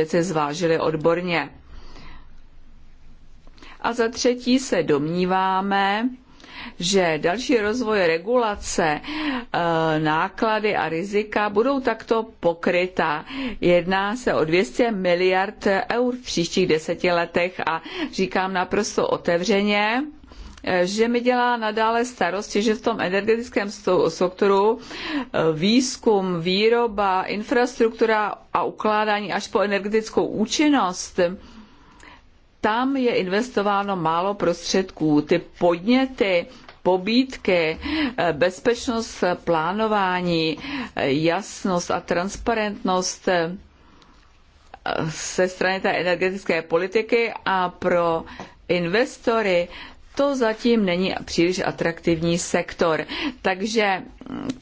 věci zvážili odborně. A za třetí se domníváme, že další rozvoj regulace, e, náklady a rizika budou takto pokryta. Jedná se o 200 miliard eur v příštích deseti letech a říkám naprosto otevřeně, že mi dělá nadále starosti, že v tom energetickém sektoru e, výzkum, výroba, infrastruktura a ukládání až po energetickou účinnost tam je investováno málo prostředků. Ty podněty, pobídky, e, bezpečnost plánování, e, jasnost a transparentnost se strany té energetické politiky a pro investory to zatím není příliš atraktivní sektor. Takže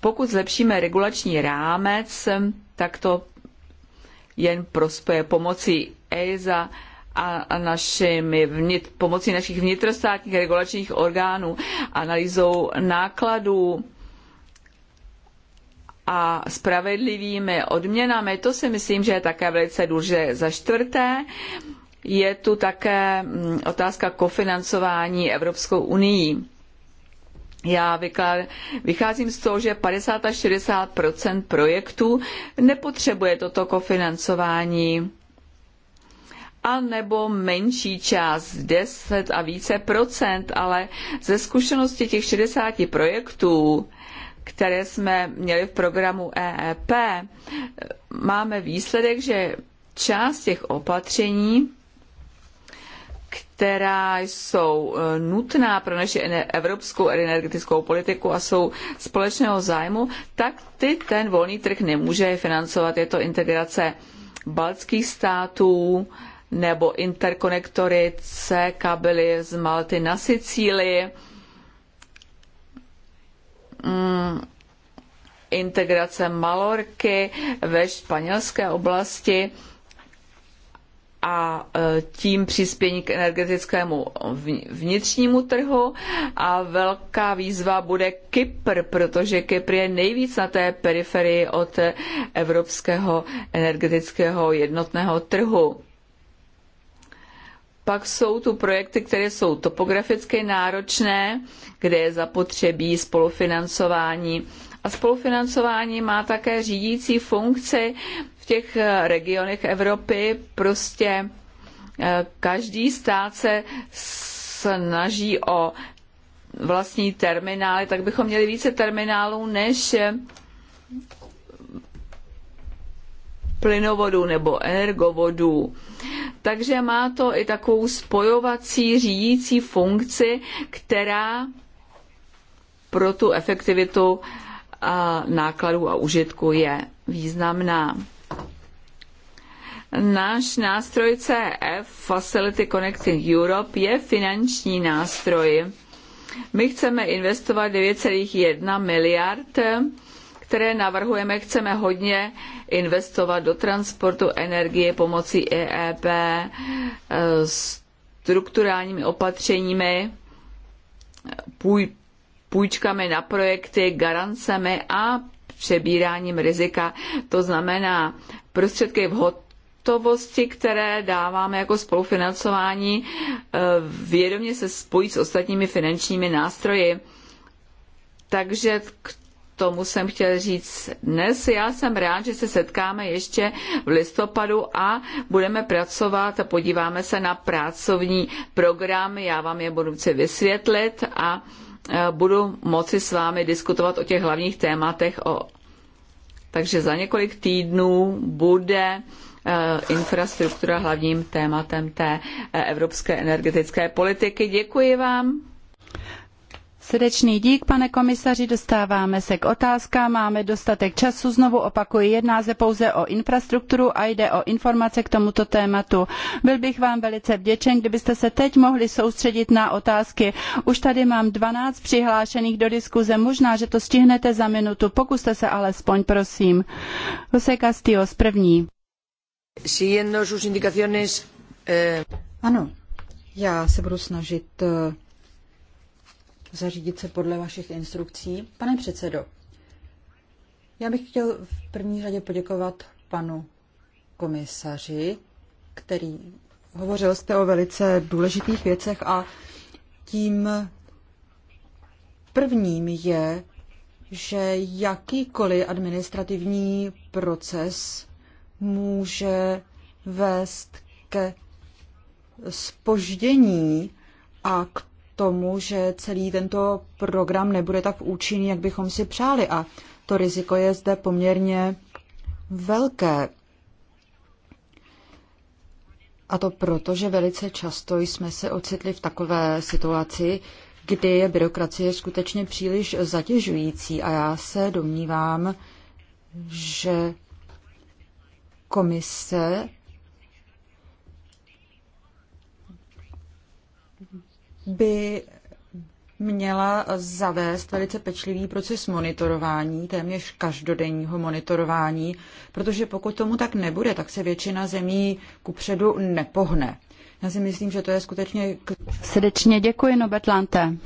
pokud zlepšíme regulační rámec, tak to jen prospěje pomocí EISA a našimi vnit, pomocí našich vnitrostátních regulačních orgánů, analýzou nákladů a spravedlivými odměnami. To si myslím, že je také velice důležité. Za čtvrté, je tu také mm, otázka kofinancování Evropskou unii. Já vycházím z toho, že 50 až 60 projektů nepotřebuje toto kofinancování a nebo menší část 10 a více procent, ale ze zkušenosti těch 60 projektů, které jsme měli v programu EEP, máme výsledek, že část těch opatření která jsou e, nutná pro naši evropskou energetickou politiku a jsou společného zájmu, tak ty ten volný trh nemůže financovat. Je to integrace baltských států nebo interkonektory C kabely z Malty na Sicílii, mm, integrace Malorky ve španělské oblasti a e, tím přispění k energetickému vnitřnímu trhu a velká výzva bude Kypr, protože Kypr je nejvíc na té periferii od evropského energetického jednotného trhu. Pak jsou tu projekty, které jsou topograficky náročné, kde je zapotřebí spolufinancování a spolufinancování má také řídící funkci v těch eh, regionech Evropy. Prostě eh, každý stát se snaží o vlastní terminály, tak bychom měli více terminálů než eh, plynovodů nebo energovodů. Takže má to i takovou spojovací řídící funkci, která pro tu efektivitu a nákladů a užitku je významná. Náš nástroj CF Facility Connecting Europe je finanční nástroj. My chceme investovat 9,1 miliard, které navrhujeme, chceme hodně investovat do transportu energie pomocí EEP, eh, strukturálními opatřeními, půjčkami na projekty, garancemi a přebíráním rizika. To znamená prostředky v hotovosti, které dáváme jako spolufinancování, eh, vědomě se spojí s ostatními finančními nástroji. Takže k tomu jsem chtěl říct dnes. Já jsem rád, že se setkáme ještě v listopadu a budeme pracovat a podíváme se na pracovní program. Já vám je budu si vysvětlit a Eh, budu moci s vámi diskutovat o těch hlavních tématech. O... Takže za několik týdnů bude eh, infrastruktura hlavním tématem té eh, evropské energetické politiky. Děkuji vám. Srdečný dík, pane komisaři, dostáváme se k otázkám, máme dostatek času, znovu opakuji, jedná se pouze o infrastrukturu a jde o informace k tomuto tématu. Byl bych vám velice vděčen, kdybyste se teď mohli soustředit na otázky. Už tady mám 12 přihlášených do diskuze, možná, že to stihnete za minutu, pokuste se alespoň, prosím. Jose Castillos, první. Eh, ano, já se budu snažit eh, zařídit se podle vašich instrukcí. Pane předsedo, já bych chtěl v první řadě poděkovat panu komisaři, který hovořil jste o velice důležitých věcech a tím prvním je, že jakýkoliv administrativní proces může vést ke spoždění a k tomu, že celý tento program nebude tak účinný, jak bychom si přáli. A to riziko je zde poměrně velké. A to proto, že velice často jsme se ocitli v takové situaci, kdy je byrokracie skutečně příliš zatěžující. A já se domnívám, že komise by měla zavést velice pečlivý proces monitorování, téměř každodenního monitorování, protože pokud tomu tak nebude, tak se většina zemí kupředu nepohne. Já si myslím, že to je skutečně... Srdečně děkuji, Nobetlante.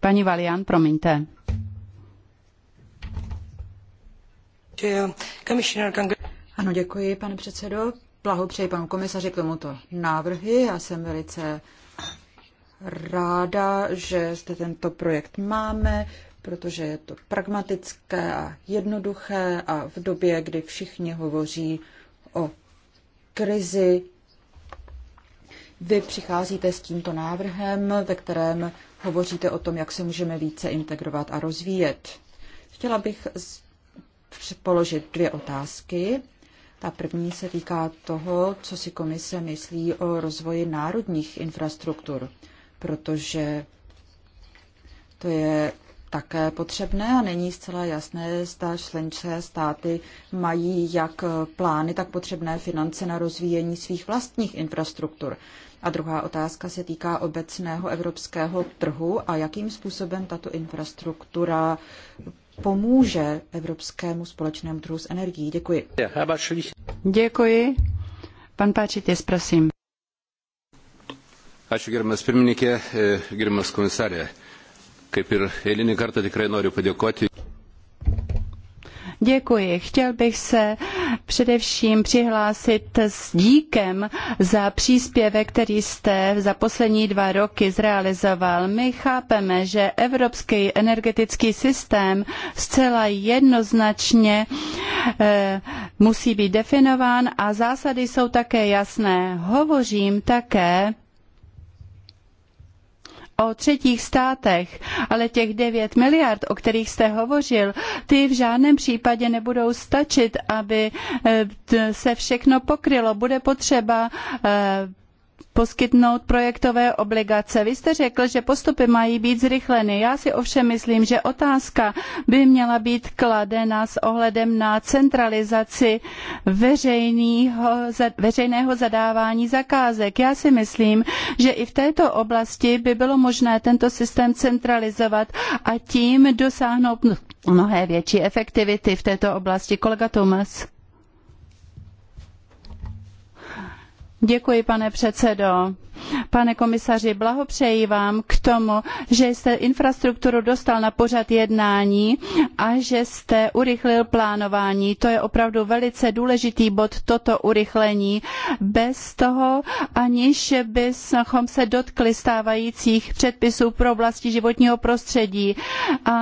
Paní Valian, promiňte. Ano, děkuji, pane předsedo blahopřeji panu komisaři k tomuto návrhy. Já jsem velice ráda, že zde tento projekt máme, protože je to pragmatické a jednoduché a v době, kdy všichni hovoří o krizi, vy přicházíte s tímto návrhem, ve kterém hovoříte o tom, jak se můžeme více integrovat a rozvíjet. Chtěla bych položit dvě otázky. A první se týká toho, co si komise myslí o rozvoji národních infrastruktur, protože to je také potřebné a není zcela jasné, zda členské státy mají jak plány, tak potřebné finance na rozvíjení svých vlastních infrastruktur. A druhá otázka se týká obecného evropského trhu a jakým způsobem tato infrastruktura pomůže evropskému společnému trhu s energií. Děkuji. Děkuji. Pan Páčitěs, prosím. Ačiū gerbiamas pirmininkė, e, gerbiamas komisarė. Kaip ir eilinį kartą tikrai noriu padėkoti Děkuji. Chtěl bych se především přihlásit s díkem za příspěvek, který jste za poslední dva roky zrealizoval. My chápeme, že evropský energetický systém zcela jednoznačně eh, musí být definován a zásady jsou také jasné. Hovořím také o třetích státech, ale těch 9 miliard, o kterých jste hovořil, ty v žádném případě nebudou stačit, aby eh, se všechno pokrylo. Bude potřeba eh, poskytnout projektové obligace. Vy jste řekl, že postupy mají být zrychleny. Já si ovšem myslím, že otázka by měla být kladena s ohledem na centralizaci veřejného zadávání zakázek. Já si myslím, že i v této oblasti by bylo možné tento systém centralizovat a tím dosáhnout mnohé větší efektivity v této oblasti. Kolega Tomas. Děkuji, pane předsedo. Pane komisaři, blahopřeji vám k tomu, že jste infrastrukturu dostal na pořad jednání a že jste urychlil plánování. To je opravdu velice důležitý bod, toto urychlení. Bez toho, aniž bychom se dotkli stávajících předpisů pro oblasti životního prostředí. A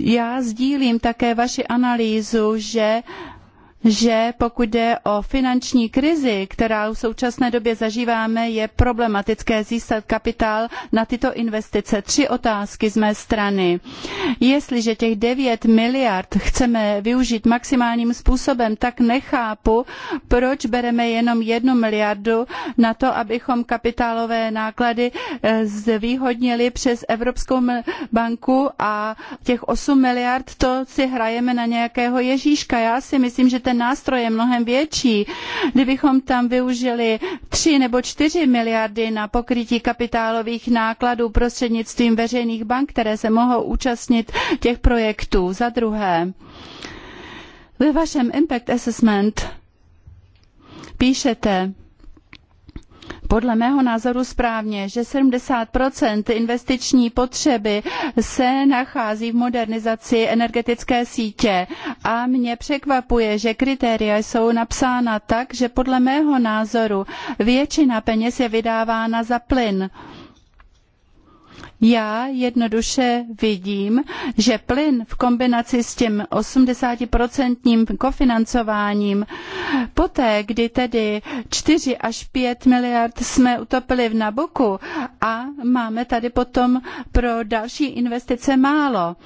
já sdílím také vaši analýzu, že že pokud jde o finanční krizi, kterou v současné době zažíváme, je problematické získat kapitál na tyto investice. Tři otázky z mé strany. Jestliže těch 9 miliard chceme využít maximálním způsobem, tak nechápu, proč bereme jenom jednu miliardu na to, abychom kapitálové náklady eh, zvýhodnili přes Evropskou banku a těch 8 miliard to si hrajeme na nějakého Ježíška. Já si myslím, že ten ten nástroj je mnohem větší. Kdybychom tam využili 3 nebo 4 miliardy na pokrytí kapitálových nákladů prostřednictvím veřejných bank, které se mohou účastnit těch projektů. Za druhé, ve vašem impact assessment píšete, podle mého názoru správně, že 70 investiční potřeby se nachází v modernizaci energetické sítě a mě překvapuje, že kritéria jsou napsána tak, že podle mého názoru většina peněz je vydávána za plyn. Já jednoduše vidím, že plyn v kombinaci s tím 80% kofinancováním, poté, kdy tedy 4 až 5 miliard jsme utopili v Nabuku a máme tady potom pro další investice málo.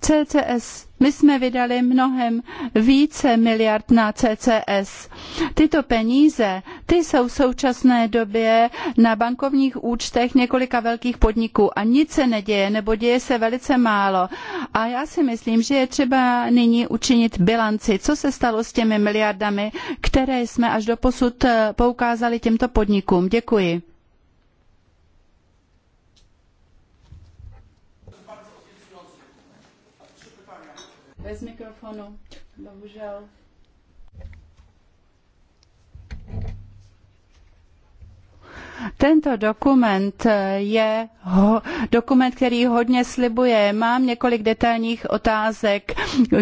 CCS. My jsme vydali mnohem více miliard na CCS. Tyto peníze ty jsou v současné době na bankovních účtech několika velkých podniků a nic se neděje, nebo děje se velice málo. A já si myslím, že je třeba nyní učinit bilanci, co se stalo s těmi miliardami, které jsme až do posud eh, poukázali těmto podnikům. Děkuji. Bez mikrofonu, bohužel. Tento dokument eh, je ho, dokument, který hodně slibuje. Mám několik detailních otázek,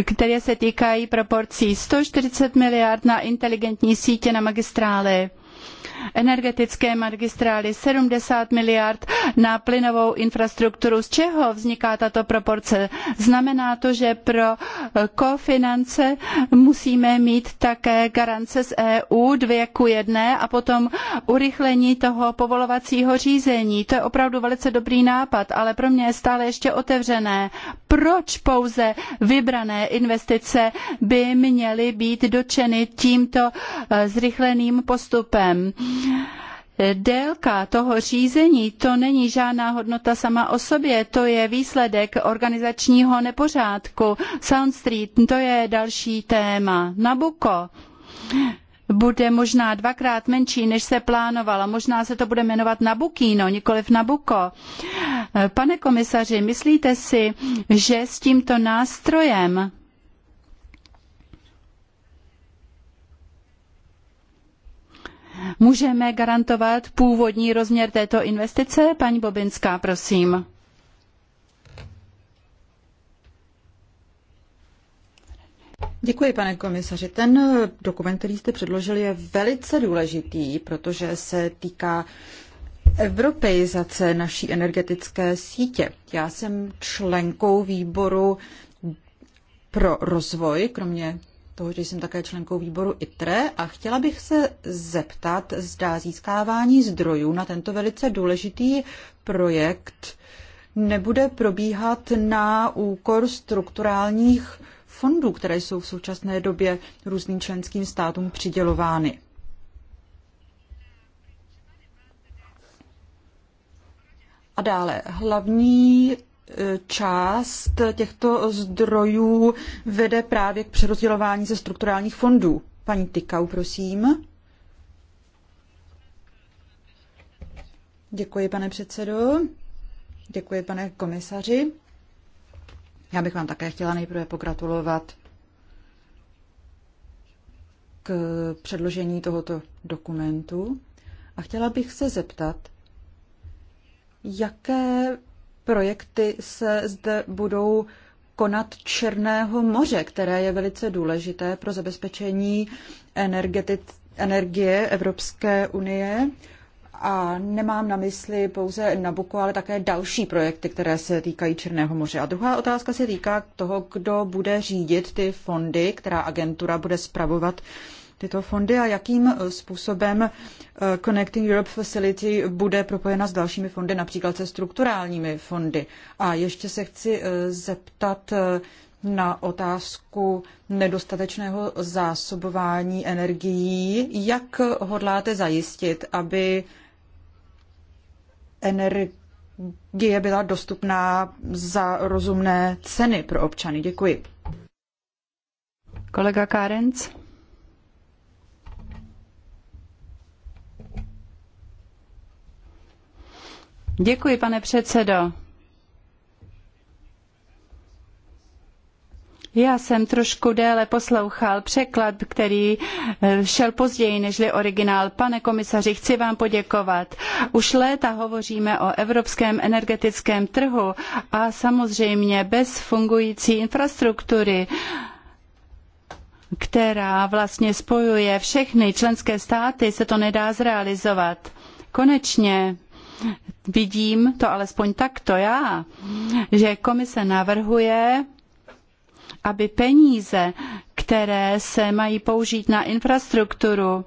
které se týkají proporcí 140 miliard na inteligentní sítě na magistrály energetické magistrály, 70 miliard na plynovou infrastrukturu. Z čeho vzniká tato proporce? Znamená to, že pro kofinance musíme mít také garance z EU dvě ku jedné a potom urychlení toho povolovacího řízení. To je opravdu velice dobrý nápad, ale pro mě je stále ještě otevřené. Proč pouze vybrané investice by měly být dočeny tímto eh, zrychleným postupem? problém. Délka toho řízení to není žádná hodnota sama o sobě, to je výsledek organizačního nepořádku. Sound Street, to je další téma. Nabuko bude možná dvakrát menší, než se plánovala. Možná se to bude jmenovat Nabukino, nikoliv Nabuko. Pane komisaři, myslíte si, že s tímto nástrojem Můžeme garantovat původní rozměr této investice? Paní Bobinská, prosím. Děkuji, pane komisaři. Ten dokument, který jste předložil, je velice důležitý, protože se týká evropeizace naší energetické sítě. Já jsem členkou výboru pro rozvoj, kromě toho, že jsem také členkou výboru ITRE a chtěla bych se zeptat, zda získávání zdrojů na tento velice důležitý projekt nebude probíhat na úkor strukturálních fondů, které jsou v současné době různým členským státům přidělovány. A dále, hlavní část těchto zdrojů vede právě k přerozdělování ze strukturálních fondů. Paní Tykau, prosím. Děkuji, pane předsedo. Děkuji, pane komisaři. Já bych vám také chtěla nejprve pogratulovat k předložení tohoto dokumentu a chtěla bych se zeptat, jaké projekty se zde budou konat Černého moře, které je velice důležité pro zabezpečení energie Evropské unie. A nemám na mysli pouze Nabuko, ale také další projekty, které se týkají Černého moře. A druhá otázka se týká toho, kdo bude řídit ty fondy, která agentura bude spravovat tyto fondy a jakým eh, způsobem eh, Connecting Europe Facility bude propojena s dalšími fondy, například se strukturálními fondy. A ještě se chci eh, zeptat na otázku nedostatečného zásobování energií. Jak hodláte zajistit, aby energie byla dostupná za rozumné ceny pro občany? Děkuji. Kolega Karenc. Děkuji, pane předsedo. Já jsem trošku déle poslouchal překlad, který eh, šel později nežli originál. Pane komisaři, chci vám poděkovat. Už léta hovoříme o evropském energetickém trhu a samozřejmě bez fungující infrastruktury která vlastně spojuje všechny členské státy, se to nedá zrealizovat. Konečně vidím to alespoň takto já, že komise navrhuje, aby peníze, které se mají použít na infrastrukturu,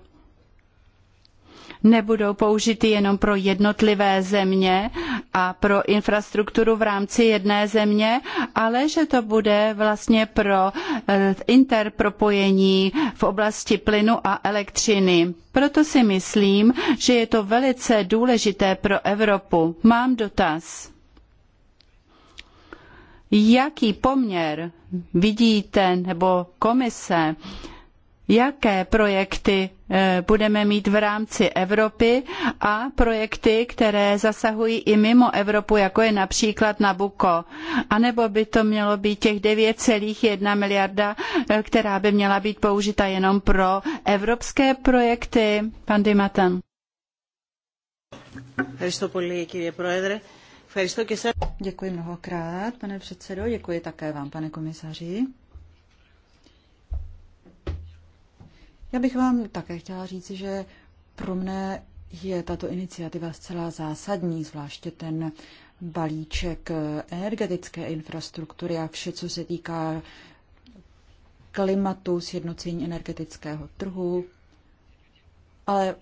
nebudou použity jenom pro jednotlivé země a pro infrastrukturu v rámci jedné země, ale že to bude vlastně pro eh, interpropojení v oblasti plynu a elektřiny. Proto si myslím, že je to velice důležité pro Evropu. Mám dotaz. Jaký poměr vidíte nebo komise jaké projekty eh, budeme mít v rámci Evropy a projekty, které zasahují i mimo Evropu, jako je například Nabuko. A nebo by to mělo být těch 9,1 miliarda, eh, která by měla být použita jenom pro evropské projekty. Pan Dimatan. Děkuji mnohokrát, pane předsedo, děkuji také vám, pane komisaři. Já bych vám také chtěla říct, že pro mne je tato iniciativa zcela zásadní, zvláště ten balíček energetické infrastruktury a vše, co se týká klimatu, sjednocení energetického trhu. Ale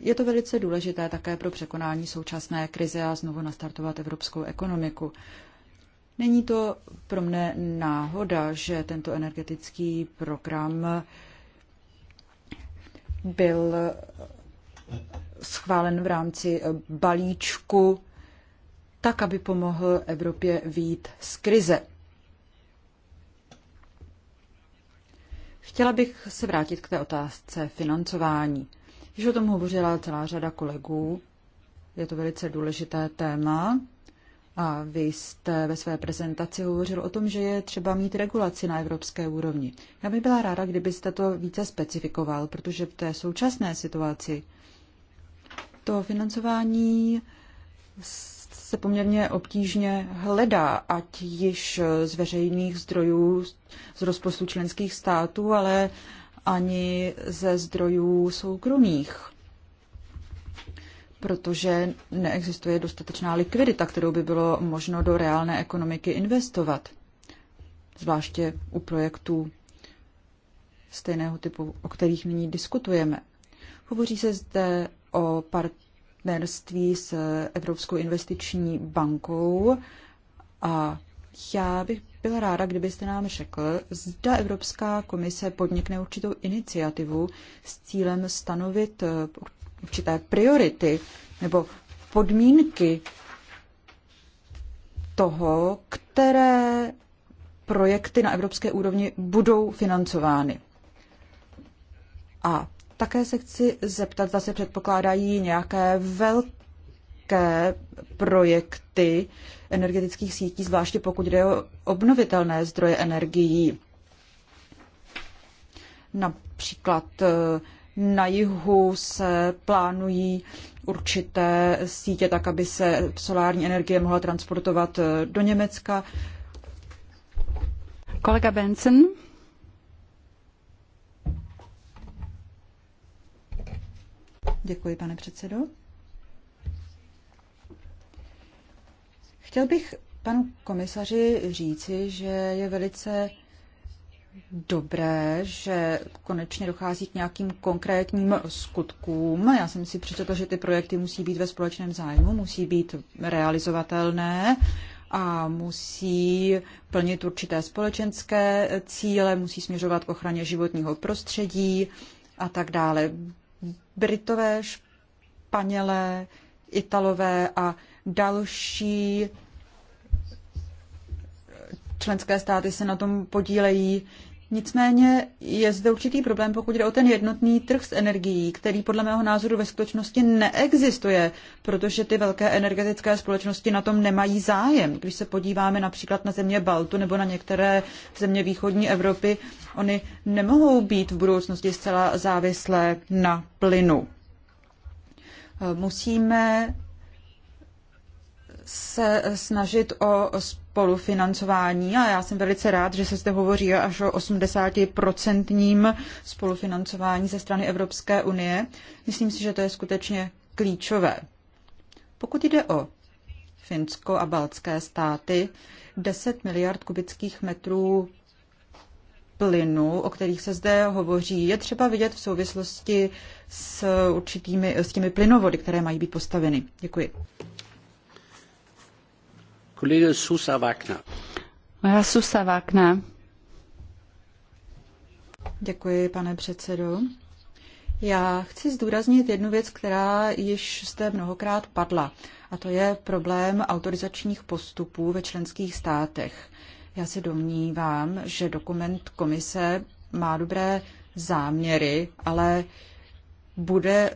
je to velice důležité také pro překonání současné krize a znovu nastartovat evropskou ekonomiku. Není to pro mne náhoda, že tento energetický program byl schválen v rámci balíčku, tak, aby pomohl Evropě výjít z krize. Chtěla bych se vrátit k té otázce financování. Již o tom hovořila celá řada kolegů. Je to velice důležité téma. A vy jste ve své prezentaci hovořil o tom, že je třeba mít regulaci na evropské úrovni. Já bych byla ráda, kdybyste to více specifikoval, protože v té současné situaci to financování se poměrně obtížně hledá, ať již z veřejných zdrojů, z rozpočtu členských států, ale ani ze zdrojů soukromých protože neexistuje dostatečná likvidita, kterou by bylo možno do reálné ekonomiky investovat, zvláště u projektů stejného typu, o kterých nyní diskutujeme. Hovoří se zde o partnerství s Evropskou investiční bankou a já bych byla ráda, kdybyste nám řekl, zda Evropská komise podnikne určitou iniciativu s cílem stanovit určité priority nebo podmínky toho, které projekty na evropské úrovni budou financovány. A také se chci zeptat, zase předpokládají nějaké velké projekty energetických sítí, zvláště pokud jde o obnovitelné zdroje energií. Například eh, na jihu se plánují určité sítě, tak aby se solární energie mohla transportovat eh, do Německa. Kolega Benson. Děkuji, pane předsedo. Chtěl bych panu komisaři říci, že je velice dobré, že konečně dochází k nějakým konkrétním skutkům. Já jsem si přečetla, že ty projekty musí být ve společném zájmu, musí být realizovatelné a musí plnit určité společenské cíle, musí směřovat k ochraně životního prostředí a tak dále. Britové, Španělé, Italové a další členské státy se na tom podílejí. Nicméně je zde určitý problém, pokud jde o ten jednotný trh s energií, který podle mého názoru ve skutečnosti neexistuje, protože ty velké energetické společnosti na tom nemají zájem. Když se podíváme například na země Baltu nebo na některé země východní Evropy, oni nemohou být v budoucnosti zcela závislé na plynu. Musíme se snažit o spolufinancování a já jsem velice rád, že se zde hovoří až o 80% spolufinancování ze strany Evropské unie. Myslím si, že to je skutečně klíčové. Pokud jde o Finsko a baltské státy, 10 miliard kubických metrů plynu, o kterých se zde hovoří, je třeba vidět v souvislosti s určitými, s těmi plynovody, které mají být postaveny. Děkuji. Kolega Susa Wagner. Já Susa Wagner. Děkuji, pane předsedo. Já chci zdůraznit jednu věc, která již zde mnohokrát padla, a to je problém autorizačních postupů ve členských státech. Já se domnívám, že dokument komise má dobré záměry, ale bude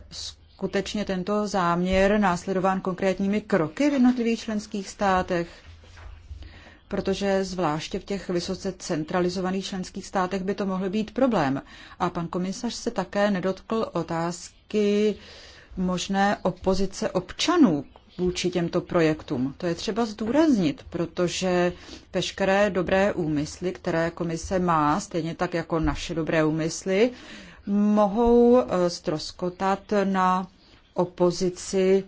skutečně tento záměr následován konkrétními kroky v jednotlivých členských státech? Protože zvláště v těch vysoce centralizovaných členských státech by to mohl být problém. A pan komisař se také nedotkl otázky možné opozice občanů vůči těmto projektům. To je třeba zdůraznit, protože veškeré dobré úmysly, které komise má, stejně tak jako naše dobré úmysly, mohou stroskotat eh, na opozici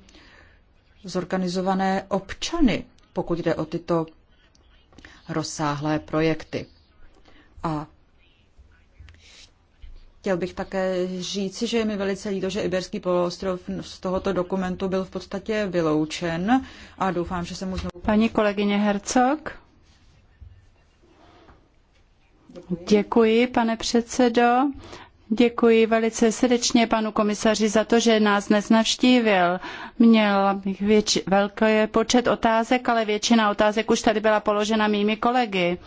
zorganizované občany, pokud jde o tyto rozsáhlé projekty. A Chtěl bych také říci, že je mi velice líto, že Iberský poloostrov z tohoto dokumentu byl v podstatě vyloučen a doufám, že se mu znovu... Paní kolegyně Hercog. Děkuji, pane předsedo. Děkuji velice srdečně panu komisaři za to, že nás dnes navštívil. Měl bych větši, velký počet otázek, ale většina otázek už tady byla položena mými kolegy.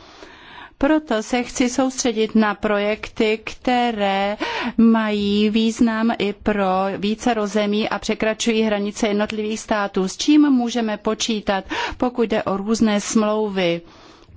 Proto se chci soustředit na projekty, které mají význam i pro více rozemí a překračují hranice jednotlivých států. S čím můžeme počítat, pokud jde o různé smlouvy?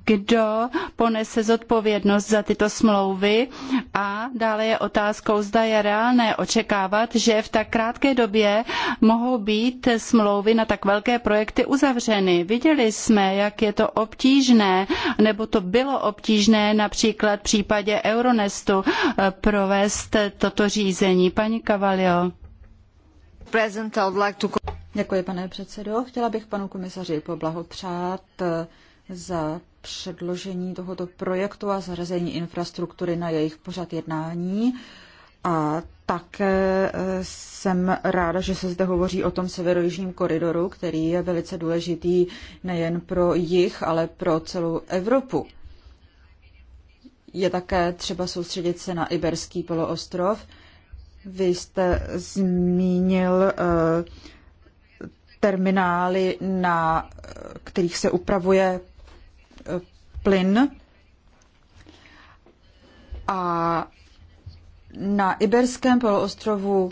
kdo ponese zodpovědnost za tyto smlouvy a dále je otázkou, zda je reálné očekávat, že v tak krátké době mohou být smlouvy na tak velké projekty uzavřeny. Viděli jsme, jak je to obtížné, nebo to bylo obtížné například v případě Euronestu eh, provést toto řízení. Paní Cavalio. Děkuji, pane předsedo. Chtěla bych panu komisaři poblahopřát eh, za předložení tohoto projektu a zařazení infrastruktury na jejich pořad jednání. A také e, jsem ráda, že se zde hovoří o tom severojižním koridoru, který je velice důležitý nejen pro jich, ale pro celou Evropu. Je také třeba soustředit se na Iberský poloostrov. Vy jste zmínil e, terminály, na kterých se upravuje plyn a na Iberském poloostrovu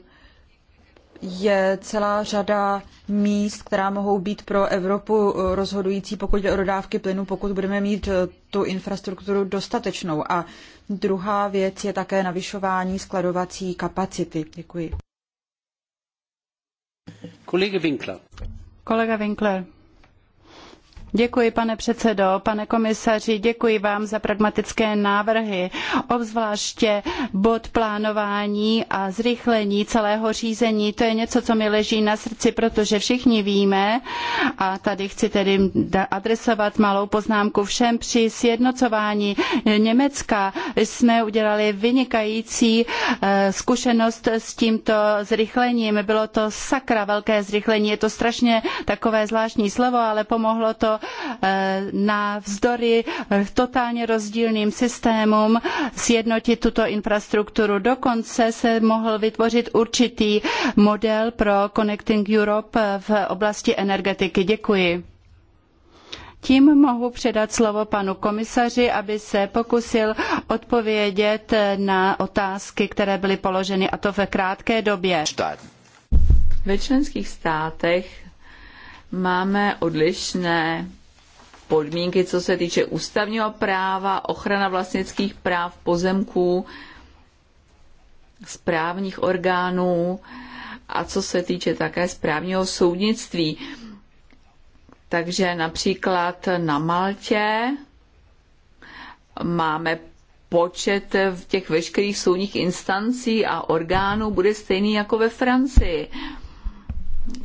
je celá řada míst, která mohou být pro Evropu rozhodující, pokud jde o dodávky plynu, pokud budeme mít tu infrastrukturu dostatečnou. A druhá věc je také navyšování skladovací kapacity. Děkuji. Kolega Winkler. Kolega Winkler. Děkuji, pane předsedo, pane komisaři, děkuji vám za pragmatické návrhy, obzvláště bod plánování a zrychlení celého řízení. To je něco, co mi leží na srdci, protože všichni víme, a tady chci tedy adresovat malou poznámku všem, při sjednocování Německa jsme udělali vynikající eh, zkušenost s tímto zrychlením. Bylo to sakra velké zrychlení, je to strašně takové zvláštní slovo, ale pomohlo to Eh, na vzdory totálně rozdílným systémům sjednotit tuto infrastrukturu. Dokonce se mohl vytvořit určitý model pro Connecting Europe v oblasti energetiky. Děkuji. Tím mohu předat slovo panu komisaři, aby se pokusil odpovědět na otázky, které byly položeny, a to ve krátké době. Ve členských státech máme odlišné podmínky, co se týče ústavního práva, ochrana vlastnických práv, pozemků, správních orgánů a co se týče také správního soudnictví. Takže například na Maltě máme počet v těch veškerých soudních instancí a orgánů bude stejný jako ve Francii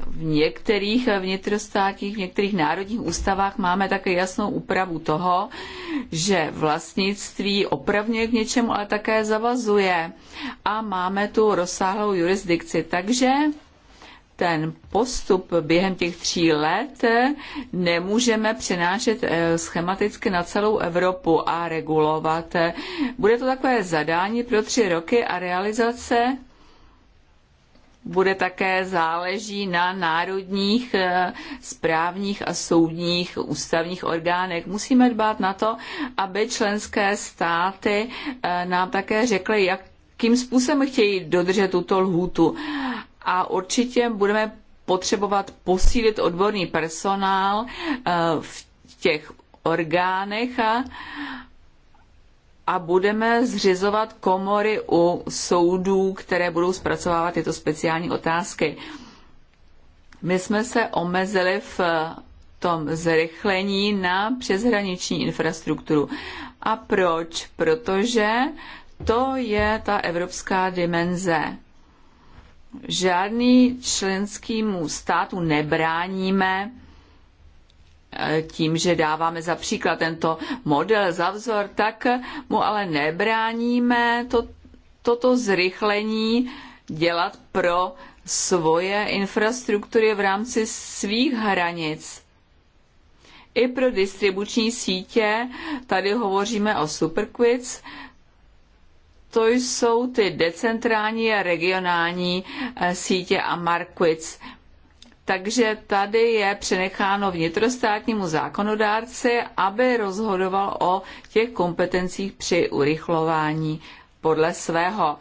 v některých vnitrostátních, v některých národních ústavách máme také jasnou úpravu toho, že vlastnictví opravňuje k něčemu, ale také zavazuje. A máme tu rozsáhlou jurisdikci. Takže ten postup během těch tří let nemůžeme přenášet eh, schematicky na celou Evropu a regulovat. Bude to takové zadání pro tři roky a realizace bude také záleží na národních eh, správních a soudních ústavních orgánech. Musíme dbát na to, aby členské státy eh, nám také řekly, jakým způsobem chtějí dodržet tuto lhůtu. A určitě budeme potřebovat posílit odborný personál eh, v těch orgánech a a budeme zřizovat komory u soudů, které budou zpracovávat tyto speciální otázky. My jsme se omezili v tom zrychlení na přeshraniční infrastrukturu. A proč? Protože to je ta evropská dimenze. Žádný členskýmu státu nebráníme tím, že dáváme za příklad tento model za vzor, tak mu ale nebráníme to, toto zrychlení dělat pro svoje infrastruktury v rámci svých hranic. I pro distribuční sítě, tady hovoříme o Superquids, to jsou ty decentrální a regionální eh, sítě a Markquids, takže tady je přenecháno vnitrostátnímu zákonodárci, aby rozhodoval o těch kompetencích při urychlování podle svého.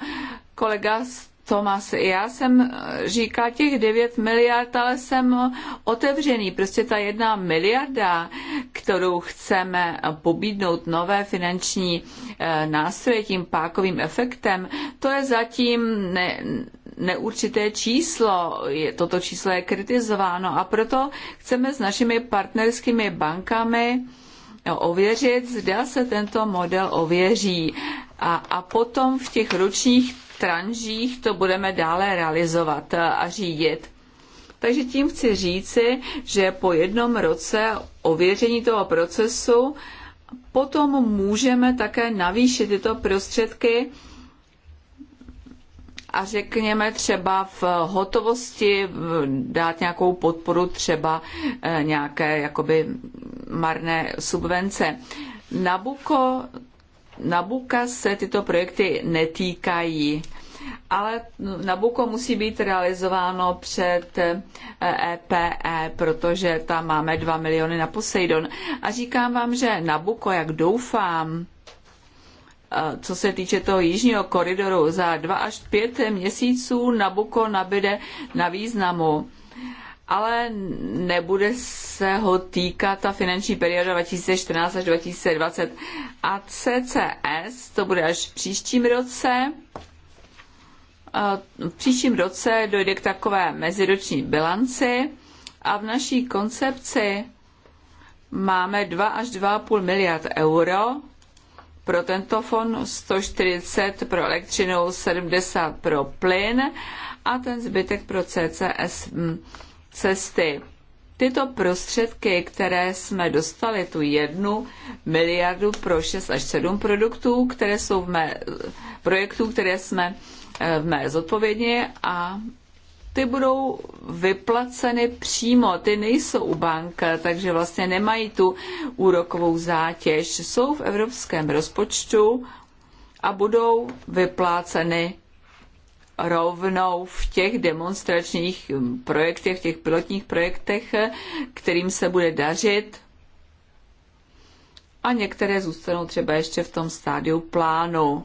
Kolega Tomas, já jsem eh, říká těch 9 miliard, ale jsem otevřený. Prostě ta jedna miliarda, kterou chceme pobídnout nové finanční eh, nástroje tím pákovým efektem, to je zatím ne, neurčité číslo. Je, toto číslo je kritizováno a proto chceme s našimi partnerskými bankami no, ověřit, zda se tento model ověří. A, a potom v těch ročních tranžích to budeme dále realizovat a řídit. Takže tím chci říci, že po jednom roce ověření toho procesu potom můžeme také navýšit tyto prostředky a řekněme třeba v hotovosti dát nějakou podporu třeba eh, nějaké jakoby marné subvence. Nabuko, Nabuka se tyto projekty netýkají, ale Nabuko musí být realizováno před EPE, eh, e, protože tam máme 2 miliony na Poseidon. A říkám vám, že Nabuko, jak doufám, co se týče toho jižního koridoru, za dva až pět měsíců Nabuko nabide na významu, ale nebude se ho týkat ta finanční perioda 2014 až 2020. A CCS, to bude až v příštím roce, v příštím roce dojde k takové meziroční bilanci a v naší koncepci máme 2 až 2,5 miliard euro pro tento fond, 140 pro elektřinu, 70 pro plyn a ten zbytek pro CCS mm, cesty. Tyto prostředky, které jsme dostali, tu jednu miliardu pro 6 až 7 produktů, které jsou v mé, projektu které jsme eh, v mé zodpovědně a ty budou vyplaceny přímo, ty nejsou u banka, takže vlastně nemají tu úrokovou zátěž. Jsou v evropském rozpočtu a budou vypláceny rovnou v těch demonstračních projektech, v těch pilotních projektech, kterým se bude dařit. A některé zůstanou třeba ještě v tom stádiu plánu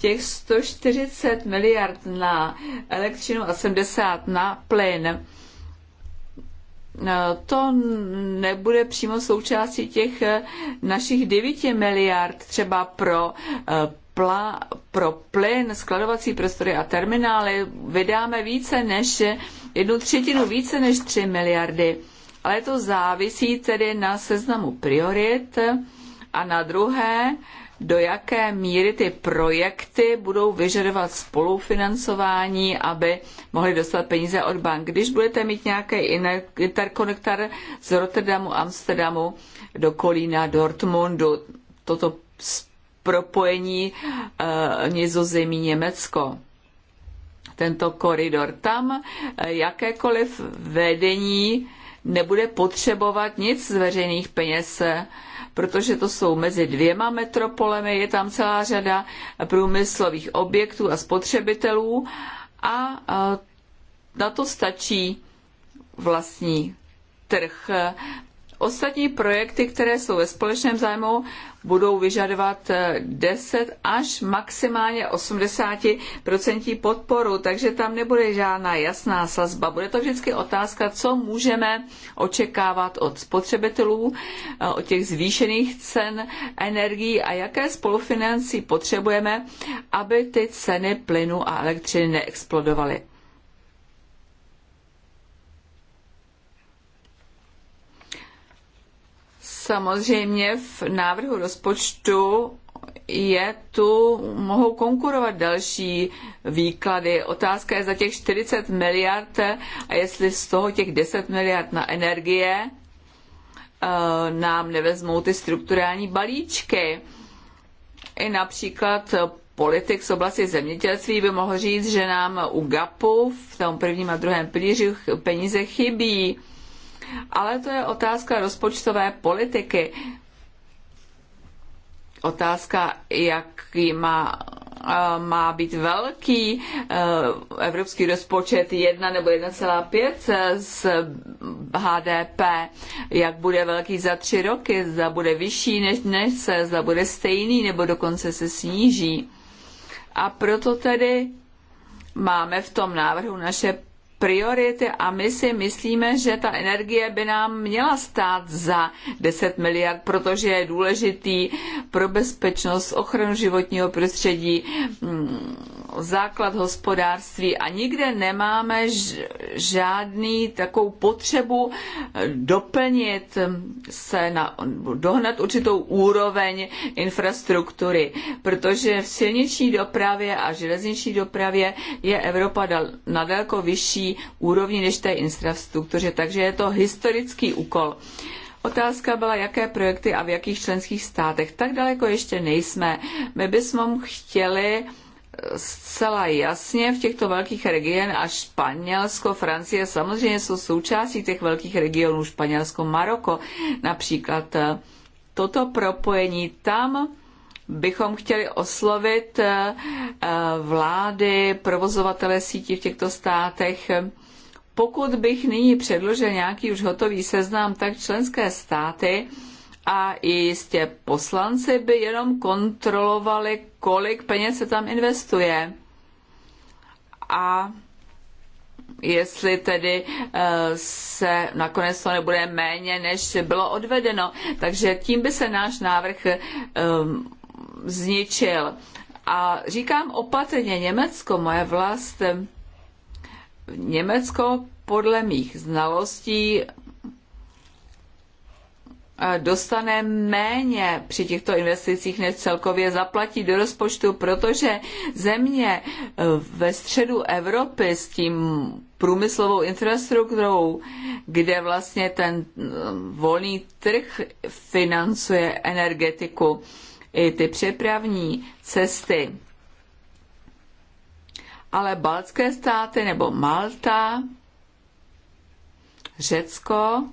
těch 140 miliard na elektřinu a 70 na plyn, no, to nebude přímo součástí těch eh, našich 9 miliard třeba pro eh, pla, pro plyn, skladovací prostory a terminály vydáme více než jednu třetinu více než 3 miliardy. Ale to závisí tedy na seznamu priorit a na druhé do jaké míry ty projekty budou vyžadovat spolufinancování, aby mohly dostat peníze od bank. Když budete mít nějaký interkonektor z Rotterdamu, Amsterdamu do Kolína, Dortmundu, toto propojení e, Nizozemí, Německo, tento koridor, tam eh, jakékoliv vedení nebude potřebovat nic z veřejných peněz, protože to jsou mezi dvěma metropolemi, je tam celá řada průmyslových objektů a spotřebitelů a na to stačí vlastní trh. Ostatní projekty, které jsou ve společném zájmu, budou vyžadovat 10 eh, až maximálně 80% podporu, takže tam nebude žádná jasná sazba. Bude to vždycky otázka, co můžeme očekávat od spotřebitelů, eh, od těch zvýšených cen energií a jaké spolufinancí potřebujeme, aby ty ceny plynu a elektřiny neexplodovaly. Samozřejmě v návrhu rozpočtu je tu, mohou konkurovat další výklady. Otázka je za těch 40 miliard a jestli z toho těch 10 miliard na energie eh, nám nevezmou ty strukturální balíčky. I například politik z oblasti zemědělství by mohl říct, že nám u GAPu v tom prvním a druhém pilíři peníze chybí ale to je otázka rozpočtové politiky. Otázka, jaký má eh, má být velký eh, evropský rozpočet 1 nebo 1,5 eh, z HDP, jak bude velký za tři roky, zda bude vyšší než dnes, zda bude stejný nebo dokonce se sníží. A proto tedy máme v tom návrhu naše priority a my si myslíme, že ta energie by nám měla stát za 10 miliard, protože je důležitý pro bezpečnost, ochranu životního prostředí, mm, základ hospodářství a nikde nemáme žádný takovou potřebu eh, doplnit eh, se na, dohnat určitou úroveň infrastruktury, protože v silniční dopravě a železniční dopravě je Evropa dal, na daleko vyšší úrovni než té infrastruktuře, takže je to historický úkol. Otázka byla, jaké projekty a v jakých členských státech. Tak daleko ještě nejsme. My bychom chtěli zcela jasně v těchto velkých regionech a Španělsko, Francie samozřejmě jsou součástí těch velkých regionů, Španělsko, Maroko například. Eh, toto propojení tam bychom chtěli oslovit eh, eh, vlády, provozovatele sítí v těchto státech. Pokud bych nyní předložil nějaký už hotový seznam, tak členské státy a jistě poslanci by jenom kontrolovali, kolik peněz se tam investuje. A jestli tedy eh, se nakonec to nebude méně, než bylo odvedeno. Takže tím by se náš návrh eh, zničil. A říkám opatrně, Německo, moje vlast, eh, Německo podle mých znalostí dostane méně při těchto investicích, než celkově zaplatí do rozpočtu, protože země eh, ve středu Evropy s tím průmyslovou infrastrukturou, kde vlastně ten eh, volný trh financuje energetiku i ty přepravní cesty. Ale baltské státy nebo Malta, Řecko,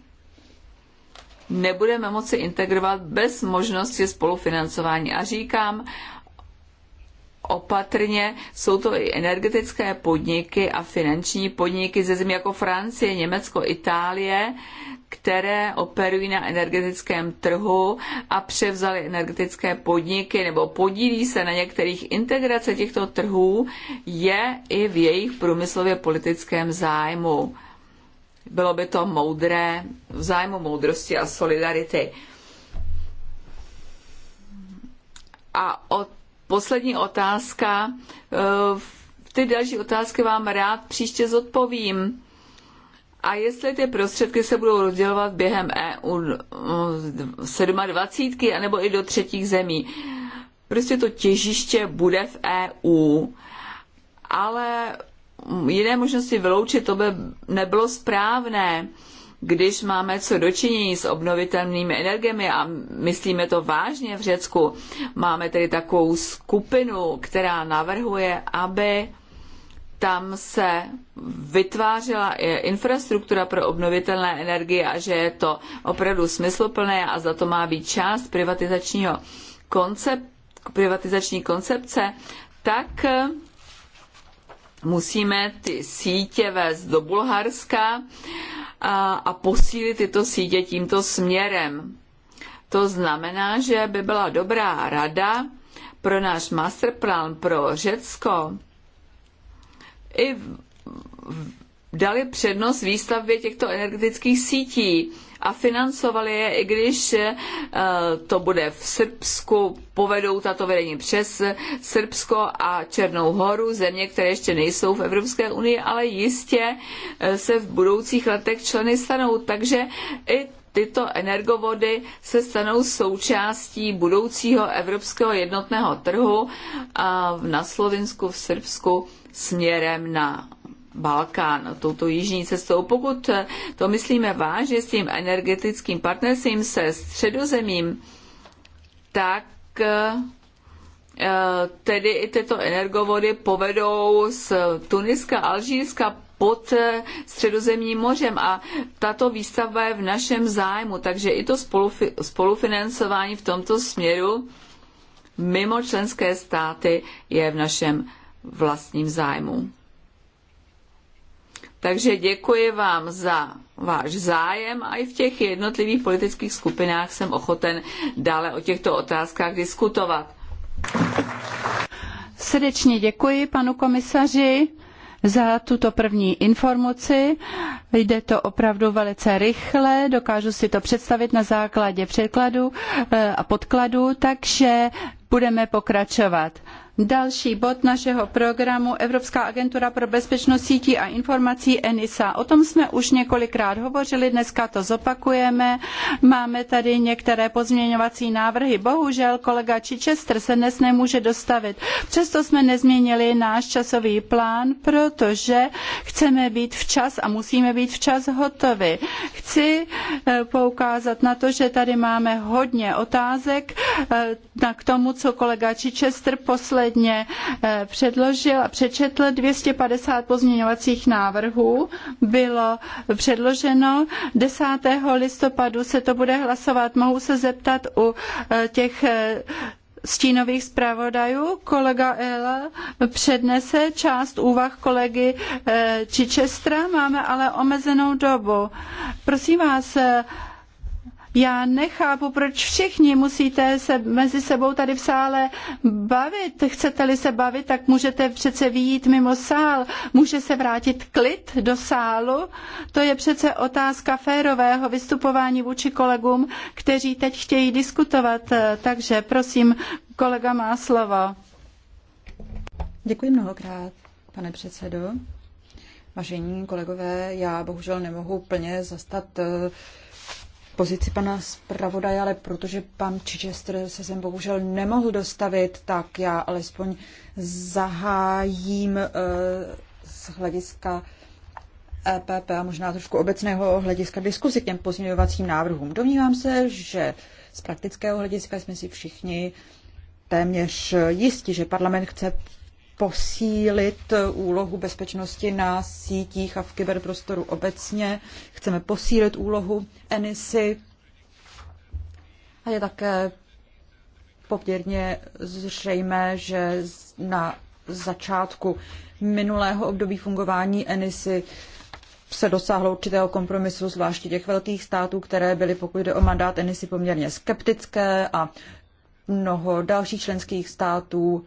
nebudeme moci integrovat bez možnosti spolufinancování. A říkám, opatrně, jsou to i energetické podniky a finanční podniky ze zemí jako Francie, Německo, Itálie, které operují na energetickém trhu a převzaly energetické podniky nebo podílí se na některých integrace těchto trhů, je i v jejich průmyslově politickém zájmu. Bylo by to moudré v zájmu moudrosti a solidarity. A od, poslední otázka. Eh, ty další otázky vám rád příště zodpovím. A jestli ty prostředky se budou rozdělovat během EU 27, eh, anebo i do třetích zemí. Prostě to těžiště bude v EU, ale jiné možnosti vyloučit, to by nebylo správné. Když máme co dočinění s obnovitelnými energiemi a myslíme to vážně v Řecku, máme tedy takovou skupinu, která navrhuje, aby tam se vytvářela infrastruktura pro obnovitelné energie a že je to opravdu smysluplné a za to má být část privatizačního koncept, privatizační koncepce, tak musíme ty sítě vést do Bulharska a, a posílit tyto sítě tímto směrem. To znamená, že by byla dobrá rada pro náš masterplan pro Řecko i dali přednost výstavbě těchto energetických sítí a financovali je, i když eh, to bude v Srbsku, povedou tato vedení přes Srbsko a Černou horu, země, které ještě nejsou v Evropské unii, ale jistě eh, se v budoucích letech členy stanou. Takže i tyto energovody se stanou součástí budoucího evropského jednotného trhu a na Slovinsku, v Srbsku směrem na Balkán, touto jižní cestou. Pokud to myslíme vážně s tím energetickým partnerstvím se středozemím, tak eh, tedy i tyto energovody povedou z Tuniska, Alžírska pod eh, středozemním mořem a tato výstavba je v našem zájmu, takže i to spolufinancování v tomto směru mimo členské státy je v našem vlastním zájmu. Takže děkuji vám za váš zájem a i v těch jednotlivých politických skupinách jsem ochoten dále o těchto otázkách diskutovat. Srdečně děkuji panu komisaři za tuto první informaci. Jde to opravdu velice rychle, dokážu si to představit na základě překladu eh, a podkladu, takže budeme pokračovat. Další bod našeho programu Evropská agentura pro bezpečnost sítí a informací ENISA. O tom jsme už několikrát hovořili, dneska to zopakujeme. Máme tady některé pozměňovací návrhy. Bohužel kolega Chichester se dnes nemůže dostavit. Přesto jsme nezměnili náš časový plán, protože chceme být včas a musíme být včas hotovi. Chci eh, poukázat na to, že tady máme hodně otázek eh, k tomu, co kolega Chichester posledně následně eh, předložil a přečetl 250 pozměňovacích návrhů. Bylo předloženo 10. listopadu se to bude hlasovat. Mohu se zeptat u eh, těch eh, stínových zpravodajů. Kolega Ela. přednese část úvah kolegy Čičestra, máme ale omezenou dobu. Prosím vás, já nechápu, proč všichni musíte se mezi sebou tady v sále bavit. Chcete-li se bavit, tak můžete přece výjít mimo sál. Může se vrátit klid do sálu. To je přece otázka férového vystupování vůči kolegům, kteří teď chtějí diskutovat. Takže prosím, kolega má slovo. Děkuji mnohokrát, pane předsedo. Vážení kolegové, já bohužel nemohu plně zastat eh, pozici pana zpravodaje, ale protože pan Chichester se sem bohužel nemohl dostavit, tak já alespoň zahájím eh, z hlediska EPP a možná trošku obecného hlediska diskuzi k těm pozměňovacím návrhům. Domnívám se, že z praktického hlediska jsme si všichni téměř jistí, že parlament chce posílit úlohu bezpečnosti na sítích a v kyberprostoru obecně. Chceme posílit úlohu ENISY a je také poměrně zřejmé, že na začátku minulého období fungování ENISY se dosáhlo určitého kompromisu, zvláště těch velkých států, které byly, pokud jde o mandát ENISY, poměrně skeptické a mnoho dalších členských států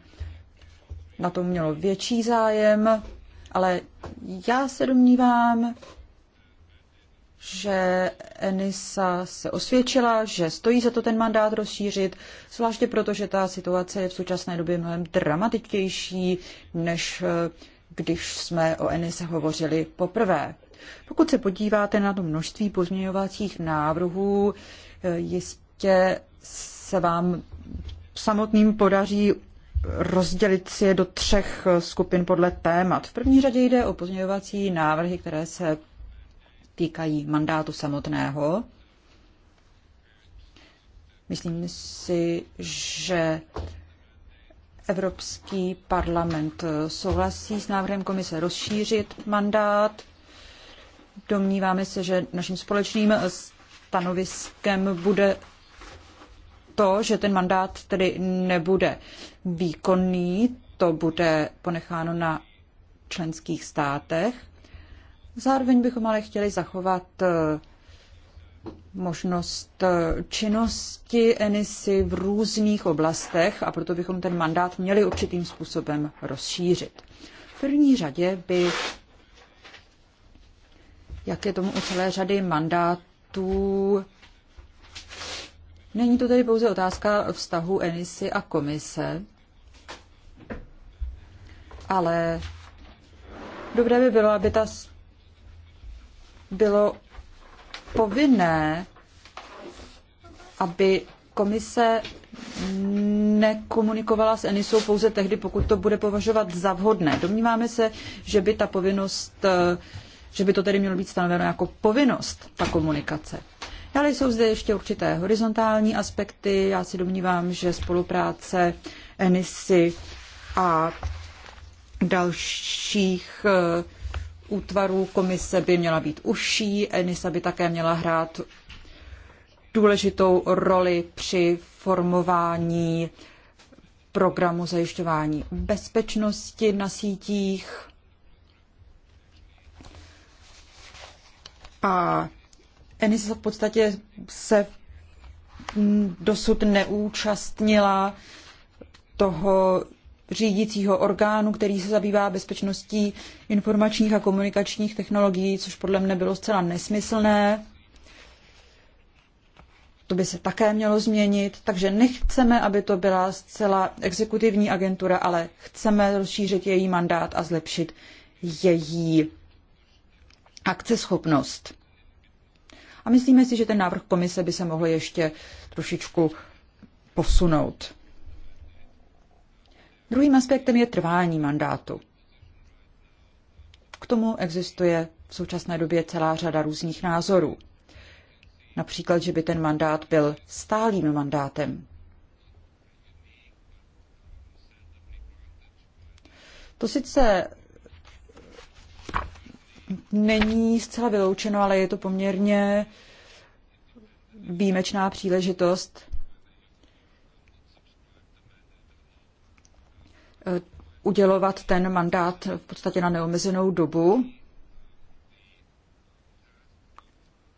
na tom mělo větší zájem, ale já se domnívám, že Enisa se osvědčila, že stojí za to ten mandát rozšířit, zvláště proto, že ta situace je v současné době mnohem dramatičtější, než eh, když jsme o Enise hovořili poprvé. Pokud se podíváte na to množství pozměňovacích návrhů, eh, jistě se vám samotným podaří rozdělit si je do třech eh, skupin podle témat. V první řadě jde o pozměňovací návrhy, které se týkají mandátu samotného. Myslím si, že Evropský parlament eh, souhlasí s návrhem komise rozšířit mandát. Domníváme se, že naším společným stanoviskem bude to, že ten mandát tedy nebude výkonný, to bude ponecháno na členských státech. Zároveň bychom ale chtěli zachovat eh, možnost eh, činnosti Enisy v různých oblastech a proto bychom ten mandát měli určitým způsobem rozšířit. V první řadě by, jak je tomu u celé řady mandátů, Není to tedy pouze otázka vztahu Enisy a komise, ale dobré by bylo, aby ta bylo povinné, aby komise nekomunikovala s Enisou pouze tehdy, pokud to bude považovat za vhodné. Domníváme se, že by ta povinnost, že by to tedy mělo být stanoveno jako povinnost, ta komunikace. Dále jsou zde ještě určité horizontální aspekty. Já si domnívám, že spolupráce ENISY a dalších eh, útvarů komise by měla být užší. ENISA by také měla hrát důležitou roli při formování programu zajišťování bezpečnosti na sítích. A tenis v podstatě se dosud neúčastnila toho řídícího orgánu, který se zabývá bezpečností informačních a komunikačních technologií, což podle mne bylo zcela nesmyslné. To by se také mělo změnit, takže nechceme, aby to byla zcela exekutivní agentura, ale chceme rozšířit její mandát a zlepšit její akceschopnost. A myslíme si, že ten návrh komise by se mohl ještě trošičku posunout. Druhým aspektem je trvání mandátu. K tomu existuje v současné době celá řada různých názorů. Například, že by ten mandát byl stálým mandátem. To sice není zcela vyloučeno, ale je to poměrně výjimečná příležitost. Eh, udělovat ten mandát v podstatě na neomezenou dobu.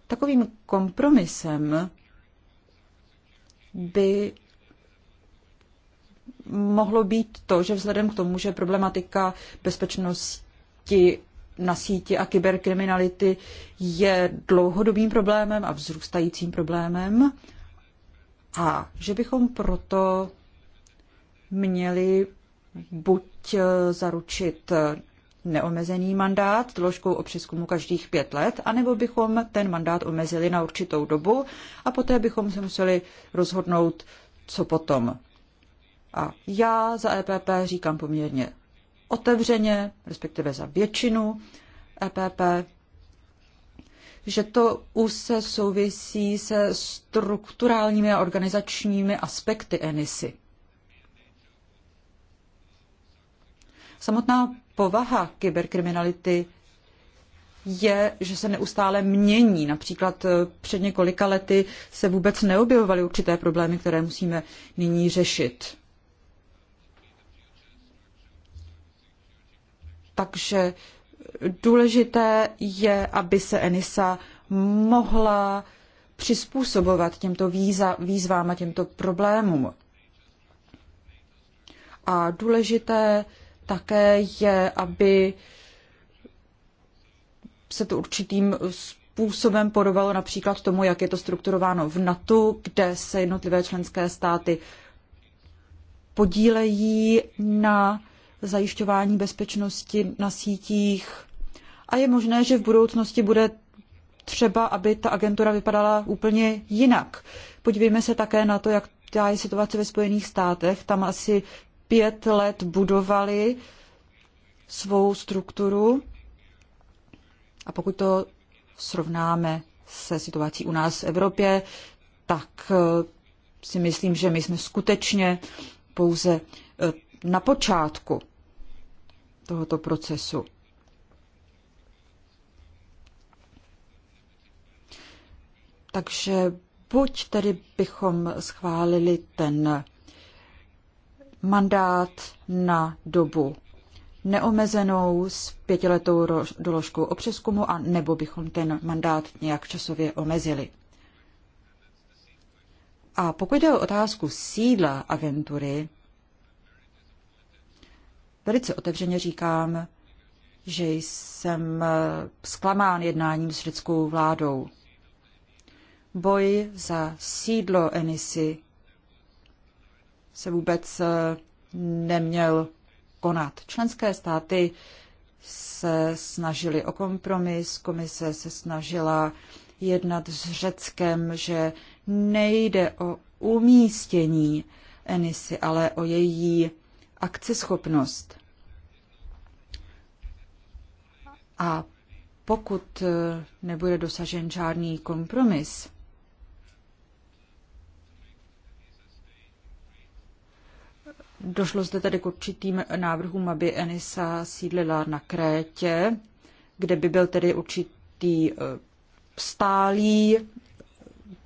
Takovým kompromisem by mohlo být to, že vzhledem k tomu, že problematika bezpečnosti na síti a kyberkriminality je dlouhodobým problémem a vzrůstajícím problémem a že bychom proto měli buď eh, zaručit eh, neomezený mandát doložkou o přeskumu každých pět let, anebo bychom ten mandát omezili na určitou dobu a poté bychom se museli rozhodnout, co potom. A já za EPP říkám poměrně otevřeně, respektive za většinu EPP, že to už se souvisí se strukturálními a organizačními aspekty ENISy. Samotná povaha kyberkriminality je, že se neustále mění. Například před několika lety se vůbec neobjevovaly určité problémy, které musíme nyní řešit. Takže důležité je, aby se Enisa mohla přizpůsobovat těmto výza, výzvám a těmto problémům. A důležité také je, aby se to určitým způsobem podobalo například tomu, jak je to strukturováno v NATO, kde se jednotlivé členské státy podílejí na zajišťování bezpečnosti na sítích. A je možné, že v budoucnosti bude třeba, aby ta agentura vypadala úplně jinak. Podívejme se také na to, jak je situace ve Spojených státech. Tam asi pět let budovali svou strukturu. A pokud to srovnáme se situací u nás v Evropě, tak eh, si myslím, že my jsme skutečně pouze eh, na počátku tohoto procesu. Takže buď tedy bychom schválili ten mandát na dobu neomezenou s pětiletou doložkou o přeskumu a nebo bychom ten mandát nějak časově omezili. A pokud jde o otázku sídla agentury, Velice otevřeně říkám, že jsem eh, zklamán jednáním s řeckou vládou. Boj za sídlo Enisy se vůbec eh, neměl konat. Členské státy se snažili o kompromis, komise se snažila jednat s Řeckem, že nejde o umístění Enisy, ale o její akceschopnost. A pokud eh, nebude dosažen žádný kompromis, Došlo zde tedy k určitým návrhům, aby Enisa sídlila na Krétě, kde by byl tedy určitý eh, stálý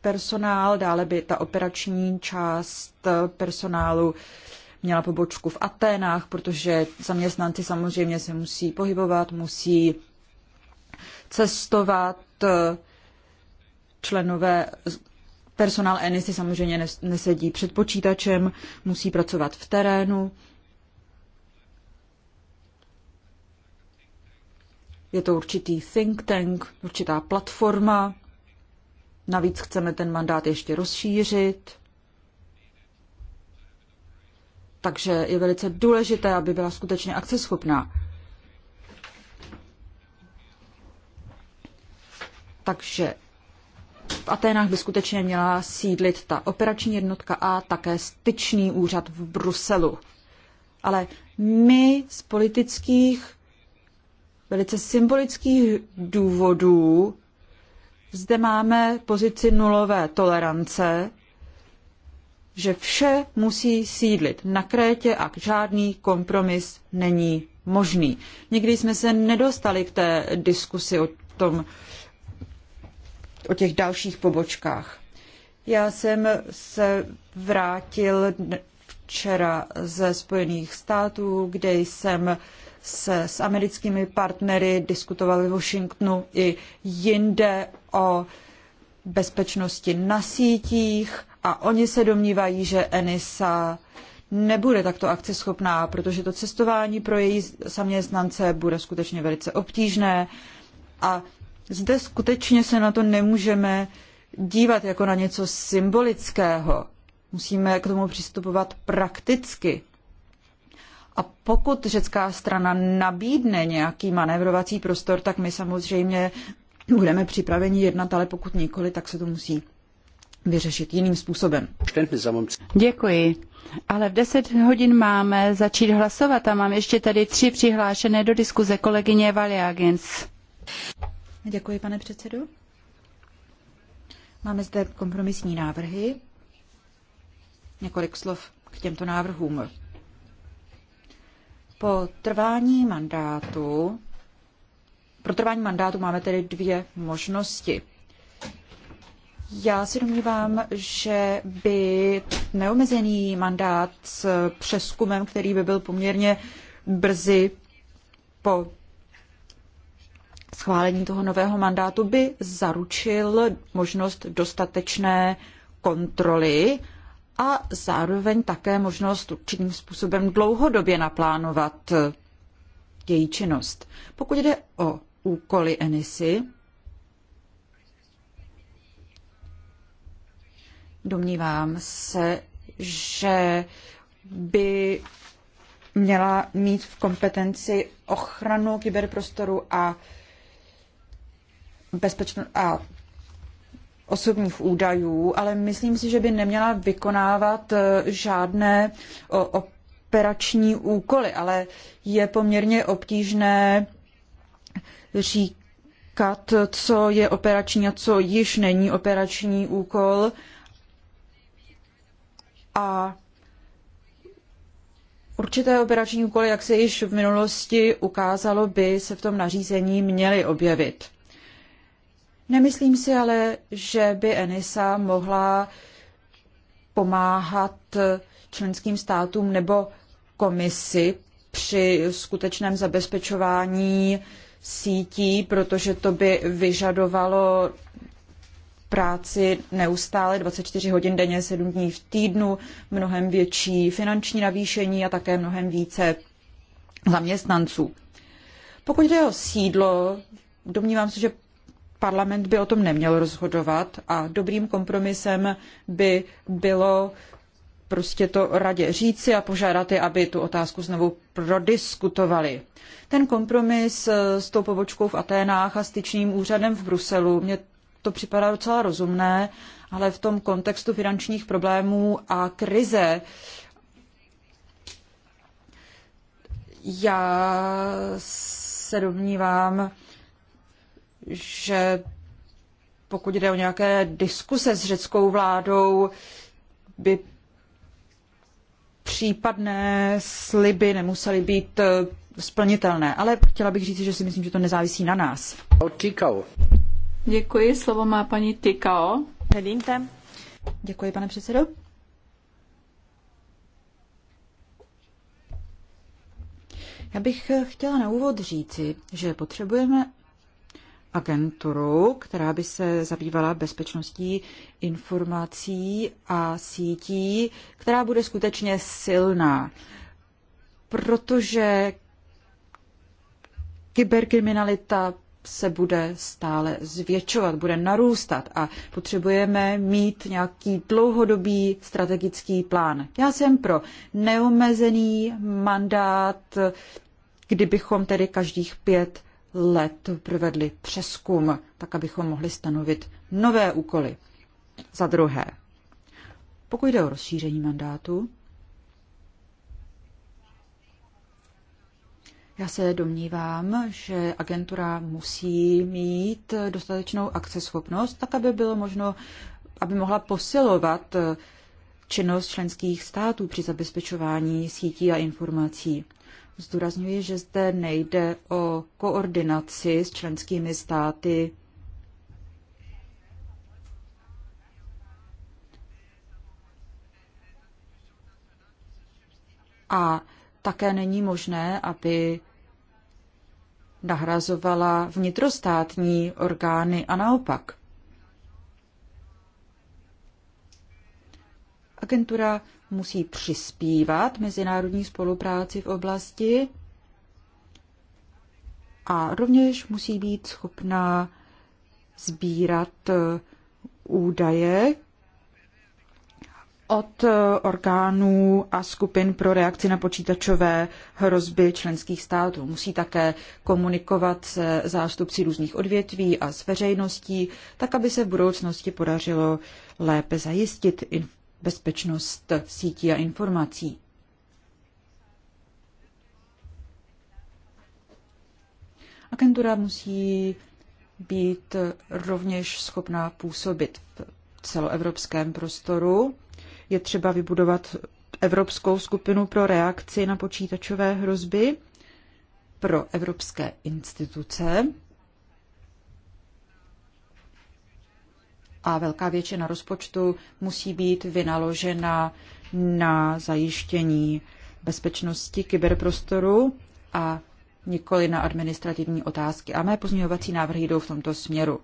personál, dále by ta operační část eh, personálu měla pobočku v Aténách, protože zaměstnanci samozřejmě se musí pohybovat, musí cestovat. Členové personál Enisy samozřejmě nesedí před počítačem, musí pracovat v terénu. Je to určitý think tank, určitá platforma. Navíc chceme ten mandát ještě rozšířit takže je velice důležité, aby byla skutečně akceschopná. Takže v Aténách by skutečně měla sídlit ta operační jednotka a také styčný úřad v Bruselu. Ale my z politických, velice symbolických důvodů zde máme pozici nulové tolerance že vše musí sídlit na Krétě a žádný kompromis není možný. Nikdy jsme se nedostali k té diskusi o, tom, o těch dalších pobočkách. Já jsem se vrátil včera ze Spojených států, kde jsem se s americkými partnery diskutoval v Washingtonu i jinde o uh, bezpečnosti na sítích a oni se domnívají, že Enisa nebude takto akceschopná, protože to cestování pro její zaměstnance bude skutečně velice obtížné a zde skutečně se na to nemůžeme dívat jako na něco symbolického. Musíme k tomu přistupovat prakticky. A pokud řecká strana nabídne nějaký manévrovací prostor, tak my samozřejmě budeme připraveni jednat, ale pokud nikoli, tak se to musí vyřešit jiným způsobem. Děkuji. Ale v 10 hodin máme začít hlasovat a mám ještě tady tři přihlášené do diskuze kolegyně Valiagens. Děkuji, pane předsedo. Máme zde kompromisní návrhy. Několik slov k těmto návrhům. Po trvání mandátu pro trvání mandátu máme tedy dvě možnosti. Já si domnívám, že by neomezený mandát s přeskumem, který by byl poměrně brzy po schválení toho nového mandátu, by zaručil možnost dostatečné kontroly a zároveň také možnost určitým způsobem dlouhodobě naplánovat její činnost. Pokud jde o úkoly Enisy. Domnívám se, že by měla mít v kompetenci ochranu kyberprostoru a, bezpečno- a osobních údajů, ale myslím si, že by neměla vykonávat eh, žádné operační úkoly, ale je poměrně obtížné říkat, co je operační a co již není operační úkol. A určité operační úkoly, jak se již v minulosti ukázalo, by se v tom nařízení měly objevit. Nemyslím si ale, že by Enisa mohla pomáhat členským státům nebo komisi při skutečném zabezpečování sítí, protože to by vyžadovalo práci neustále 24 hodin denně, 7 dní v týdnu, mnohem větší finanční navýšení a také mnohem více zaměstnanců. Pokud jde o sídlo, domnívám se, že parlament by o tom neměl rozhodovat a dobrým kompromisem by bylo prostě to radě říci a požádat je, aby tu otázku znovu prodiskutovali. Ten kompromis eh, s tou pobočkou v Aténách a styčným úřadem v Bruselu, mě to připadá docela rozumné, ale v tom kontextu finančních problémů a krize já se domnívám, že pokud jde o nějaké diskuse s řeckou vládou, by případné sliby nemusely být eh, splnitelné. Ale chtěla bych říct, že si myslím, že to nezávisí na nás. Tikao. Děkuji, slovo má paní Tikao. Nedímte. Děkuji, pane předsedo. Já bych eh, chtěla na úvod říci, že potřebujeme agenturu, která by se zabývala bezpečností informací a sítí, která bude skutečně silná, protože kyberkriminalita se bude stále zvětšovat, bude narůstat a potřebujeme mít nějaký dlouhodobý strategický plán. Já jsem pro neomezený mandát, kdybychom tedy každých pět let provedli přeskum, tak abychom mohli stanovit nové úkoly. Za druhé, pokud jde o rozšíření mandátu, Já se domnívám, že agentura musí mít dostatečnou akceschopnost, tak aby bylo možno, aby mohla posilovat činnost členských států při zabezpečování sítí a informací. Zdůrazňuji, že zde nejde o koordinaci s členskými státy a také není možné, aby nahrazovala vnitrostátní orgány a naopak. Agentura musí přispívat mezinárodní spolupráci v oblasti a rovněž musí být schopná sbírat eh, údaje od eh, orgánů a skupin pro reakci na počítačové hrozby členských států. Musí také komunikovat se zástupci různých odvětví a s veřejností, tak aby se v budoucnosti podařilo lépe zajistit bezpečnost sítí a informací. Agentura musí být rovněž schopná působit v celoevropském prostoru. Je třeba vybudovat Evropskou skupinu pro reakci na počítačové hrozby pro evropské instituce, a velká většina rozpočtu musí být vynaložena na zajištění bezpečnosti kyberprostoru a nikoli na administrativní otázky. A mé pozměňovací návrhy jdou v tomto směru.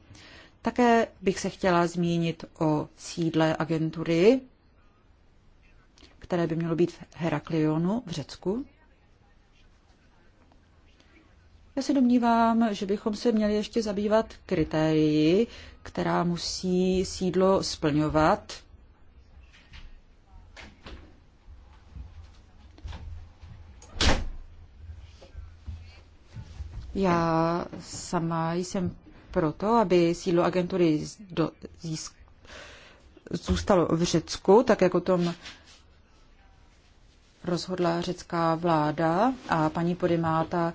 Také bych se chtěla zmínit o sídle agentury, které by mělo být v Heraklionu v Řecku. Já se domnívám, že bychom se měli ještě zabývat kritérii, která musí sídlo splňovat. Já sama jsem proto, aby sídlo agentury do, získ, zůstalo v Řecku, tak jako tom rozhodla řecká vláda a paní Podimáta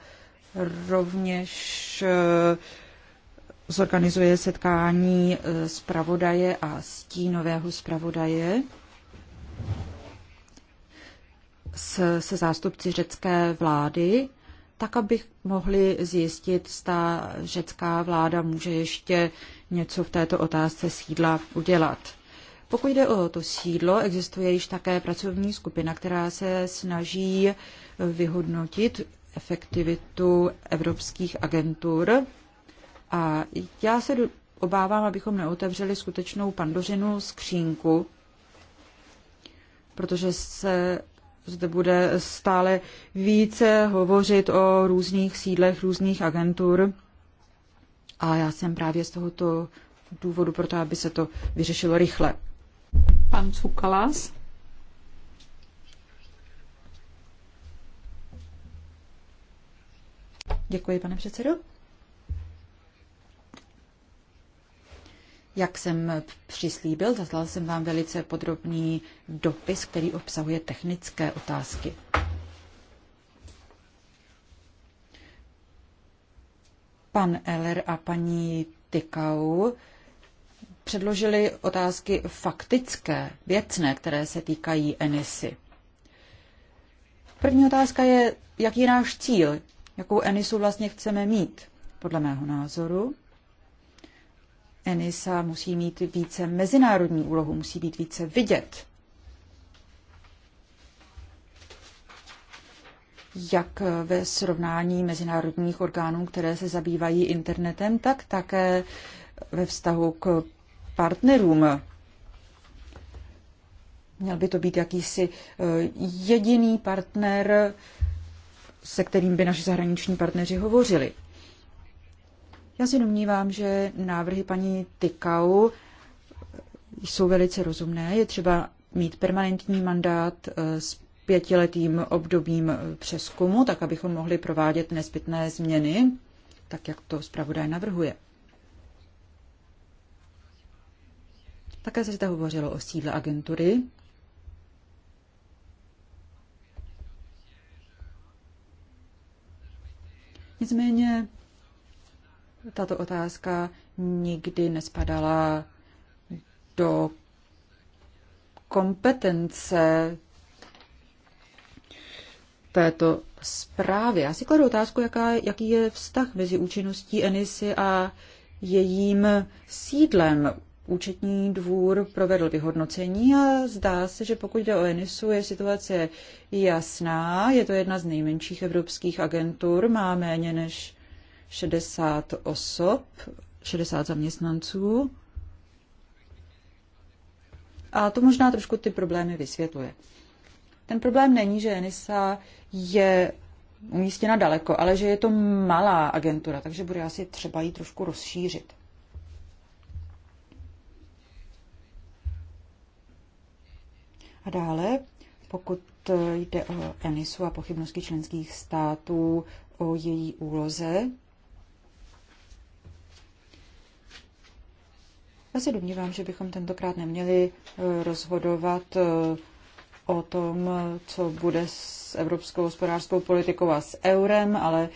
Rovněž eh, zorganizuje setkání eh, zpravodaje a stínového zpravodaje se, zástupci řecké vlády, tak aby mohli zjistit, zda řecká vláda může ještě něco v této otázce sídla udělat. Pokud jde o to sídlo, existuje již také pracovní skupina, která se snaží vyhodnotit, efektivitu evropských agentur. A já se obávám, abychom neotevřeli skutečnou pandořinu skřínku, protože se zde bude stále více hovořit o různých sídlech různých agentur. A já jsem právě z tohoto důvodu to, aby se to vyřešilo rychle. Pan Cukalas. Děkuji, pane předsedo. Jak jsem přislíbil, zaslal jsem vám velice podrobný dopis, který obsahuje technické otázky. Pan Eller a paní Tykau předložili otázky faktické, věcné, které se týkají Enisy. První otázka je, jaký je náš cíl, jakou Enisu vlastně chceme mít. Podle mého názoru Enisa musí mít více mezinárodní úlohu, musí být více vidět. Jak ve srovnání mezinárodních orgánů, které se zabývají internetem, tak také ve vztahu k partnerům. Měl by to být jakýsi eh, jediný partner, se kterým by naši zahraniční partneři hovořili. Já si domnívám, že návrhy paní Tykau jsou velice rozumné. Je třeba mít permanentní mandát eh, s pětiletým obdobím eh, přeskumu, tak abychom mohli provádět nezbytné změny, tak jak to zpravodaj navrhuje. Také se zde hovořilo o sídle agentury Nicméně tato otázka nikdy nespadala do kompetence této zprávy. Já si kladu otázku, jaká, jaký je vztah mezi účinností Enisy a jejím sídlem účetní dvůr provedl vyhodnocení a zdá se, že pokud jde o Enisu, je situace jasná. Je to jedna z nejmenších evropských agentur, má méně než 60 osob, 60 zaměstnanců. A to možná trošku ty problémy vysvětluje. Ten problém není, že Enisa je umístěna daleko, ale že je to malá agentura, takže bude asi třeba ji trošku rozšířit. A dále, pokud eh, jde o ENISu a pochybnosti členských států o její úloze, já se domnívám, že bychom tentokrát neměli eh, rozhodovat eh, o tom, co bude s evropskou hospodářskou politikou a s eurem, ale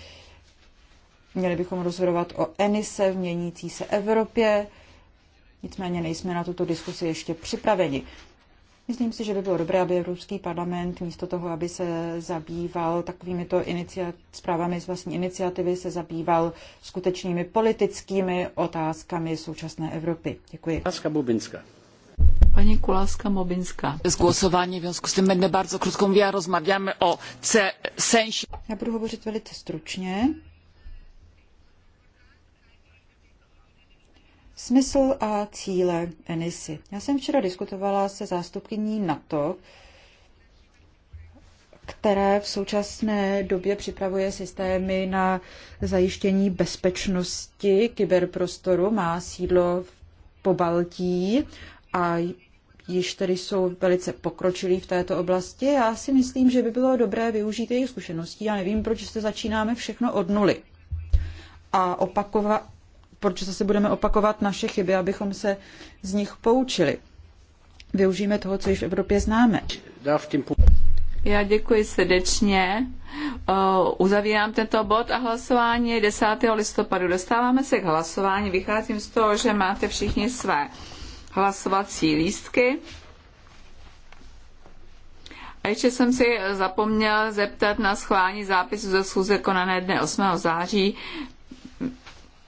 měli bychom rozhodovat o Enise v měnící se Evropě. Nicméně nejsme na tuto diskusi ještě připraveni. Myslím si, že by bylo dobré, aby Evropský parlament místo toho, aby se zabýval takovými to zprávami z vlastní iniciativy, se zabýval skutečnými politickými otázkami současné Evropy. Děkuji. Láska Bubinska. Pani Kulaska mobinska Z głosowanie, w związku z tym będę bardzo krótko mówiła. Rozmawiamy o sensie. Já budu hovořit velice stručně. Smysl a cíle Enisy. Já jsem včera diskutovala se zástupkyní NATO, které v současné době připravuje systémy na zajištění bezpečnosti kyberprostoru, má sídlo v Pobaltí a již tedy jsou velice pokročilí v této oblasti. Já si myslím, že by bylo dobré využít jejich zkušeností. Já nevím, proč se začínáme všechno od nuly a opakovat proč zase budeme opakovat naše chyby, abychom se z nich poučili. Využijeme toho, co již v Evropě známe. Já děkuji srdečně. Eh, uzavírám tento bod a hlasování je 10. listopadu. Dostáváme se k hlasování. Vycházím z toho, že máte všichni své hlasovací lístky. A ještě jsem si zapomněl zeptat na schválení zápisu ze schůze konané dne 8. září.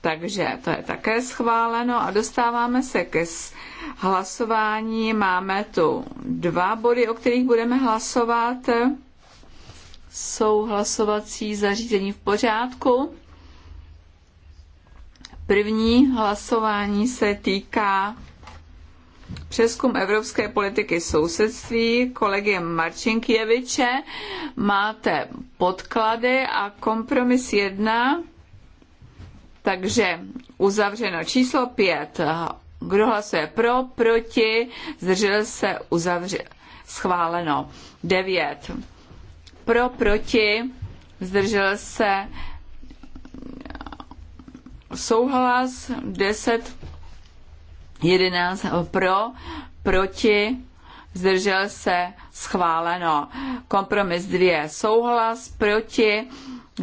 Takže to je také schváleno a dostáváme se ke hlasování. Máme tu dva body, o kterých budeme hlasovat. Jsou hlasovací zařízení v pořádku. První hlasování se týká přeskum evropské politiky sousedství kolegy Marčinkieviče. Máte podklady a kompromis jedna. Takže uzavřeno číslo pět. Kdo hlasuje pro, proti, zdržel se, uzavře, schváleno. devět. Pro, proti, zdržel se, souhlas, deset. jedenáct pro, proti, zdržel se, schváleno. Kompromis dvě. souhlas, proti,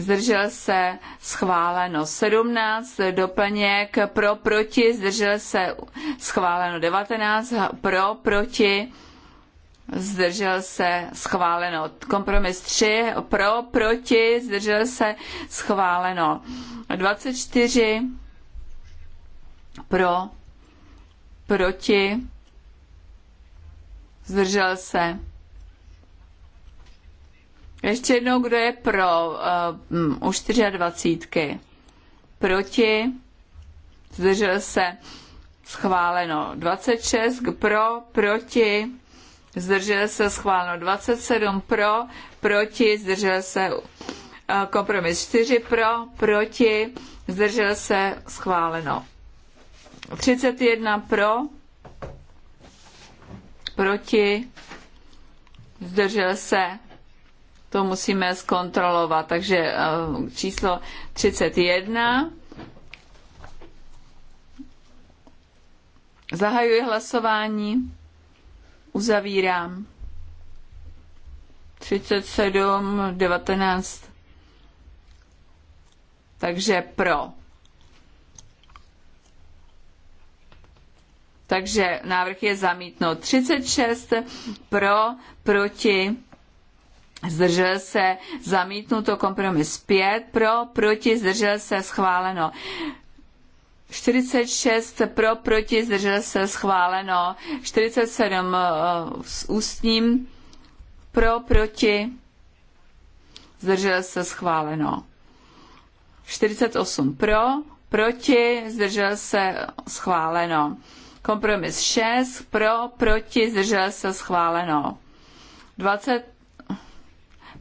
zdržel se schváleno 17, doplněk pro, proti, zdržel se schváleno 19, pro, proti, zdržel se schváleno. Kompromis 3, pro, proti, zdržel se schváleno. 24, pro, proti, zdržel se ještě jednou, kdo je pro uh, už 24. Proti? Zdržel se schváleno 26, pro, proti, zdržel se schváleno 27, pro, proti, zdržel se uh, kompromis 4, pro, proti, zdržel se schváleno 31, pro, proti, zdržel se to musíme zkontrolovat. Takže eh, číslo 31. Zahajuji hlasování. Uzavírám. 37, 19. Takže pro. Takže návrh je zamítnut. 36 pro, proti, zdržel se, zamítnuto kompromis 5, pro, proti, zdržel se, schváleno. 46 pro, proti, zdržel se, schváleno. 47 eh, s ústním, pro, proti, zdržel se, schváleno. 48 pro, proti, zdržel se, schváleno. Kompromis 6, pro, proti, zdržel se, schváleno. 20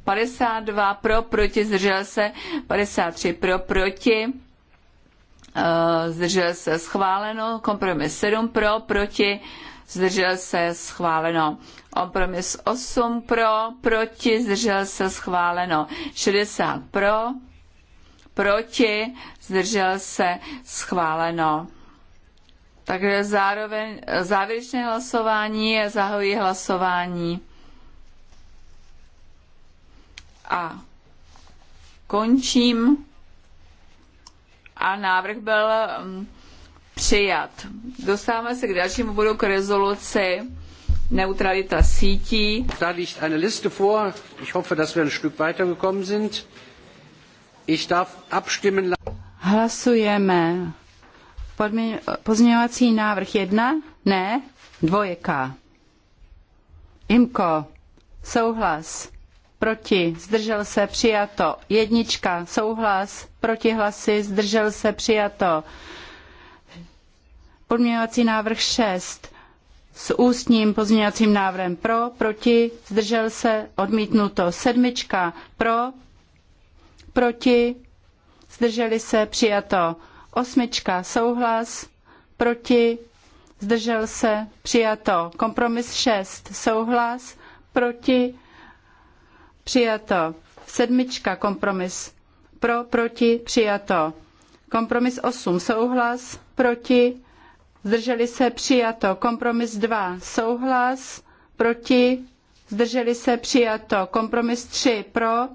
52 pro, proti, zdržel se, 53 eh, pro, proti, zdržel se, schváleno, kompromis 7 pro, proti, zdržel se, schváleno. Kompromis 8 pro, proti, zdržel se, schváleno. 60 pro, proti, zdržel se, schváleno. Takže zároveň eh, závěrečné hlasování, je zahojí hlasování a končím. A návrh byl mm, přijat. Dostáváme se k dalšímu bodu k rezoluci neutralita sítí. Da liegt eine Liste vor. Ich hoffe, dass wir ein Stück weitergekommen sind. Ich darf abstimmen. Hlasujeme. pozměňovací návrh jedna? Ne. Dvojka. Imko. Souhlas proti, zdržel se, přijato. Jednička, souhlas, protihlasy, zdržel se, přijato. Podměňovací návrh 6 s ústním pozměňovacím návrhem pro, proti, zdržel se, odmítnuto. Sedmička pro, proti, zdrželi se, přijato. Osmička souhlas, proti, zdržel se, přijato. Kompromis 6 souhlas, proti, přijato. Sedmička kompromis pro, proti, přijato. Kompromis 8 souhlas, proti, zdrželi se, přijato. Kompromis 2 souhlas, proti, zdrželi se, přijato. Kompromis 3 pro,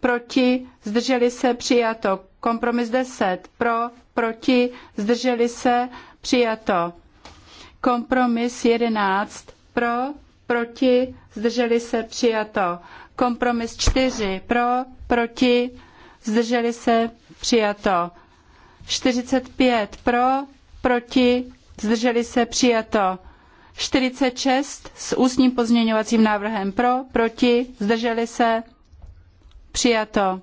proti, zdrželi se, přijato. Kompromis 10 pro, proti, zdrželi se, přijato. Kompromis 11 pro, proti, zdrželi se, přijato. Kompromis 4 pro, proti, zdrželi se, přijato. 45 pro, proti, zdrželi se, přijato. 46 s ústním pozměňovacím návrhem pro, proti, zdrželi se, přijato.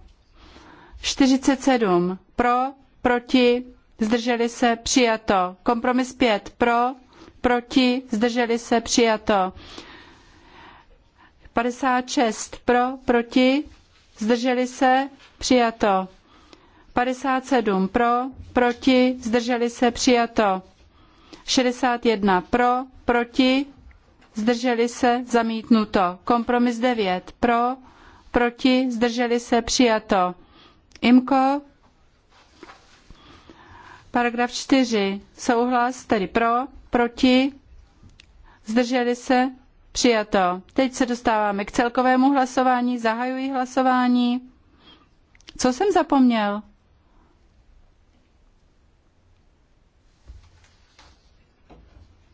47 pro, proti, zdrželi se, přijato. Kompromis 5 pro, proti, zdrželi se, přijato. 56 pro, proti, zdrželi se, přijato. 57 pro, proti, zdrželi se, přijato. 61 pro, proti, zdrželi se, zamítnuto. Kompromis 9 pro, proti, zdrželi se, přijato. Imko, paragraf 4, souhlas, tedy pro, proti, zdrželi se, Přijato. Teď se dostáváme k celkovému hlasování. Zahajuji hlasování. Co jsem zapomněl?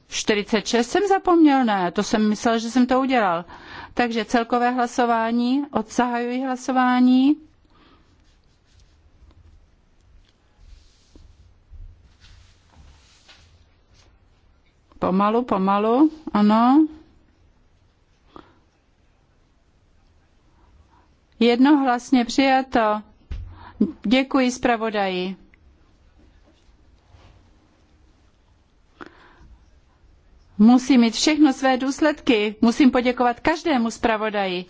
Čtyřicet šest jsem zapomněl, ne, to jsem myslel, že jsem to udělal. Takže celkové hlasování, odzahajuji hlasování. Pomalu, pomalu, ano. Jednohlasně přijato. Děkuji zpravodaji. Musí mít všechno své důsledky. Musím poděkovat každému zpravodaji.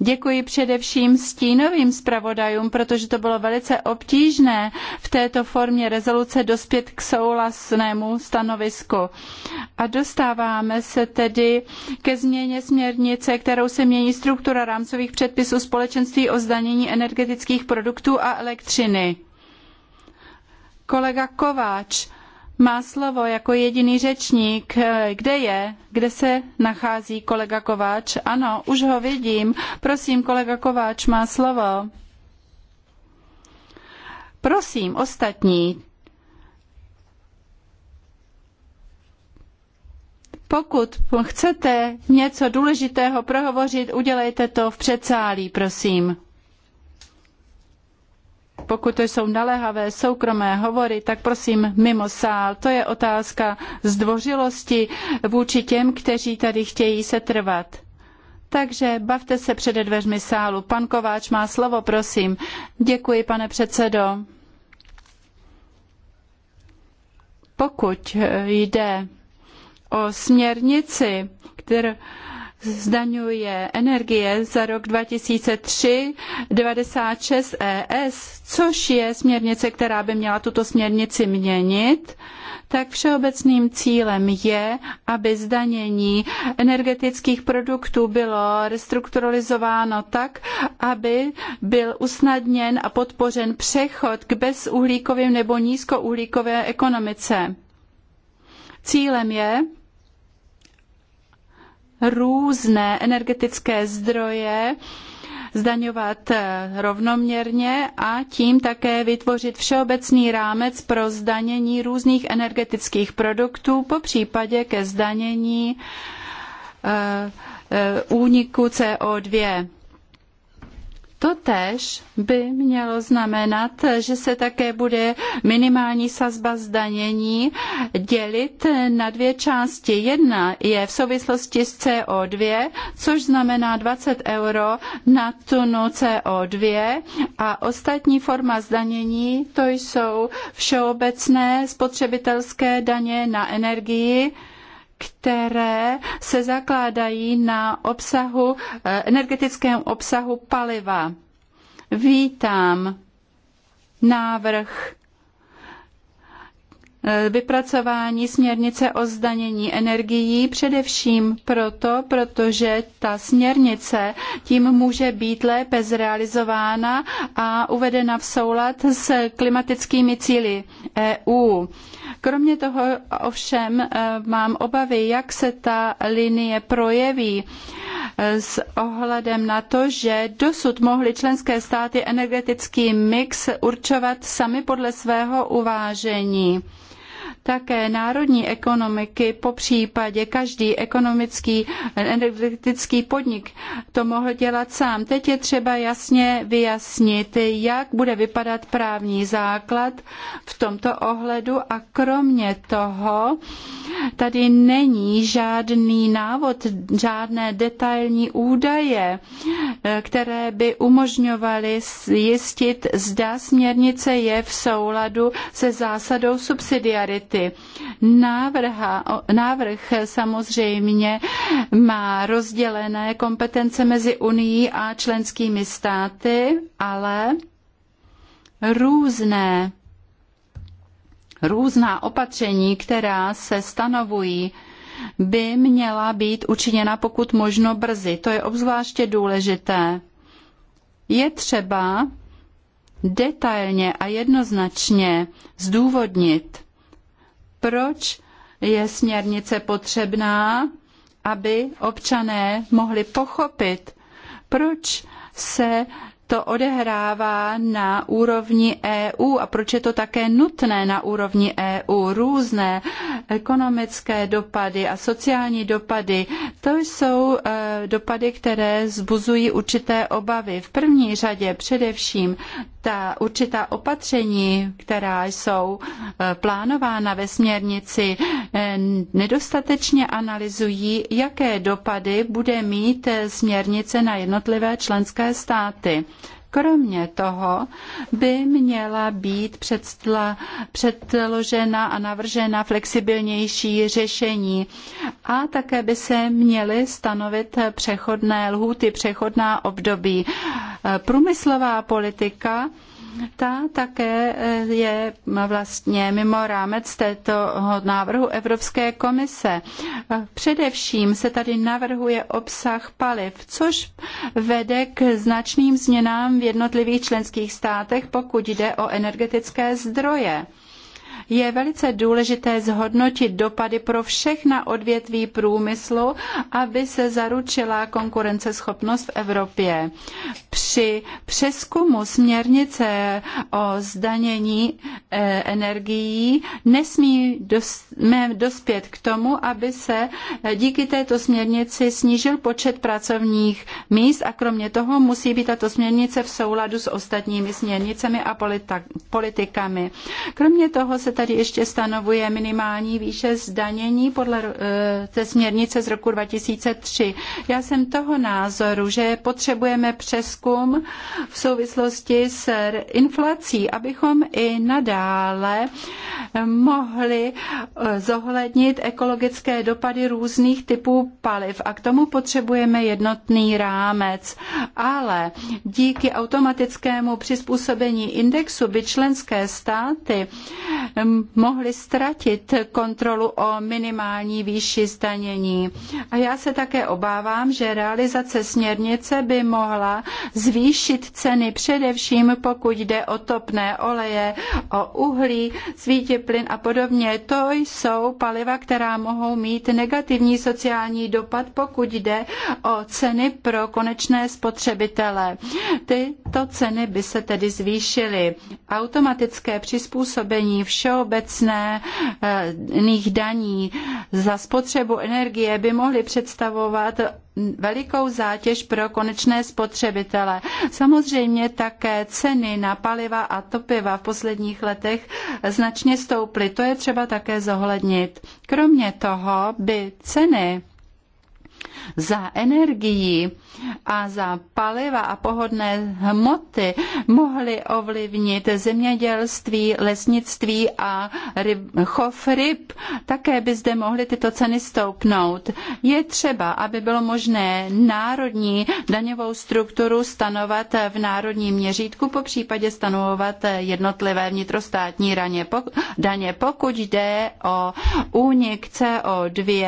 Děkuji především stínovým zpravodajům, protože to bylo velice obtížné v této formě rezoluce dospět k souhlasnému stanovisku. A dostáváme se tedy ke změně směrnice, kterou se mění struktura rámcových předpisů společenství o zdanění energetických produktů a elektřiny. Kolega Kováč má slovo jako jediný řečník. Eh, kde je? Kde se nachází kolega Kováč? Ano, už ho vidím. Prosím, kolega Kováč má slovo. Prosím, ostatní. Pokud chcete něco důležitého prohovořit, udělejte to v předsálí, prosím. Pokud to jsou naléhavé soukromé hovory, tak prosím mimo sál. To je otázka zdvořilosti vůči těm, kteří tady chtějí se trvat. Takže bavte se přede dveřmi sálu. Pan Kováč má slovo, prosím. Děkuji, pane předsedo. Pokud jde o směrnici, kterou zdaňuje energie za rok 2003 96 ES, což je směrnice, která by měla tuto směrnici měnit, tak všeobecným cílem je, aby zdanění energetických produktů bylo restrukturalizováno tak, aby byl usnadněn a podpořen přechod k bezuhlíkovým nebo nízkouhlíkové ekonomice. Cílem je, různé energetické zdroje zdaňovat eh, rovnoměrně a tím také vytvořit všeobecný rámec pro zdanění různých energetických produktů, po případě ke zdanění eh, eh, úniku CO2. Totež by mělo znamenat, že se také bude minimální sazba zdanění dělit na dvě části. Jedna je v souvislosti s CO2, což znamená 20 euro na tunu CO2 a ostatní forma zdanění, to jsou všeobecné spotřebitelské daně na energii, které se zakládají na obsahu, eh, energetickém obsahu paliva. Vítám návrh Eh, vypracování směrnice o zdanění energií, především proto, protože ta směrnice tím může být lépe zrealizována a uvedena v soulad s klimatickými cíli EU. Kromě toho ovšem eh, mám obavy, jak se ta linie projeví eh, s ohledem na to, že dosud mohly členské státy energetický mix určovat sami podle svého uvážení. Také národní ekonomiky, po případě každý ekonomický energetický podnik to mohl dělat sám. Teď je třeba jasně vyjasnit, jak bude vypadat právní základ v tomto ohledu a kromě toho tady není žádný návod, žádné detailní údaje, které by umožňovaly zjistit, zda směrnice je v souladu se zásadou subsidiarity věci. návrh samozřejmě má rozdělené kompetence mezi Unii a členskými státy, ale různé různá opatření, která se stanovují, by měla být učiněna pokud možno brzy. To je obzvláště důležité. Je třeba detailně a jednoznačně zdůvodnit, proč je směrnice potřebná, aby občané mohli pochopit, proč se to odehrává na úrovni EU a proč je to také nutné na úrovni EU. Různé ekonomické dopady a sociální dopady, to jsou eh, dopady, které zbuzují určité obavy. V první řadě především ta určitá opatření, která jsou eh, plánována ve směrnici, eh, nedostatečně analyzují, jaké dopady bude mít směrnice na jednotlivé členské státy. Kromě toho by měla být předložena a navržena flexibilnější řešení a také by se měly stanovit přechodné lhůty, přechodná období. Průmyslová politika ta také eh, je vlastně mimo rámec této návrhu Evropské komise. Především se tady navrhuje obsah paliv, což vede k značným změnám v jednotlivých členských státech, pokud jde o energetické zdroje je velice důležité zhodnotit dopady pro všechna odvětví průmyslu, aby se zaručila konkurenceschopnost v Evropě. Při přeskumu směrnice o zdanění eh, energií nesmí dospět k tomu, aby se eh, díky této směrnici snížil počet pracovních míst a kromě toho musí být tato směrnice v souladu s ostatními směrnicemi a politikami. Kromě toho se tady ještě stanovuje minimální výše zdanění podle eh, té směrnice z roku 2003. Já jsem toho názoru, že potřebujeme přeskum v souvislosti s inflací, abychom i nadále mohli eh, zohlednit ekologické dopady různých typů paliv a k tomu potřebujeme jednotný rámec. Ale díky automatickému přizpůsobení indexu by členské státy mohli ztratit kontrolu o minimální výši zdanění. A já se také obávám, že realizace směrnice by mohla zvýšit ceny především pokud jde o topné oleje, o uhlí, plyn a podobně. To jsou paliva, která mohou mít negativní sociální dopad, pokud jde o ceny pro konečné spotřebitele. Tyto ceny by se tedy zvýšily. Automatické přizpůsobení všeho všeobecných daní za spotřebu energie by mohly představovat velikou zátěž pro konečné spotřebitele. Samozřejmě také ceny na paliva a topiva v posledních letech značně stouply. To je třeba také zohlednit. Kromě toho by ceny za energii a za paliva a pohodné hmoty mohly ovlivnit zemědělství, lesnictví a ryb, chov ryb. Také by zde mohly tyto ceny stoupnout. Je třeba, aby bylo možné národní daňovou strukturu stanovat v národním měřítku, po případě stanovovat jednotlivé vnitrostátní daně, pokud jde o únik CO2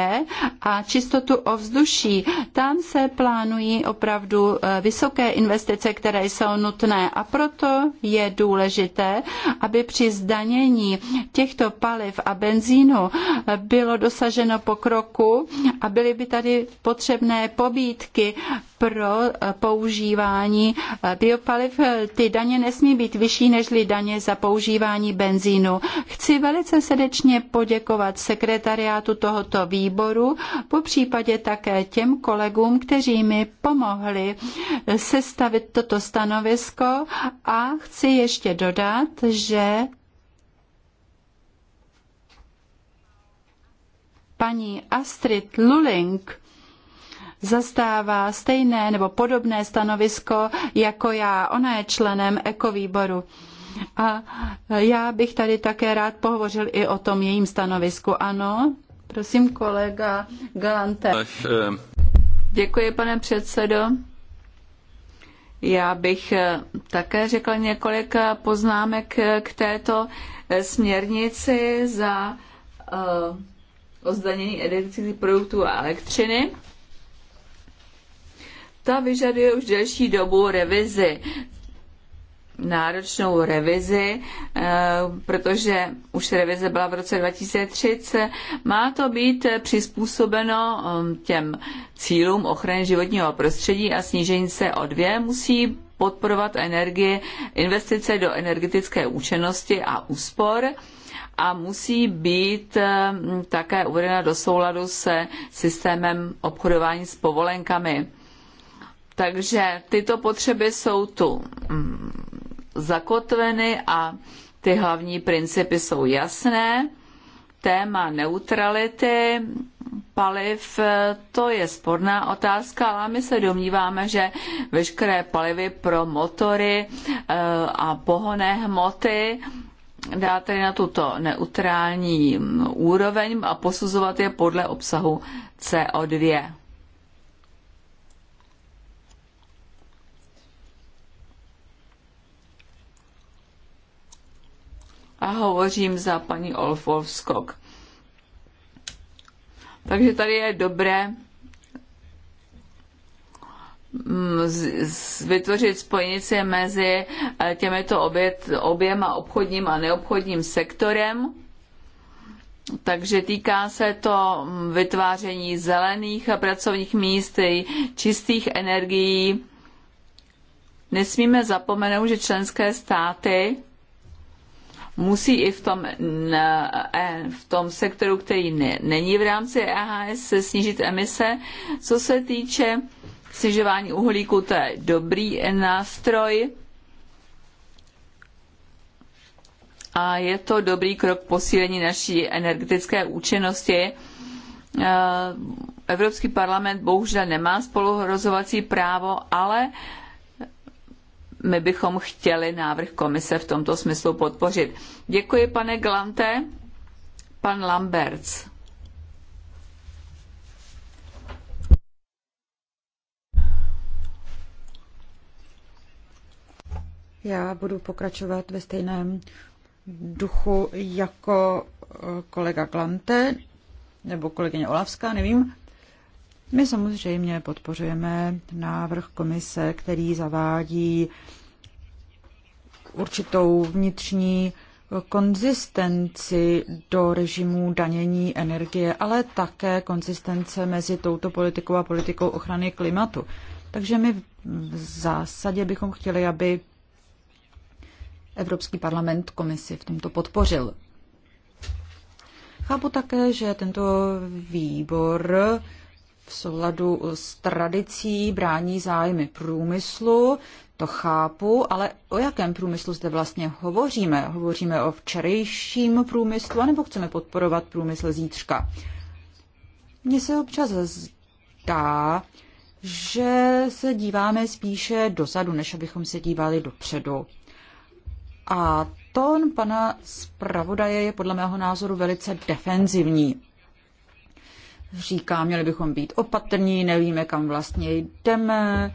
a čistotu ovzduší nižší. Tam se plánují opravdu eh, vysoké investice, které jsou nutné a proto je důležité, aby při zdanění těchto paliv a benzínu eh, bylo dosaženo pokroku a byly by tady potřebné pobídky pro eh, používání biopaliv. Ty daně nesmí být vyšší než daně za používání benzínu. Chci velice srdečně poděkovat sekretariátu tohoto výboru, po případě také těm kolegům, kteří mi pomohli sestavit toto stanovisko a chci ještě dodat, že paní Astrid Luling zastává stejné nebo podobné stanovisko jako já. Ona je členem ekovýboru. A já bych tady také rád pohovořil i o tom jejím stanovisku. Ano, Prosím, kolega Galante. Eh, Děkuji, pane předsedo. Já bych eh, také řekla několik eh, poznámek k této směrnici za ozdanění energetických produktů a elektřiny. Ta vyžaduje už delší dobu revizi náročnou revizi, eh, protože už revize byla v roce 2030. Má to být přizpůsobeno eh, těm cílům ochrany životního prostředí a snížení se o dvě musí podporovat energie, investice do energetické účinnosti a úspor a musí být eh, také uvedena do souladu se systémem obchodování s povolenkami. Takže tyto potřeby jsou tu mm zakotveny a ty hlavní principy jsou jasné. Téma neutrality paliv, to je sporná otázka, ale my se domníváme, že veškeré palivy pro motory eh, a pohonné hmoty dá tedy na tuto neutrální úroveň a posuzovat je podle obsahu CO2. a hovořím za paní Olfovskok. Takže tady je dobré mm, vytvořit spojnici mezi eh, těmito obět, oběma obchodním a neobchodním sektorem. Takže týká se to mm, vytváření zelených a pracovních míst, čistých energií. Nesmíme zapomenout, že členské státy musí i v tom, e, v tom sektoru, který ne, není v rámci EHS, snížit emise. Co se týče snižování uhlíku, to je dobrý nástroj. A je to dobrý krok k posílení naší energetické účinnosti. E, Evropský parlament bohužel nemá spoluhrozovací právo, ale my bychom chtěli návrh komise v tomto smyslu podpořit. Děkuji, pane Glante. Pan Lamberts. Já budu pokračovat ve stejném duchu jako eh, kolega Glante nebo kolegyně Olavská, nevím. My samozřejmě podpořujeme návrh komise, který zavádí určitou vnitřní konzistenci do režimu danění energie, ale také konzistence mezi touto politikou a politikou ochrany klimatu. Takže my v zásadě bychom chtěli, aby Evropský parlament komisi v tomto podpořil. Chápu také, že tento výbor v souladu s tradicí brání zájmy průmyslu, to chápu, ale o jakém průmyslu zde vlastně hovoříme? Hovoříme o včerejším průmyslu, anebo chceme podporovat průmysl zítřka? Mně se občas zdá, že se díváme spíše dozadu, než abychom se dívali dopředu. A tón pana zpravodaje je podle mého názoru velice defenzivní říká, měli bychom být opatrní, nevíme, kam vlastně jdeme,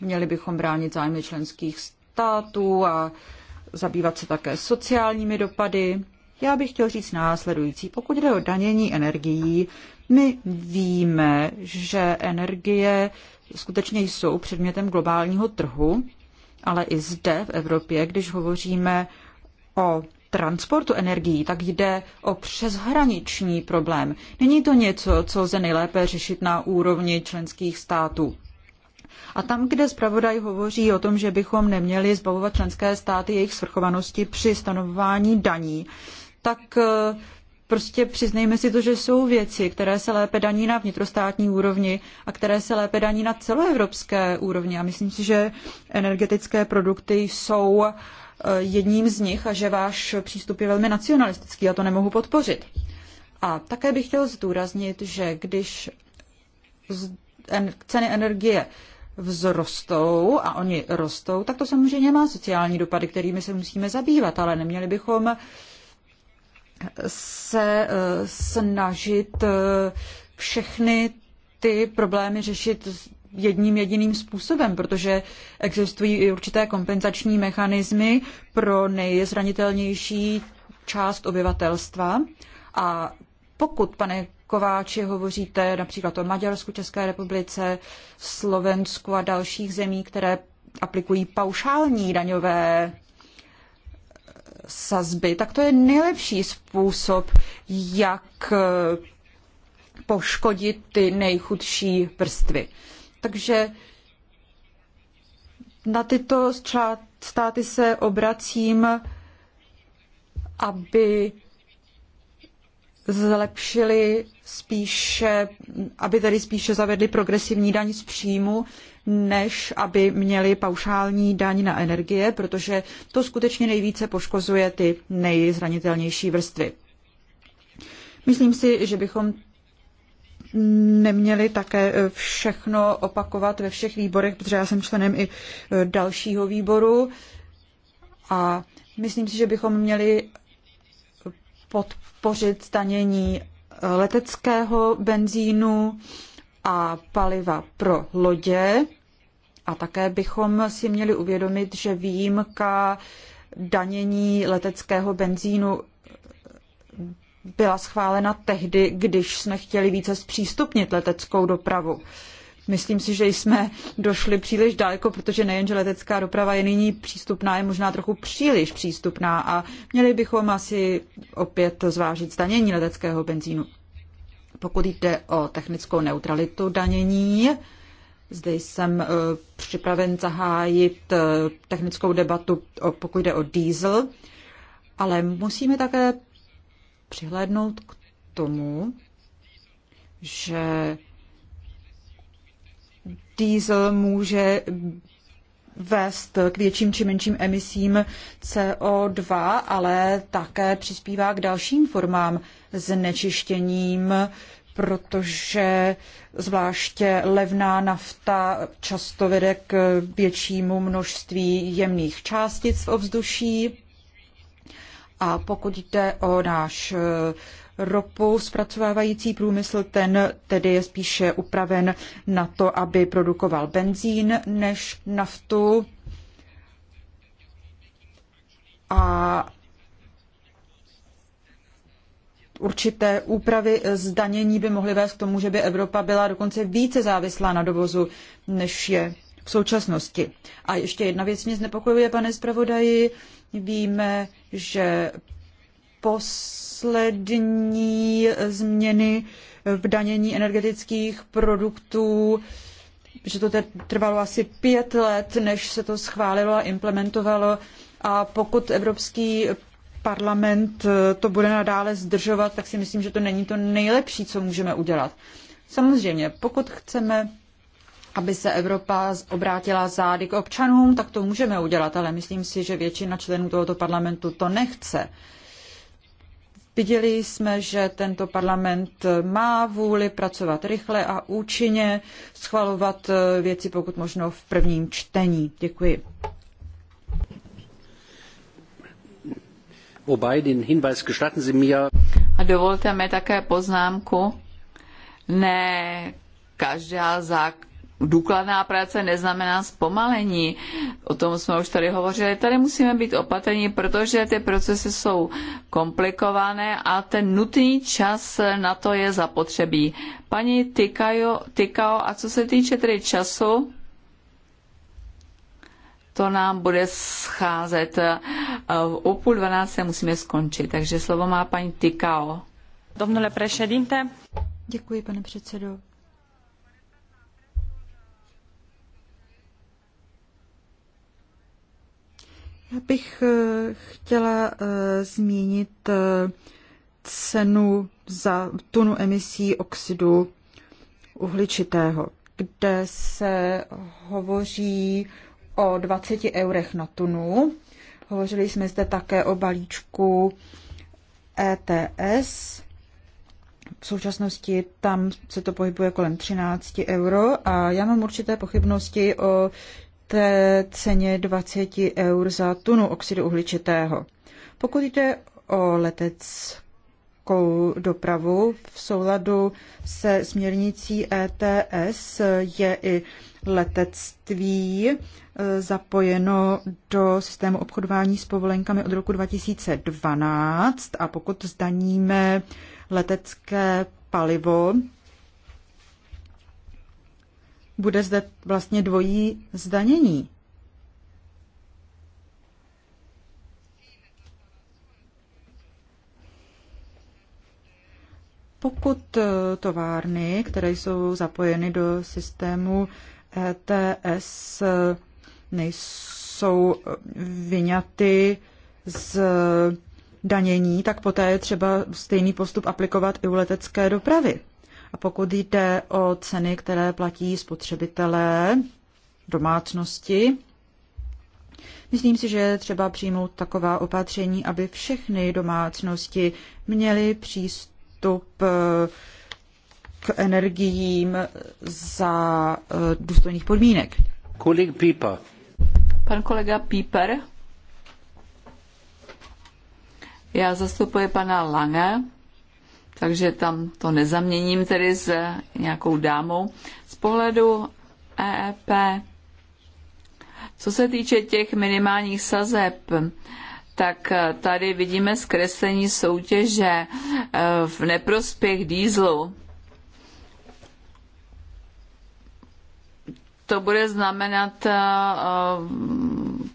měli bychom bránit zájmy členských států a zabývat se také sociálními dopady. Já bych chtěl říct následující. Pokud jde o danění energií, my víme, že energie skutečně jsou předmětem globálního trhu, ale i zde v Evropě, když hovoříme o transportu energií, tak jde o přeshraniční problém. Není to něco, co lze nejlépe řešit na úrovni členských států. A tam, kde zpravodaj hovoří o tom, že bychom neměli zbavovat členské státy jejich svrchovanosti při stanovování daní, tak eh, prostě přiznejme si to, že jsou věci, které se lépe daní na vnitrostátní úrovni a které se lépe daní na celoevropské úrovni. A myslím si, že energetické produkty jsou Eh, jedním z nich a že váš přístup je velmi nacionalistický a to nemohu podpořit. A také bych chtěl zdůraznit, že když ceny energie vzrostou a oni rostou, tak to samozřejmě má sociální dopady, kterými se musíme zabývat, ale neměli bychom se eh, snažit eh, všechny ty problémy řešit jedním jediným způsobem, protože existují určité kompenzační mechanismy pro nejzranitelnější část obyvatelstva. A pokud, pane Kováči, hovoříte například o Maďarsku, České republice, Slovensku a dalších zemí, které aplikují paušální daňové sazby, tak to je nejlepší způsob, jak poškodit ty nejchudší vrstvy takže na tyto státy se obracím, aby zlepšili spíše, aby tedy spíše zavedli progresivní daň z příjmu, než aby měli paušální daň na energie, protože to skutečně nejvíce poškozuje ty nejzranitelnější vrstvy. Myslím si, že bychom neměli také eh, všechno opakovat ve všech výborech, protože já jsem členem i eh, dalšího výboru a myslím si, že bychom měli podpořit stanění eh, leteckého benzínu a paliva pro lodě. A také bychom si měli uvědomit, že výjimka danění leteckého benzínu byla schválena tehdy, když jsme chtěli více zpřístupnit leteckou dopravu. Myslím si, že jsme došli příliš daleko, protože nejenže letecká doprava je nyní přístupná, je možná trochu příliš přístupná a měli bychom asi opět zvážit zdanění leteckého benzínu. Pokud jde o technickou neutralitu danění, zde jsem eh, připraven zahájit eh, technickou debatu, pokud jde o diesel, ale musíme také přihlédnout k tomu, že diesel může vést k větším či menším emisím CO2, ale také přispívá k dalším formám znečištěním, protože zvláště levná nafta často vede k většímu množství jemných částic v ovzduší a pokud jde o náš e, ropu zpracovávající průmysl, ten tedy je spíše upraven na to, aby produkoval benzín než naftu. A určité úpravy zdanění by mohly vést k tomu, že by Evropa byla dokonce více závislá na dovozu, než je v současnosti. A ještě jedna věc mě znepokojuje, pane zpravodaji. Víme, že poslední změny v danění energetických produktů že to trvalo asi pět let, než se to schválilo a implementovalo. A pokud Evropský parlament to bude nadále zdržovat, tak si myslím, že to není to nejlepší, co můžeme udělat. Samozřejmě, pokud chceme aby se Evropa obrátila zády k občanům, tak to můžeme udělat, ale myslím si, že většina členů tohoto parlamentu to nechce. Viděli jsme, že tento parlament má vůli pracovat rychle a účinně, schvalovat eh, věci pokud možno v prvním čtení. Děkuji. A dovolte mi také poznámku. Ne každá zák- důkladná práce neznamená zpomalení. O tom jsme už tady hovořili. Tady musíme být opatrní, protože ty procesy jsou komplikované a ten nutný čas na to je zapotřebí. Paní Tykao, Tykao a co se týče tedy času, to nám bude scházet. O půl dvanácté musíme skončit, takže slovo má paní Tykao. Domnule Děkuji, pane předsedo. Já bych eh, chtěla eh, zmínit eh, cenu za tunu emisí oxidu uhličitého, kde se hovoří o 20 eurech na tunu. Hovořili jsme zde také o balíčku ETS. V současnosti tam se to pohybuje kolem 13 euro a já mám určité pochybnosti o té ceně 20 eur za tunu oxidu uhličitého. Pokud jde o leteckou dopravu v souladu se směrnicí ETS je i letectví eh, zapojeno do systému obchodování s povolenkami od roku 2012 a pokud zdaníme letecké palivo, bude zde vlastně dvojí zdanění. Pokud eh, továrny, které jsou zapojeny do systému ETS, eh, nejsou eh, vyňaty z danění, tak poté je třeba stejný postup aplikovat i u letecké dopravy. A pokud jde o ceny, které platí spotřebitelé, domácnosti, Myslím si, že je třeba přijmout taková opatření, aby všechny domácnosti měly přístup eh, k energiím za eh, důstojných podmínek. Kolik Pípa? Pan kolega Píper. Já zastupuji pana Lange takže tam to nezaměním tedy s nějakou dámou. Z pohledu EEP, co se týče těch minimálních sazeb, tak tady vidíme zkreslení soutěže eh, v neprospěch dýzlu. to bude znamenat eh, eh,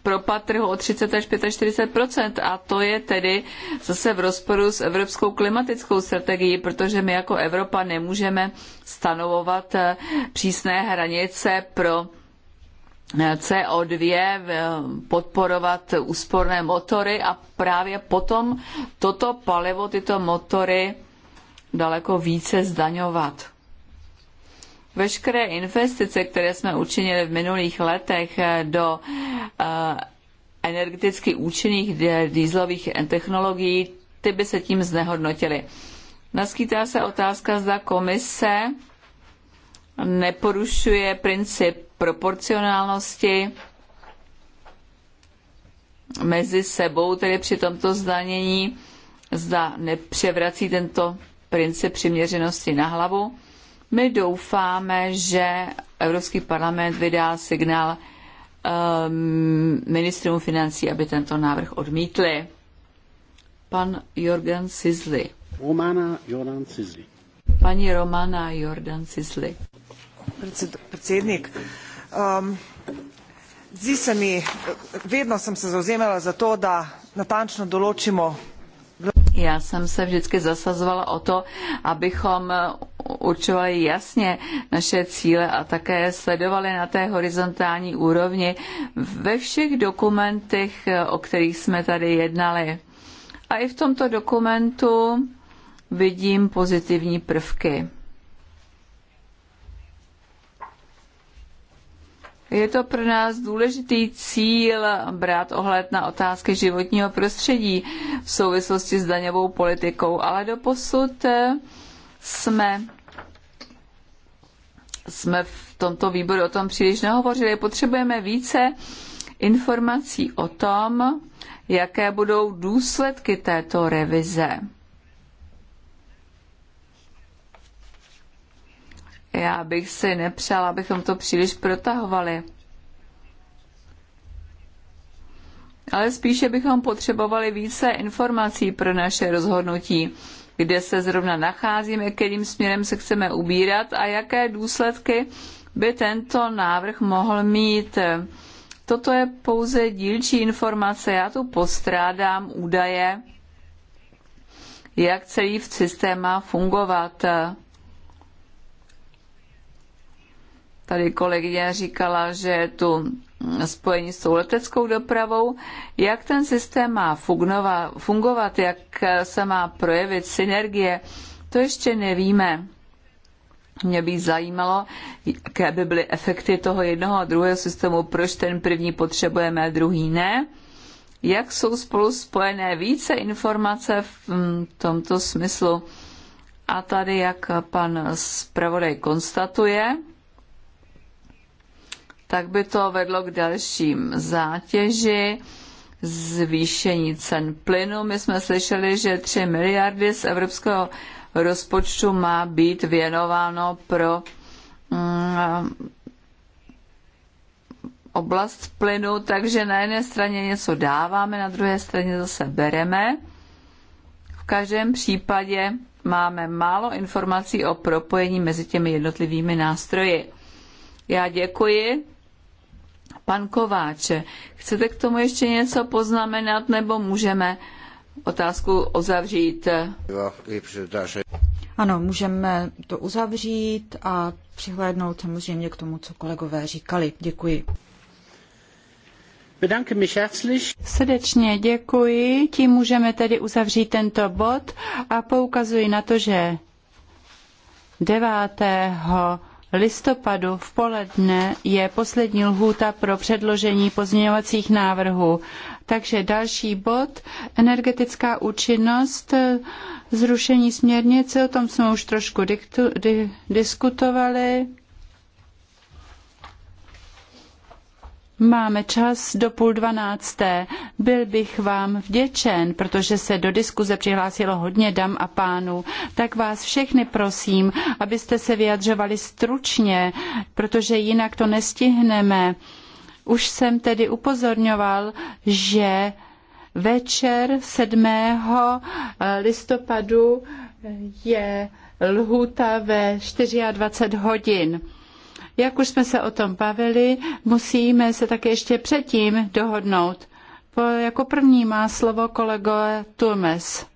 propad trhu o 30 až 45 a to je tedy zase v rozporu s evropskou klimatickou strategií, protože my jako Evropa nemůžeme stanovovat eh, přísné hranice pro CO2, podporovat úsporné motory a právě potom toto palivo, tyto motory daleko více zdaňovat. Veškeré investice, které jsme učinili v minulých letech eh, do eh, energeticky účinných dýzlových technologií, ty by se tím znehodnotily. Naskýtá se otázka, zda komise neporušuje princip proporcionálnosti mezi sebou, tedy při tomto zdanění, zda nepřevrací tento princip přiměřenosti na hlavu. My doufáme, že Evropský parlament vydá signál um, ministrům financí, aby tento návrh odmítli. Pan Jorgen Sizli. Romana Jordan Sizli. Paní Romana Jordan Sizli. Predsednik, um, zdi se mi, vedno jsem se zauzemala za to, da natančno določimo já jsem se vždycky zasazovala o to, abychom určovali jasně naše cíle a také sledovali na té horizontální úrovni ve všech dokumentech, o kterých jsme tady jednali. A i v tomto dokumentu vidím pozitivní prvky. Je to pro nás důležitý cíl brát ohled na otázky životního prostředí v souvislosti s daňovou politikou, ale do posud jsme jsme v tomto výboru o tom příliš nehovořili. Potřebujeme více informací o tom, jaké budou důsledky této revize. Já bych si nepřála, abychom to příliš protahovali. Ale spíše bychom potřebovali více informací pro naše rozhodnutí kde se zrovna nacházíme, kterým směrem se chceme ubírat a jaké důsledky by tento návrh mohl mít. Toto je pouze dílčí informace. Já tu postrádám údaje, jak celý systém má fungovat. Tady kolegyně říkala, že je tu spojení s tou leteckou dopravou. Jak ten systém má fungovat, jak se má projevit synergie, to ještě nevíme. Mě by zajímalo, jaké by byly efekty toho jednoho a druhého systému, proč ten první potřebujeme a druhý ne. Jak jsou spolu spojené více informace v mm, tomto smyslu? A tady, jak pan zpravodaj konstatuje, tak by to vedlo k dalším zátěži, zvýšení cen plynu. My jsme slyšeli, že 3 miliardy z evropského rozpočtu má být věnováno pro mm, oblast plynu, takže na jedné straně něco dáváme, na druhé straně zase bereme. V každém případě máme málo informací o propojení mezi těmi jednotlivými nástroji. Já děkuji Pan Kováče, chcete k tomu ještě něco poznamenat, nebo můžeme otázku uzavřít? Ano, můžeme to uzavřít a přihlédnout samozřejmě k tomu, co kolegové říkali. Děkuji. Srdečně děkuji. Tím můžeme tedy uzavřít tento bod a poukazuji na to, že 9 listopadu v poledne je poslední lhůta pro předložení pozměňovacích návrhů. Takže další bod, energetická účinnost, zrušení směrnice, o tom jsme už trošku diktu, di, diskutovali. Máme čas do půl dvanácté. Byl bych vám vděčen, protože se do diskuze přihlásilo hodně dam a pánů. Tak vás všechny prosím, abyste se vyjadřovali stručně, protože jinak to nestihneme. Už jsem tedy upozorňoval, že večer 7. Eh, listopadu eh, je lhůta ve 24 hodin. Jak už jsme se o tom bavili, musíme se také ještě předtím dohodnout. Po, jako první má slovo kolego Turmes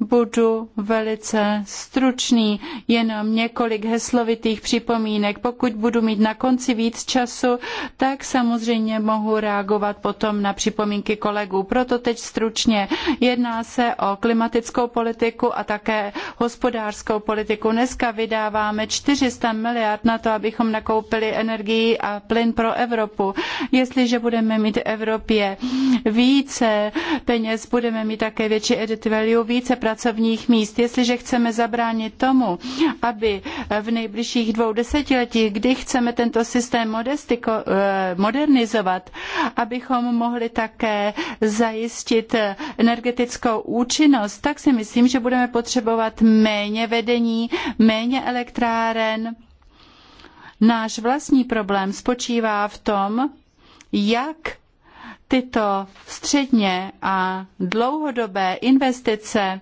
budu velice stručný, jenom několik heslovitých připomínek. Pokud budu mít na konci víc času, tak samozřejmě mohu reagovat potom na připomínky kolegů. Proto teď stručně jedná se o klimatickou politiku a také hospodářskou politiku. Dneska vydáváme 400 miliard na to, abychom nakoupili energii a plyn pro Evropu. Jestliže budeme mít v Evropě více peněz, budeme mít také větší edit value, více pracovních míst. Jestliže chceme zabránit tomu, aby v nejbližších dvou desetiletích, kdy chceme tento systém eh, modernizovat, abychom mohli také zajistit energetickou účinnost, tak si myslím, že budeme potřebovat méně vedení, méně elektráren. Náš vlastní problém spočívá v tom, jak tyto středně a dlouhodobé investice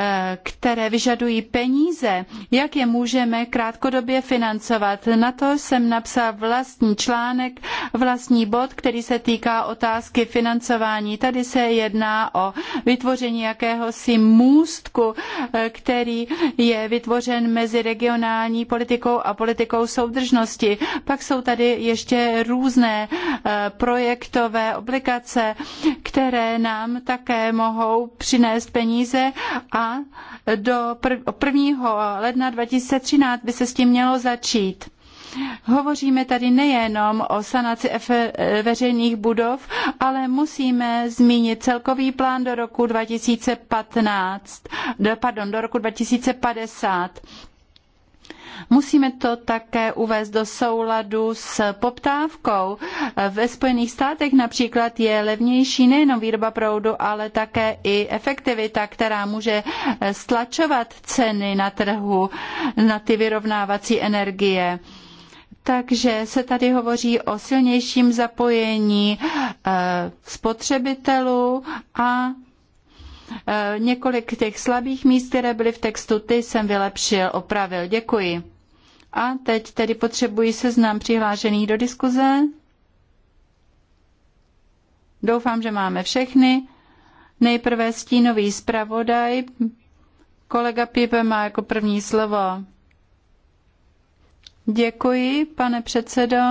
Eh, které vyžadují peníze, jak je můžeme krátkodobě financovat. Na to jsem napsal vlastní článek, vlastní bod, který se týká otázky financování. Tady se jedná o vytvoření jakéhosi můstku, eh, který je vytvořen mezi regionální politikou a politikou soudržnosti. Pak jsou tady ještě různé eh, projektové obligace, které nám také mohou přinést peníze a a do 1. ledna 2013 by se s tím mělo začít. Hovoříme tady nejenom o sanaci veřejných budov, ale musíme zmínit celkový plán do roku 2015, pardon, do roku 2050 Musíme to také uvést do souladu s poptávkou. Ve Spojených státech například je levnější nejenom výroba proudu, ale také i efektivita, která může eh, stlačovat ceny na trhu na ty vyrovnávací energie takže se tady hovoří o silnějším zapojení eh, spotřebitelů a Eh, několik těch slabých míst, které byly v textu, ty jsem vylepšil, opravil. Děkuji. A teď tedy potřebuji seznam přihlášených do diskuze. Doufám, že máme všechny. Nejprve stínový zpravodaj. Kolega Pipe má jako první slovo. Děkuji, pane předsedo.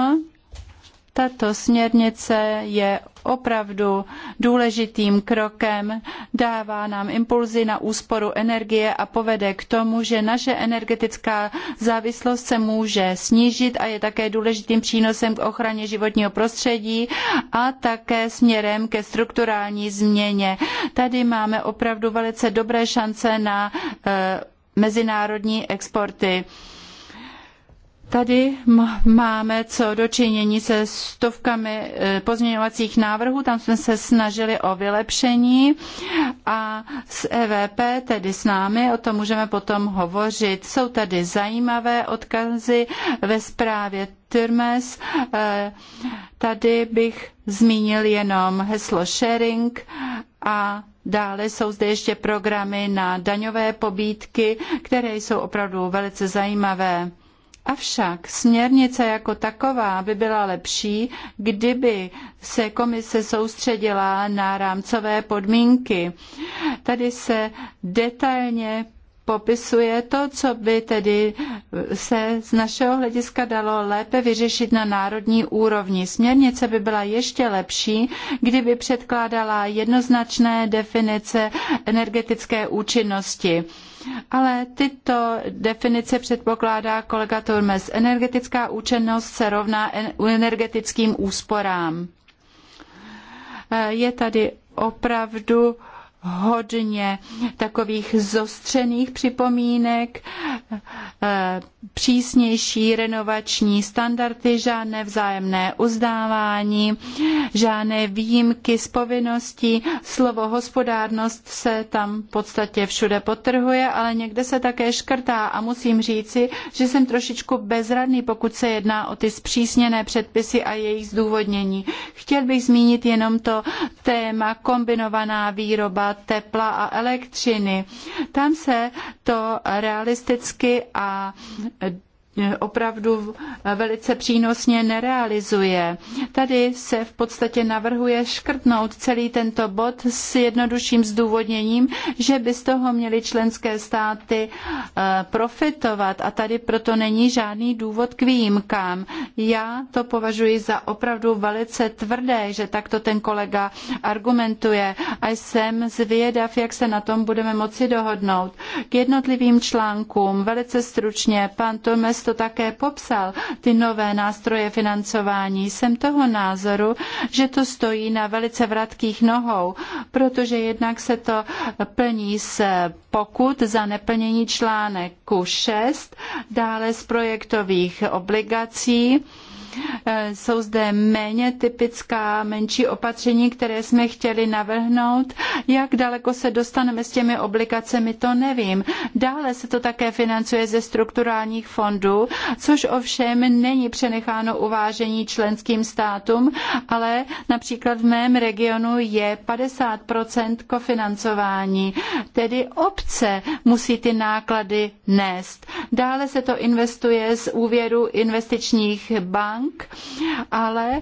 Tato směrnice je opravdu důležitým krokem, dává nám impulzy na úsporu energie a povede k tomu, že naše energetická závislost se může snížit a je také důležitým přínosem k ochraně životního prostředí a také směrem ke strukturální změně. Tady máme opravdu velice dobré šance na eh, mezinárodní exporty. Tady máme co dočinění se stovkami eh, pozměňovacích návrhů, tam jsme se snažili o vylepšení a s EVP, tedy s námi, o tom můžeme potom hovořit. Jsou tady zajímavé odkazy ve zprávě Turmes. Eh, tady bych zmínil jenom heslo sharing a Dále jsou zde ještě programy na daňové pobídky, které jsou opravdu velice zajímavé. Avšak směrnice jako taková by byla lepší, kdyby se komise soustředila na rámcové podmínky. Tady se detailně popisuje to, co by tedy se z našeho hlediska dalo lépe vyřešit na národní úrovni. Směrnice by byla ještě lepší, kdyby předkládala jednoznačné definice energetické účinnosti. Ale tyto definice předpokládá kolega Turmes. Energetická účinnost se rovná energetickým úsporám. Eh, je tady opravdu hodně takových zostřených připomínek, eh, přísnější renovační standardy, žádné vzájemné uzdávání, žádné výjimky z povinností. Slovo hospodárnost se tam v podstatě všude potrhuje, ale někde se také škrtá a musím říci, že jsem trošičku bezradný, pokud se jedná o ty zpřísněné předpisy a jejich zdůvodnění. Chtěl bych zmínit jenom to téma kombinovaná výroba tepla a elektřiny. Tam se to realisticky a Eh, opravdu velice přínosně nerealizuje. Tady se v podstatě navrhuje škrtnout celý tento bod s jednodušším zdůvodněním, že by z toho měly členské státy eh, profitovat a tady proto není žádný důvod k výjimkám. Já to považuji za opravdu velice tvrdé, že takto ten kolega argumentuje a jsem zvědav, jak se na tom budeme moci dohodnout. K jednotlivým článkům velice stručně pan Tomes to také popsal, ty nové nástroje financování. Jsem toho názoru, že to stojí na velice vratkých nohou, protože jednak se to plní z pokud za neplnění článku 6, dále z projektových obligací, Eh, jsou zde méně typická, menší opatření, které jsme chtěli navrhnout. Jak daleko se dostaneme s těmi obligacemi, to nevím. Dále se to také financuje ze strukturálních fondů, což ovšem není přenecháno uvážení členským státům, ale například v mém regionu je 50 kofinancování, tedy obce musí ty náklady nést. Dále se to investuje z úvěru investičních bank, ale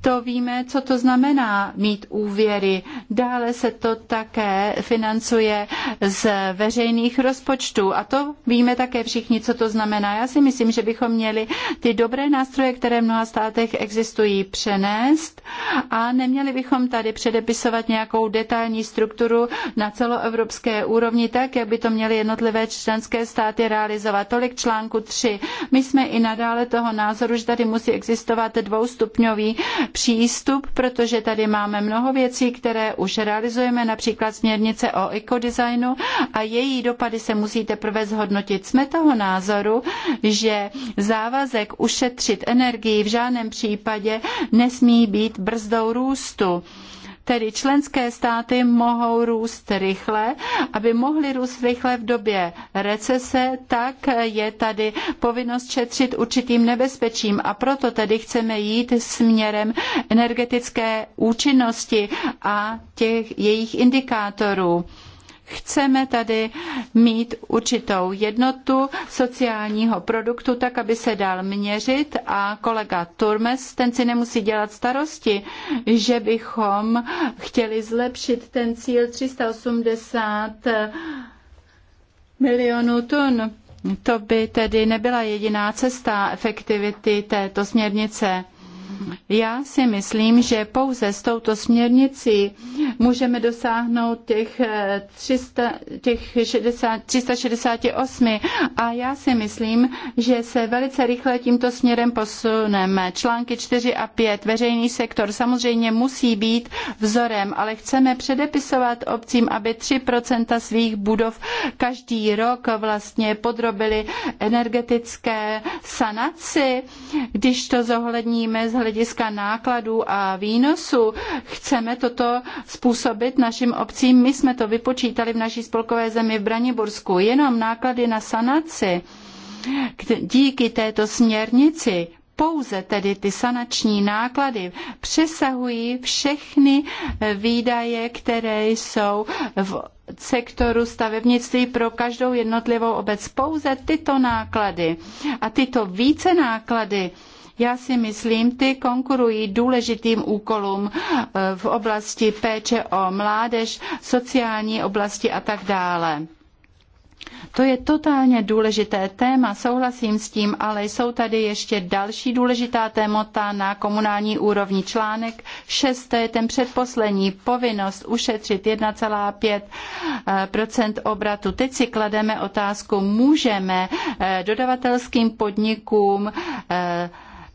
to víme, co to znamená mít úvěry. Dále se to také financuje z veřejných rozpočtů a to víme také všichni, co to znamená. Já si myslím, že bychom měli ty dobré nástroje, které v mnoha státech existují, přenést a neměli bychom tady předepisovat nějakou detailní strukturu na celoevropské úrovni, tak, jak by to měly jednotlivé členské státy realizovat. Tolik článku 3. My jsme i nadále toho názoru, že tady musí existovat dvoustupňový přístup, protože tady máme mnoho věcí, které už realizujeme, například směrnice o ekodesignu a její dopady se musí teprve zhodnotit. Jsme toho názoru, že závazek ušetřit energii v žádném případě nesmí být brzdou růstu. Tedy členské státy mohou růst rychle. Aby mohly růst rychle v době recese, tak je tady povinnost šetřit určitým nebezpečím a proto tedy chceme jít směrem energetické účinnosti a těch jejich indikátorů. Chceme tady mít určitou jednotu sociálního produktu, tak aby se dal měřit a kolega Turmes, ten si nemusí dělat starosti, že bychom chtěli zlepšit ten cíl 380 milionů tun. To by tedy nebyla jediná cesta efektivity této směrnice. Já si myslím, že pouze s touto směrnicí můžeme dosáhnout těch, 300, eh, těch 60, 368 a já si myslím, že se velice rychle tímto směrem posuneme. Články 4 a 5. Veřejný sektor samozřejmě musí být vzorem, ale chceme předepisovat obcím, aby 3% svých budov každý rok vlastně podrobili energetické sanaci. Když to zohledníme hlediska nákladů a výnosu chceme toto způsobit našim obcím. My jsme to vypočítali v naší spolkové zemi v Braniborsku. Jenom náklady na sanaci díky této směrnici pouze tedy ty sanační náklady přesahují všechny eh, výdaje, které jsou v sektoru stavebnictví pro každou jednotlivou obec. Pouze tyto náklady a tyto více náklady já si myslím, ty konkurují důležitým úkolům eh, v oblasti péče o mládež, sociální oblasti a tak dále. To je totálně důležité téma, souhlasím s tím, ale jsou tady ještě další důležitá témata na komunální úrovni. Článek 6, to je ten předposlední, povinnost ušetřit 1,5 eh, obratu. Teď si klademe otázku, můžeme eh, dodavatelským podnikům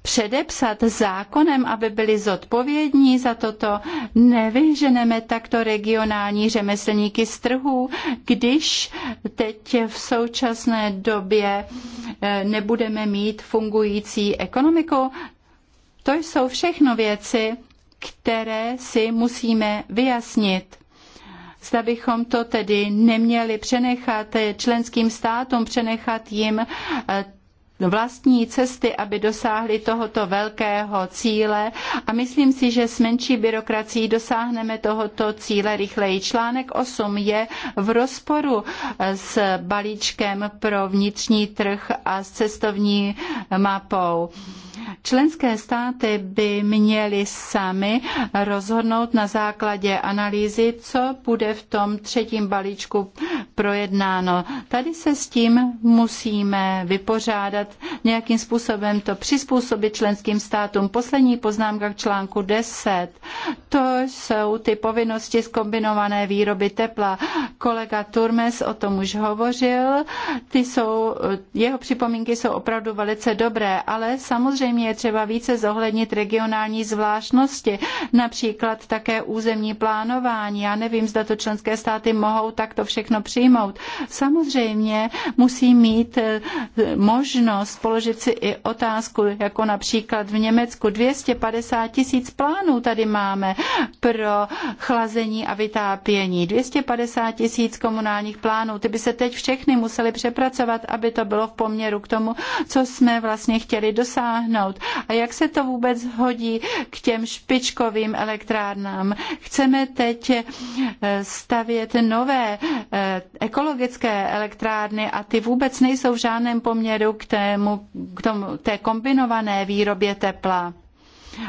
předepsat zákonem, aby byli zodpovědní za toto. Nevyženeme takto regionální řemeslníky z trhů, když teď v současné době eh, nebudeme mít fungující ekonomiku. To jsou všechno věci, které si musíme vyjasnit. Zda bychom to tedy neměli přenechat členským státům, přenechat jim eh, vlastní cesty, aby dosáhli tohoto velkého cíle a myslím si, že s menší byrokracií dosáhneme tohoto cíle rychleji. Článek 8 je v rozporu eh, s balíčkem pro vnitřní trh a s cestovní mapou. Členské státy by měly sami rozhodnout na základě analýzy, co bude v tom třetím balíčku projednáno. Tady se s tím musíme vypořádat, nějakým způsobem to přizpůsobit členským státům. Poslední poznámka k článku 10. To jsou ty povinnosti zkombinované výroby tepla. Kolega Turmes o tom už hovořil. Ty jsou, jeho připomínky jsou opravdu velice dobré, ale samozřejmě Samozřejmě je třeba více zohlednit regionální zvláštnosti, například také územní plánování. Já nevím, zda to členské státy mohou takto všechno přijmout. Samozřejmě musí mít eh, možnost položit si i otázku, jako například v Německu 250 tisíc plánů tady máme pro chlazení a vytápění. 250 tisíc komunálních plánů. Ty by se teď všechny museli přepracovat, aby to bylo v poměru k tomu, co jsme vlastně chtěli dosáhnout vyvinout. A jak se to vůbec hodí k těm špičkovým elektrárnám? Chceme teď eh, stavět nové eh, ekologické elektrárny a ty vůbec nejsou v žádném poměru k, tému, k, tomu, k té kombinované výrobě tepla.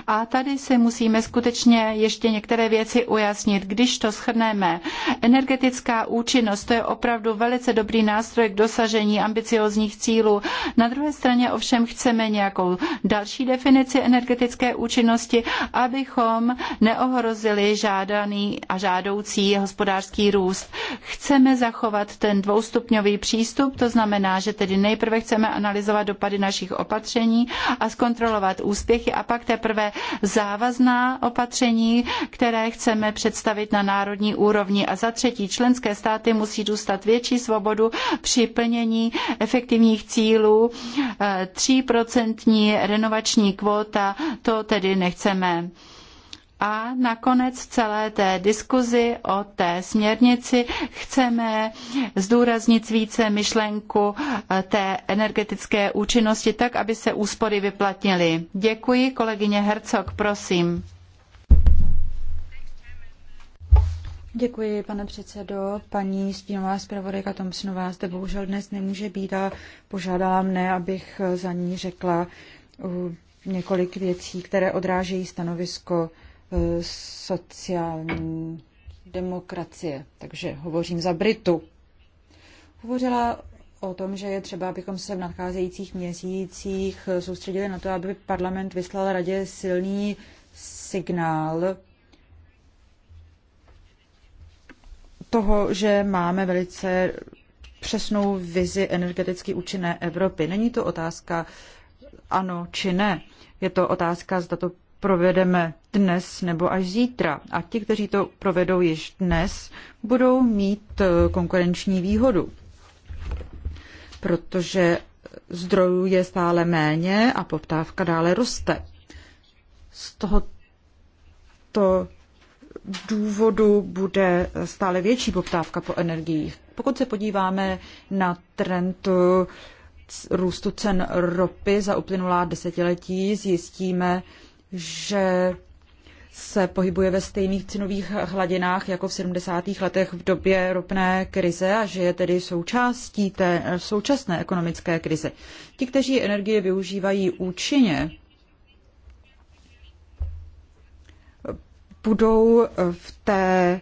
A tady si musíme skutečně ještě některé věci ujasnit. Když to shrneme, energetická účinnost to je opravdu velice dobrý nástroj k dosažení ambiciozních cílů. Na druhé straně ovšem chceme nějakou další definici energetické účinnosti, abychom neohrozili žádaný a žádoucí hospodářský růst. Chceme zachovat ten dvoustupňový přístup, to znamená, že tedy nejprve chceme analyzovat dopady našich opatření a zkontrolovat úspěchy a pak teprve teprve závazná opatření, které chceme představit na národní úrovni a za třetí členské státy musí dostat větší svobodu při plnění efektivních cílů. 3% e, renovační kvóta, to tedy nechceme. A nakonec celé té diskuzi o té směrnici chceme zdůraznit více myšlenku eh, té energetické účinnosti tak, aby se úspory vyplatnily. Děkuji, kolegyně Hercog, prosím. Děkuji, pane předsedo. Paní stínová zpravodajka Tomsnová zde bohužel dnes nemůže být a požádala mne, abych za ní řekla uh, několik věcí, které odrážejí stanovisko Eh, sociální demokracie, takže hovořím za Britu. Hovořila o tom, že je třeba, abychom se v nadcházejících měsících eh, soustředili na to, aby parlament vyslal radě silný signál toho, že máme velice přesnou vizi energeticky účinné Evropy. Není to otázka ano či ne. Je to otázka, zda to provedeme dnes nebo až zítra. A ti, kteří to provedou již dnes, budou mít eh, konkurenční výhodu, protože zdrojů je stále méně a poptávka dále roste. Z tohoto důvodu bude stále větší poptávka po energiích. Pokud se podíváme na trend eh, růstu cen ropy za uplynulá desetiletí, zjistíme, že se pohybuje ve stejných cenových hladinách jako v 70. letech v době ropné krize a že je tedy součástí té současné ekonomické krize. Ti, kteří energie využívají účinně, budou v té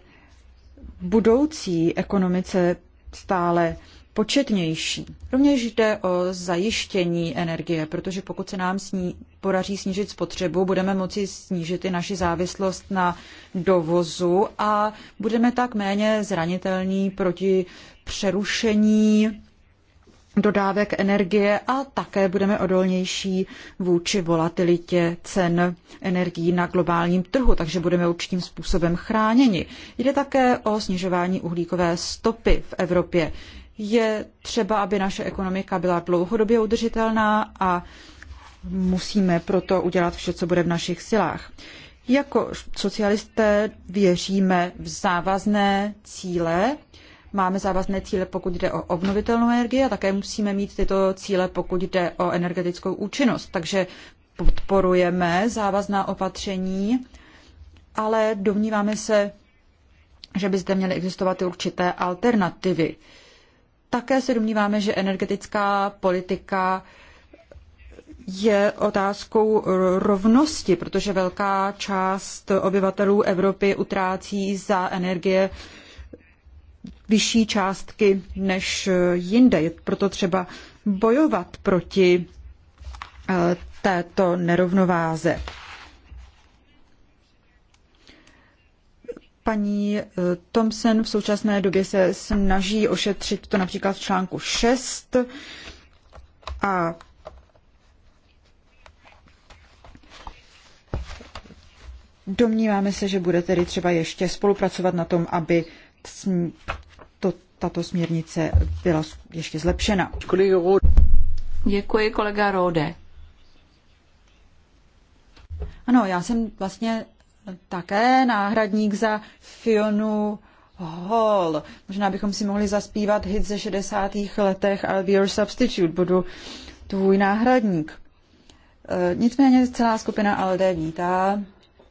budoucí ekonomice stále početnější. Rovněž jde o zajištění energie, protože pokud se nám sní, podaří snížit spotřebu, budeme moci snížit i naši závislost na dovozu a budeme tak méně zranitelní proti přerušení dodávek energie a také budeme odolnější vůči volatilitě cen energií na globálním trhu, takže budeme určitým způsobem chráněni. Jde také o snižování uhlíkové stopy v Evropě je třeba, aby naše ekonomika byla dlouhodobě udržitelná a musíme proto udělat vše, co bude v našich silách. Jako socialisté věříme v závazné cíle. Máme závazné cíle, pokud jde o obnovitelnou energii a také musíme mít tyto cíle, pokud jde o energetickou účinnost. Takže podporujeme závazná opatření, ale domníváme se, že by zde měly existovat i určité alternativy. Také se domníváme, že energetická politika je otázkou rovnosti, protože velká část obyvatelů Evropy utrácí za energie vyšší částky než jinde. Je proto třeba bojovat proti eh, této nerovnováze. Paní eh, Thompson v současné době se snaží ošetřit to například v článku 6 a Domníváme se, že bude tedy třeba ještě spolupracovat na tom, aby to, tato směrnice byla ještě zlepšena. Děkuji, kolega Rode. Ano, já jsem vlastně také náhradník za Fionu Hall. Možná bychom si mohli zaspívat hit ze 60. letech I'll be your substitute, budu tvůj náhradník. E, nicméně celá skupina ALDE vítá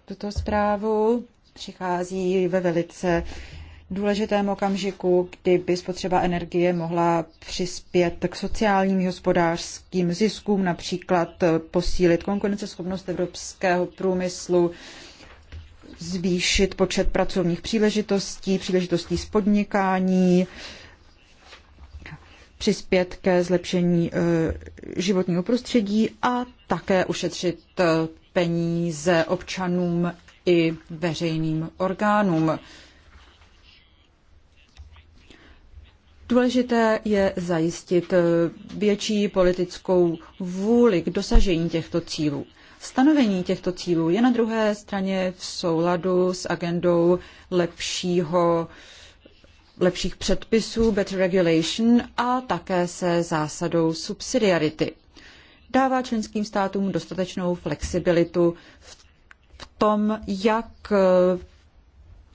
tuto zprávu. Přichází ve velice důležitém okamžiku, kdy by spotřeba energie mohla přispět k sociálním hospodářským ziskům, například posílit konkurenceschopnost evropského průmyslu, zvýšit počet pracovních příležitostí, příležitostí z podnikání, přispět ke zlepšení eh, životního prostředí a také ušetřit eh, peníze občanům i veřejným orgánům. Důležité je zajistit eh, větší politickou vůli k dosažení těchto cílů. Stanovení těchto cílů je na druhé straně v souladu s agendou lepšího lepších předpisů, better regulation a také se zásadou subsidiarity. Dává členským státům dostatečnou flexibilitu v tom, jak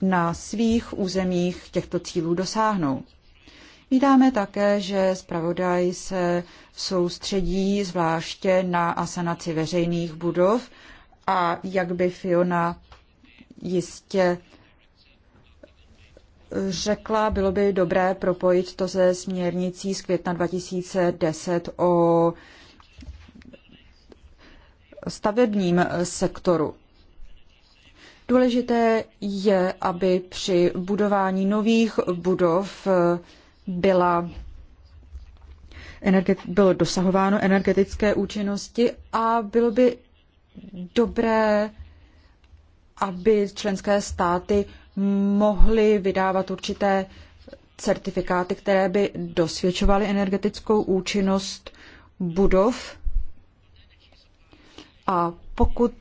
na svých územích těchto cílů dosáhnou. Vítáme také, že zpravodaj se soustředí zvláště na asanaci veřejných budov a jak by Fiona jistě řekla, bylo by dobré propojit to se směrnicí z května 2010 o stavebním sektoru. Důležité je, aby při budování nových budov byla bylo dosahováno energetické účinnosti a bylo by dobré, aby členské státy mohly vydávat určité certifikáty, které by dosvědčovaly energetickou účinnost budov. A pokud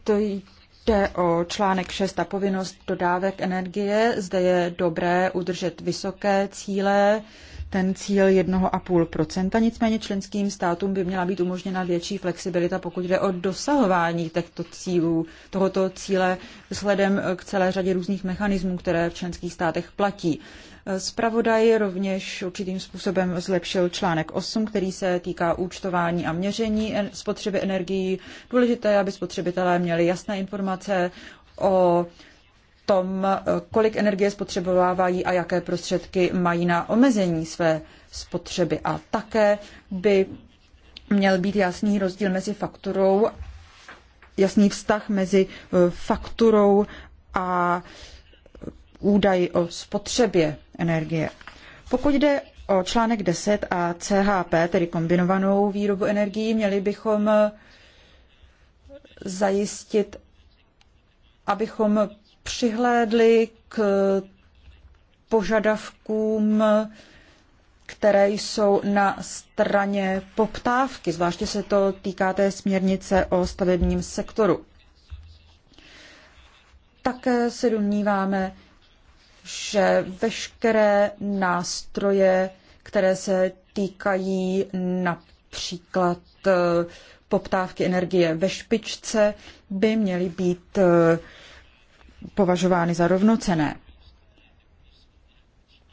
Jde o článek 6 a povinnost dodávek energie. Zde je dobré udržet vysoké cíle, ten cíl 1,5%. Nicméně členským státům by měla být umožněna větší flexibilita, pokud jde o dosahování těchto cílů, tohoto cíle vzhledem k celé řadě různých mechanismů, které v členských státech platí. Spravodaj rovněž určitým způsobem zlepšil článek 8, který se týká účtování a měření spotřeby energií. Důležité je, aby spotřebitelé měli jasné informace o tom, kolik energie spotřebovávají a jaké prostředky mají na omezení své spotřeby. A také by měl být jasný rozdíl mezi fakturou, jasný vztah mezi eh, fakturou a údaj o spotřebě energie. Pokud jde o článek 10 a CHP, tedy kombinovanou výrobu energií, měli bychom eh, zajistit, abychom přihlédli k požadavkům, které jsou na straně poptávky, zvláště se to týká té směrnice o stavebním sektoru. Také se domníváme, že veškeré nástroje, které se týkají například eh, poptávky energie ve špičce, by měly být eh, považovány za rovnocené.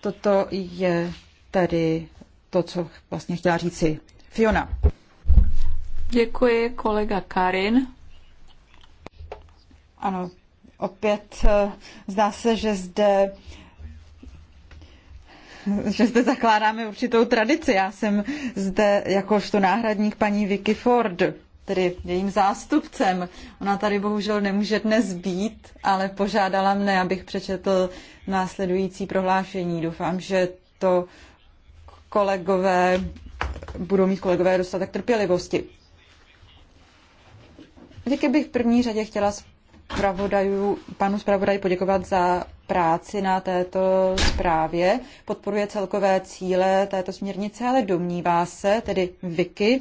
Toto je tedy to, co vlastně chtěla říci Fiona. Děkuji, kolega Karin. Ano, opět eh, zdá se, že zde že zde zakládáme určitou tradici. Já jsem zde jakožto náhradník paní Vicky Ford, tedy jejím zástupcem. Ona tady bohužel nemůže dnes být, ale požádala mne, abych přečetl následující prohlášení. Doufám, že to kolegové, budou mít kolegové dostatek trpělivosti. Vicky bych v první řadě chtěla zpravodajů, panu zpravodaji poděkovat za práci na této zprávě. Podporuje celkové cíle této směrnice, ale domnívá se, tedy Vicky,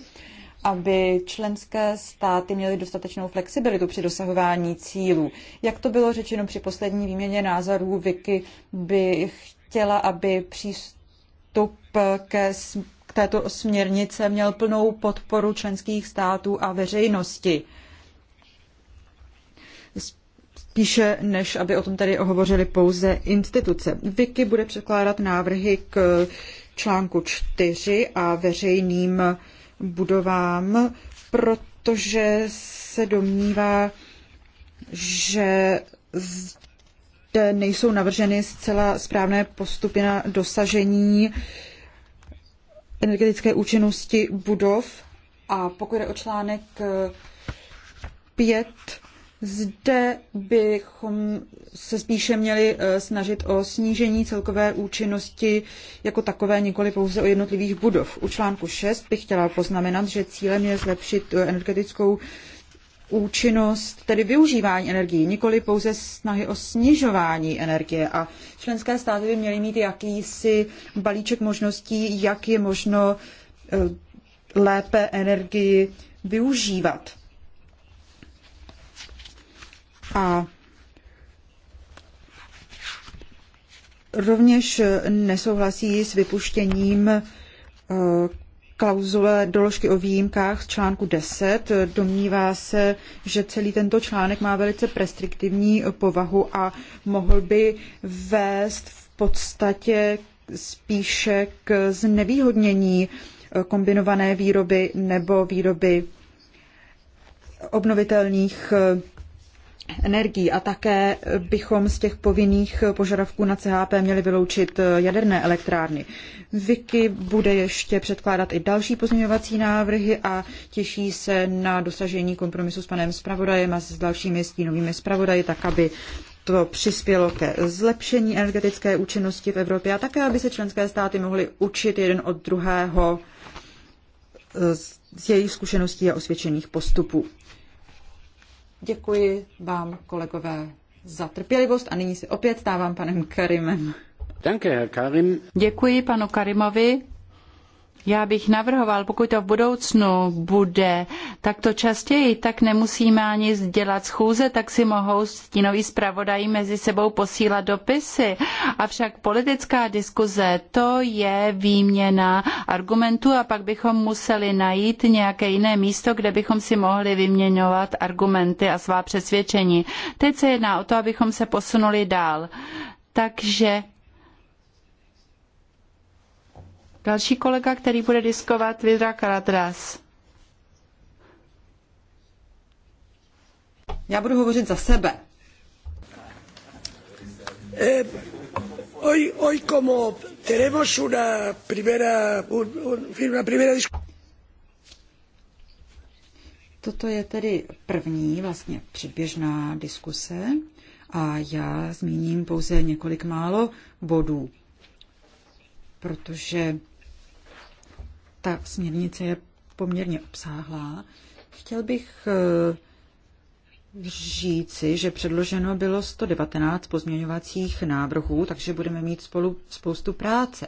aby členské státy měly dostatečnou flexibilitu při dosahování cílů. Jak to bylo řečeno při poslední výměně názorů, Vicky by chtěla, aby přístup ke k této směrnice měl plnou podporu členských států a veřejnosti spíše než aby o tom tady hovořili pouze instituce. Vicky bude překládat návrhy k článku 4 a veřejným budovám, protože se domnívá, že zde nejsou navrženy zcela správné postupy na dosažení energetické účinnosti budov. A pokud je o článek 5, zde bychom se spíše měli eh, snažit o snížení celkové účinnosti jako takové, nikoli pouze o jednotlivých budov. U článku 6 bych chtěla poznamenat, že cílem je zlepšit eh, energetickou účinnost, tedy využívání energie, nikoli pouze snahy o snižování energie. A členské státy by měly mít jakýsi balíček možností, jak je možno eh, lépe energii využívat. A rovněž nesouhlasí s vypuštěním eh, klauzule doložky o výjimkách z článku 10. Domnívá se, že celý tento článek má velice restriktivní povahu a mohl by vést v podstatě spíše k znevýhodnění eh, kombinované výroby nebo výroby obnovitelných eh, energií a také bychom z těch povinných požadavků na CHP měli vyloučit eh, jaderné elektrárny. Vicky bude ještě předkládat i další pozměňovací návrhy a těší se na dosažení kompromisu s panem zpravodajem a s dalšími stínovými zpravodaji, tak aby to přispělo ke zlepšení energetické účinnosti v Evropě a také, aby se členské státy mohly učit jeden od druhého eh, z jejich zkušeností a osvědčených postupů. Děkuji vám, kolegové, za trpělivost a nyní se opět stávám panem Karimem. Danke, Karim. Děkuji panu Karimovi. Já bych navrhoval, pokud to v budoucnu bude takto častěji, tak nemusíme ani dělat schůze, tak si mohou stínoví zpravodají mezi sebou posílat dopisy. Avšak politická diskuze, to je výměna argumentů a pak bychom museli najít nějaké jiné místo, kde bychom si mohli vyměňovat argumenty a svá přesvědčení. Teď se jedná o to, abychom se posunuli dál. Takže Další kolega, který bude diskovat, Vidra Karadras. Já budu hovořit za sebe. Eh, hoy, hoy como tenemos una primera, un, un, una primera Toto je tedy první vlastně předběžná diskuse a já zmíním pouze několik málo bodů, protože ta směrnice je poměrně obsáhlá. Chtěl bych eh, říci, že předloženo bylo 119 pozměňovacích návrhů, takže budeme mít spolu spoustu práce.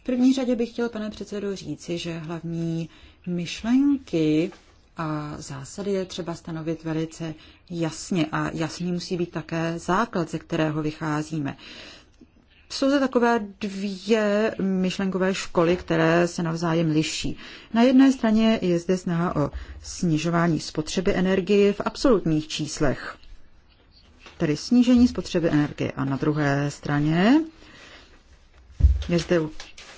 V první řadě bych chtěl, pane předsedo, říci, že hlavní myšlenky a zásady je třeba stanovit velice jasně a jasný musí být také základ, ze kterého vycházíme. Jsou to takové dvě myšlenkové školy, které se navzájem liší. Na jedné straně je zde snaha o snižování spotřeby energie v absolutních číslech, tedy snížení spotřeby energie. A na druhé straně je zde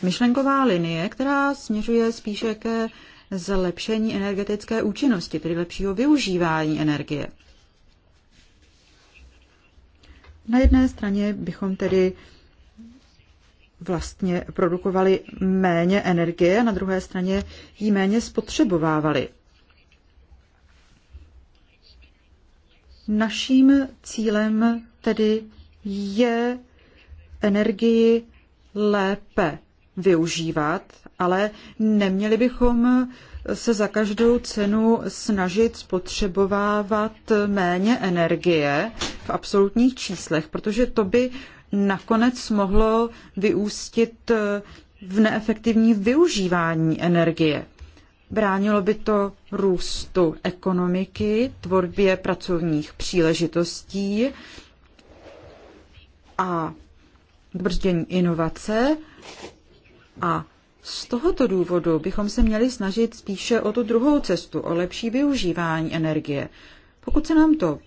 myšlenková linie, která směřuje spíše ke zlepšení energetické účinnosti, tedy lepšího využívání energie. Na jedné straně bychom tedy vlastně produkovali méně energie a na druhé straně ji méně spotřebovávali. Naším cílem tedy je energii lépe využívat, ale neměli bychom se za každou cenu snažit spotřebovávat méně energie v absolutních číslech, protože to by nakonec mohlo vyústit eh, v neefektivní využívání energie. Bránilo by to růstu ekonomiky, tvorbě pracovních příležitostí a brzdění inovace a z tohoto důvodu bychom se měli snažit spíše o tu druhou cestu, o lepší využívání energie. Pokud se nám to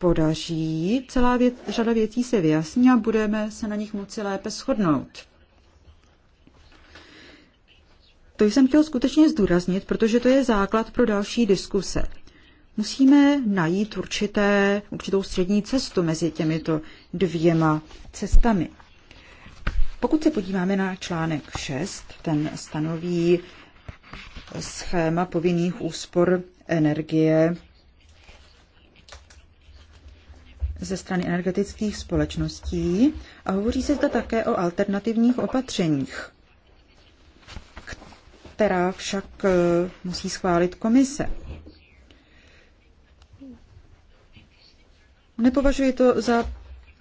podaří, celá věc, řada věcí se vyjasní a budeme se na nich moci lépe shodnout. To jsem chtěl skutečně zdůraznit, protože to je základ pro další diskuse. Musíme najít určité, určitou střední cestu mezi těmito dvěma cestami. Pokud se podíváme na článek 6, ten stanoví schéma povinných úspor energie ze strany energetických společností a hovoří se zde také o alternativních opatřeních, která však e, musí schválit komise. Nepovažuji to za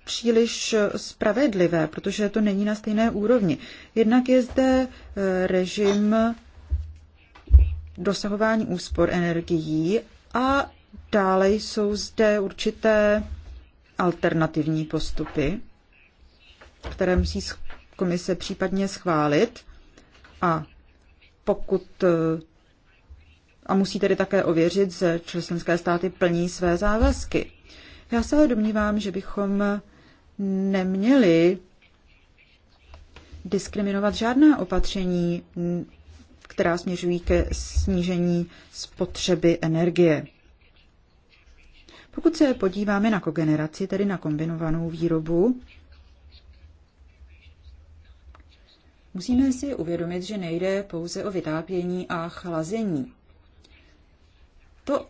příliš spravedlivé, protože to není na stejné úrovni. Jednak je zde e, režim dosahování úspor energií a dále jsou zde určité alternativní postupy, které musí komise případně schválit a pokud e, a musí tedy také ověřit, že členské státy plní své závazky. Já se ale domnívám, že bychom neměli diskriminovat žádná opatření, která směřují ke snížení spotřeby energie. Pokud se podíváme na kogeneraci, tedy na kombinovanou výrobu, musíme si uvědomit, že nejde pouze o vytápění a chlazení. To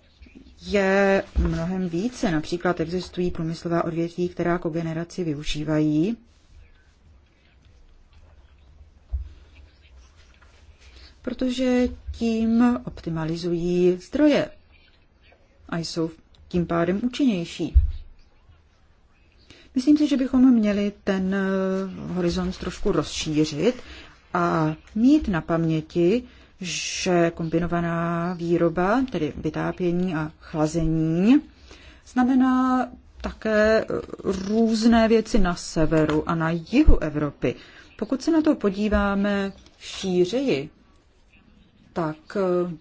je mnohem více. Například existují průmyslová odvětví, která kogeneraci využívají. protože tím optimalizují zdroje a jsou tím pádem účinnější. Myslím si, že bychom měli ten eh, horizont trošku rozšířit a mít na paměti, že kombinovaná výroba, tedy vytápění a chlazení, znamená také eh, různé věci na severu a na jihu Evropy. Pokud se na to podíváme šířeji, tak eh,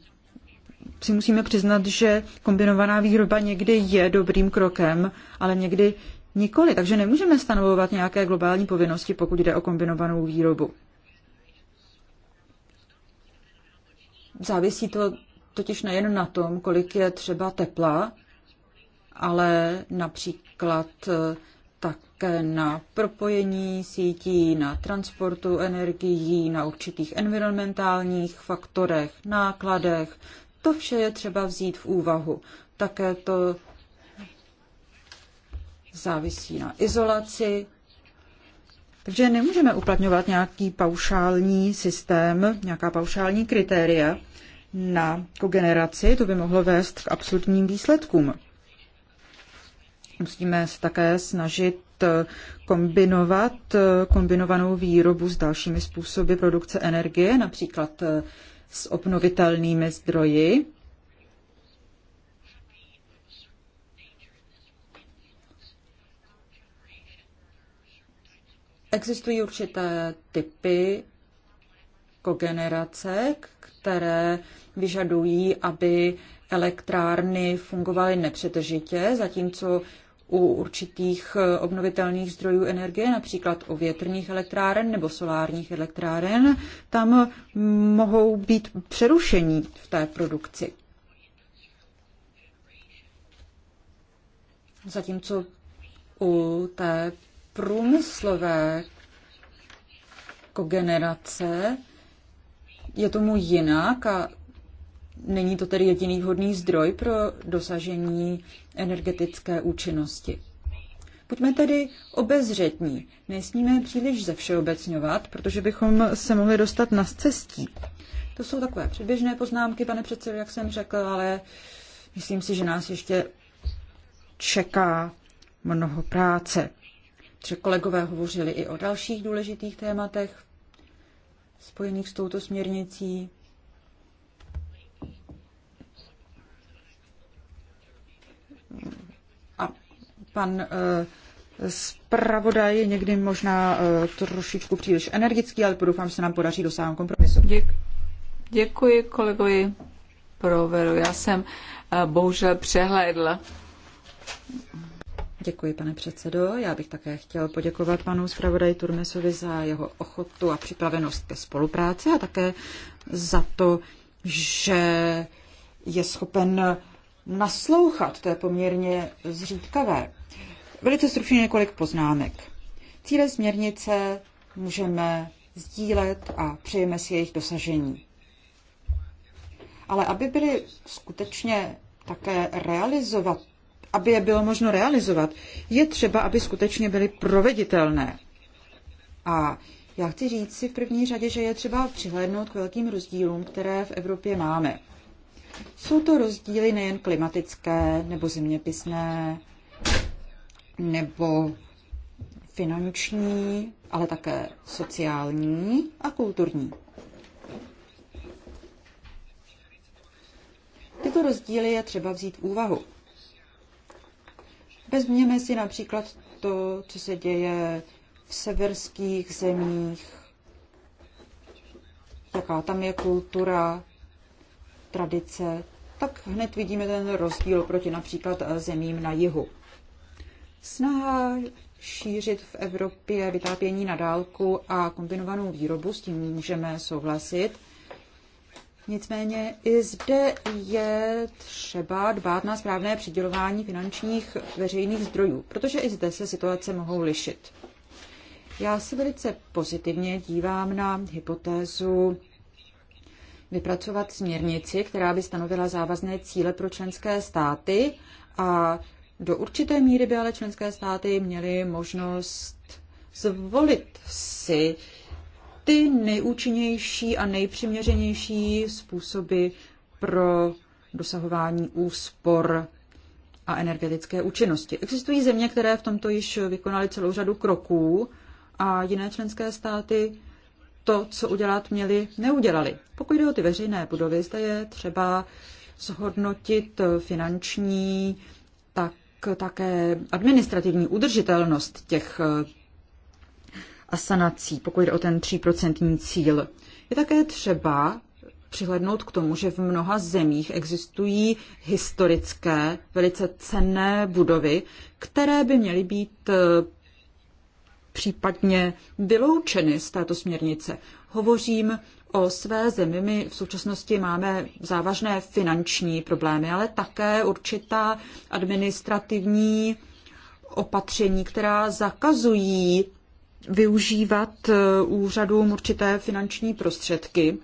si musíme přiznat, že kombinovaná výroba někdy je dobrým krokem, ale někdy nikoli. Takže nemůžeme stanovovat nějaké globální povinnosti, pokud jde o kombinovanou výrobu. Závisí to totiž nejen na tom, kolik je třeba tepla, ale například eh, také na propojení sítí, na transportu energií, na určitých environmentálních faktorech, nákladech, to vše je třeba vzít v úvahu. Také to závisí na izolaci. Takže nemůžeme uplatňovat nějaký paušální systém, nějaká paušální kritéria na kogeneraci. To by mohlo vést k absurdním výsledkům. Musíme se také snažit eh, kombinovat eh, kombinovanou výrobu s dalšími způsoby produkce energie, například eh, s obnovitelnými zdroji. Existují určité typy kogenerace, které vyžadují, aby elektrárny fungovaly nepřetržitě, zatímco u určitých eh, obnovitelných zdrojů energie, například u větrných elektráren nebo solárních elektráren, tam mohou být přerušení v té produkci. Zatímco u té průmyslové kogenerace je tomu jinak a není to tedy jediný vhodný zdroj pro dosažení energetické účinnosti. Buďme tedy obezřetní, nesmíme příliš zevšeobecňovat, protože bychom se mohli dostat na cestí. To jsou takové předběžné poznámky, pane předsedo, jak jsem řekl, ale myslím si, že nás ještě čeká mnoho práce. Tři kolegové hovořili i o dalších důležitých tématech spojených s touto směrnicí. a pan eh, zpravodaj je někdy možná eh, trošičku příliš energický, ale doufám, že se nám podaří dosáhnout kompromisu. Děk, děkuji kolegovi Proveru. Já jsem eh, bohužel přehlédla. Děkuji, pane předsedo. Já bych také chtěl poděkovat panu zpravodaji Turmesovi za jeho ochotu a připravenost ke spolupráci a také za to, že je schopen naslouchat. To je poměrně zřídkavé. Velice stručně několik poznámek. Cíle směrnice můžeme sdílet a přejeme si jejich dosažení. Ale aby byly skutečně také realizovat, aby je bylo možno realizovat, je třeba, aby skutečně byly proveditelné. A já chci říct si v první řadě, že je třeba přihlédnout k velkým rozdílům, které v Evropě máme. Jsou to rozdíly nejen klimatické nebo zeměpisné nebo finanční, ale také sociální a kulturní. Tyto rozdíly je třeba vzít v úvahu. Vezměme si například to, co se děje v severských zemích, jaká tam je kultura, tradice, tak hned vidíme ten rozdíl proti například eh, zemím na jihu. Snaha šířit v Evropě vytápění na dálku a kombinovanou výrobu, s tím můžeme souhlasit. Nicméně i zde je třeba dbát na správné přidělování finančních veřejných zdrojů, protože i zde se situace mohou lišit. Já se velice pozitivně dívám na hypotézu vypracovat směrnici, která by stanovila závazné cíle pro členské státy a do určité míry by ale členské státy měly možnost zvolit si ty nejúčinnější a nejpřiměřenější způsoby pro dosahování úspor a energetické účinnosti. Existují země, které v tomto již vykonaly celou řadu kroků a jiné členské státy to, co udělat měli, neudělali. Pokud jde o ty veřejné budovy, zde je třeba zhodnotit finanční, tak také administrativní udržitelnost těch eh, asanací, pokud jde o ten 3% cíl. Je také třeba přihlednout k tomu, že v mnoha zemích existují historické, velice cenné budovy, které by měly být eh, případně vyloučeny z této směrnice. Hovořím o své zemi. My v současnosti máme závažné finanční problémy, ale také určitá administrativní opatření, která zakazují využívat eh, úřadům určité finanční prostředky,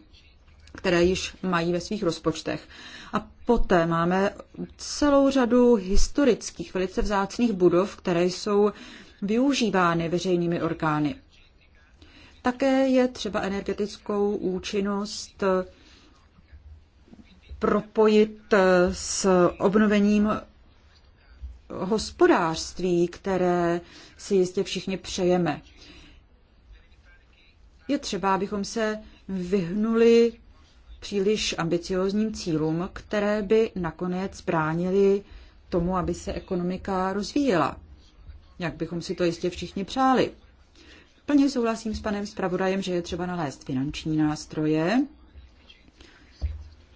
které již mají ve svých rozpočtech. A poté máme celou řadu historických, velice vzácných budov, které jsou využívány veřejnými orgány. Také je třeba energetickou účinnost propojit s obnovením hospodářství, které si jistě všichni přejeme. Je třeba, abychom se vyhnuli příliš ambiciozním cílům, které by nakonec bránili tomu, aby se ekonomika rozvíjela jak bychom si to jistě všichni přáli. Plně souhlasím s panem zpravodajem, že je třeba nalézt finanční nástroje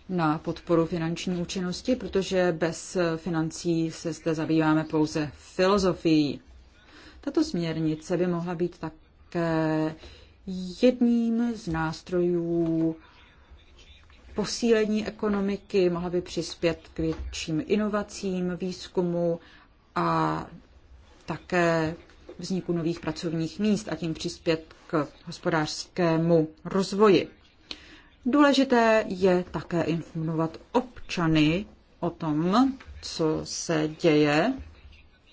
na podporu finanční účinnosti, protože bez financí se zde zabýváme pouze filozofií. Tato směrnice by mohla být také jedním z nástrojů posílení ekonomiky, mohla by přispět k větším inovacím, výzkumu a také vzniku nových pracovních míst a tím přispět k hospodářskému rozvoji. Důležité je také informovat občany o tom, co se děje.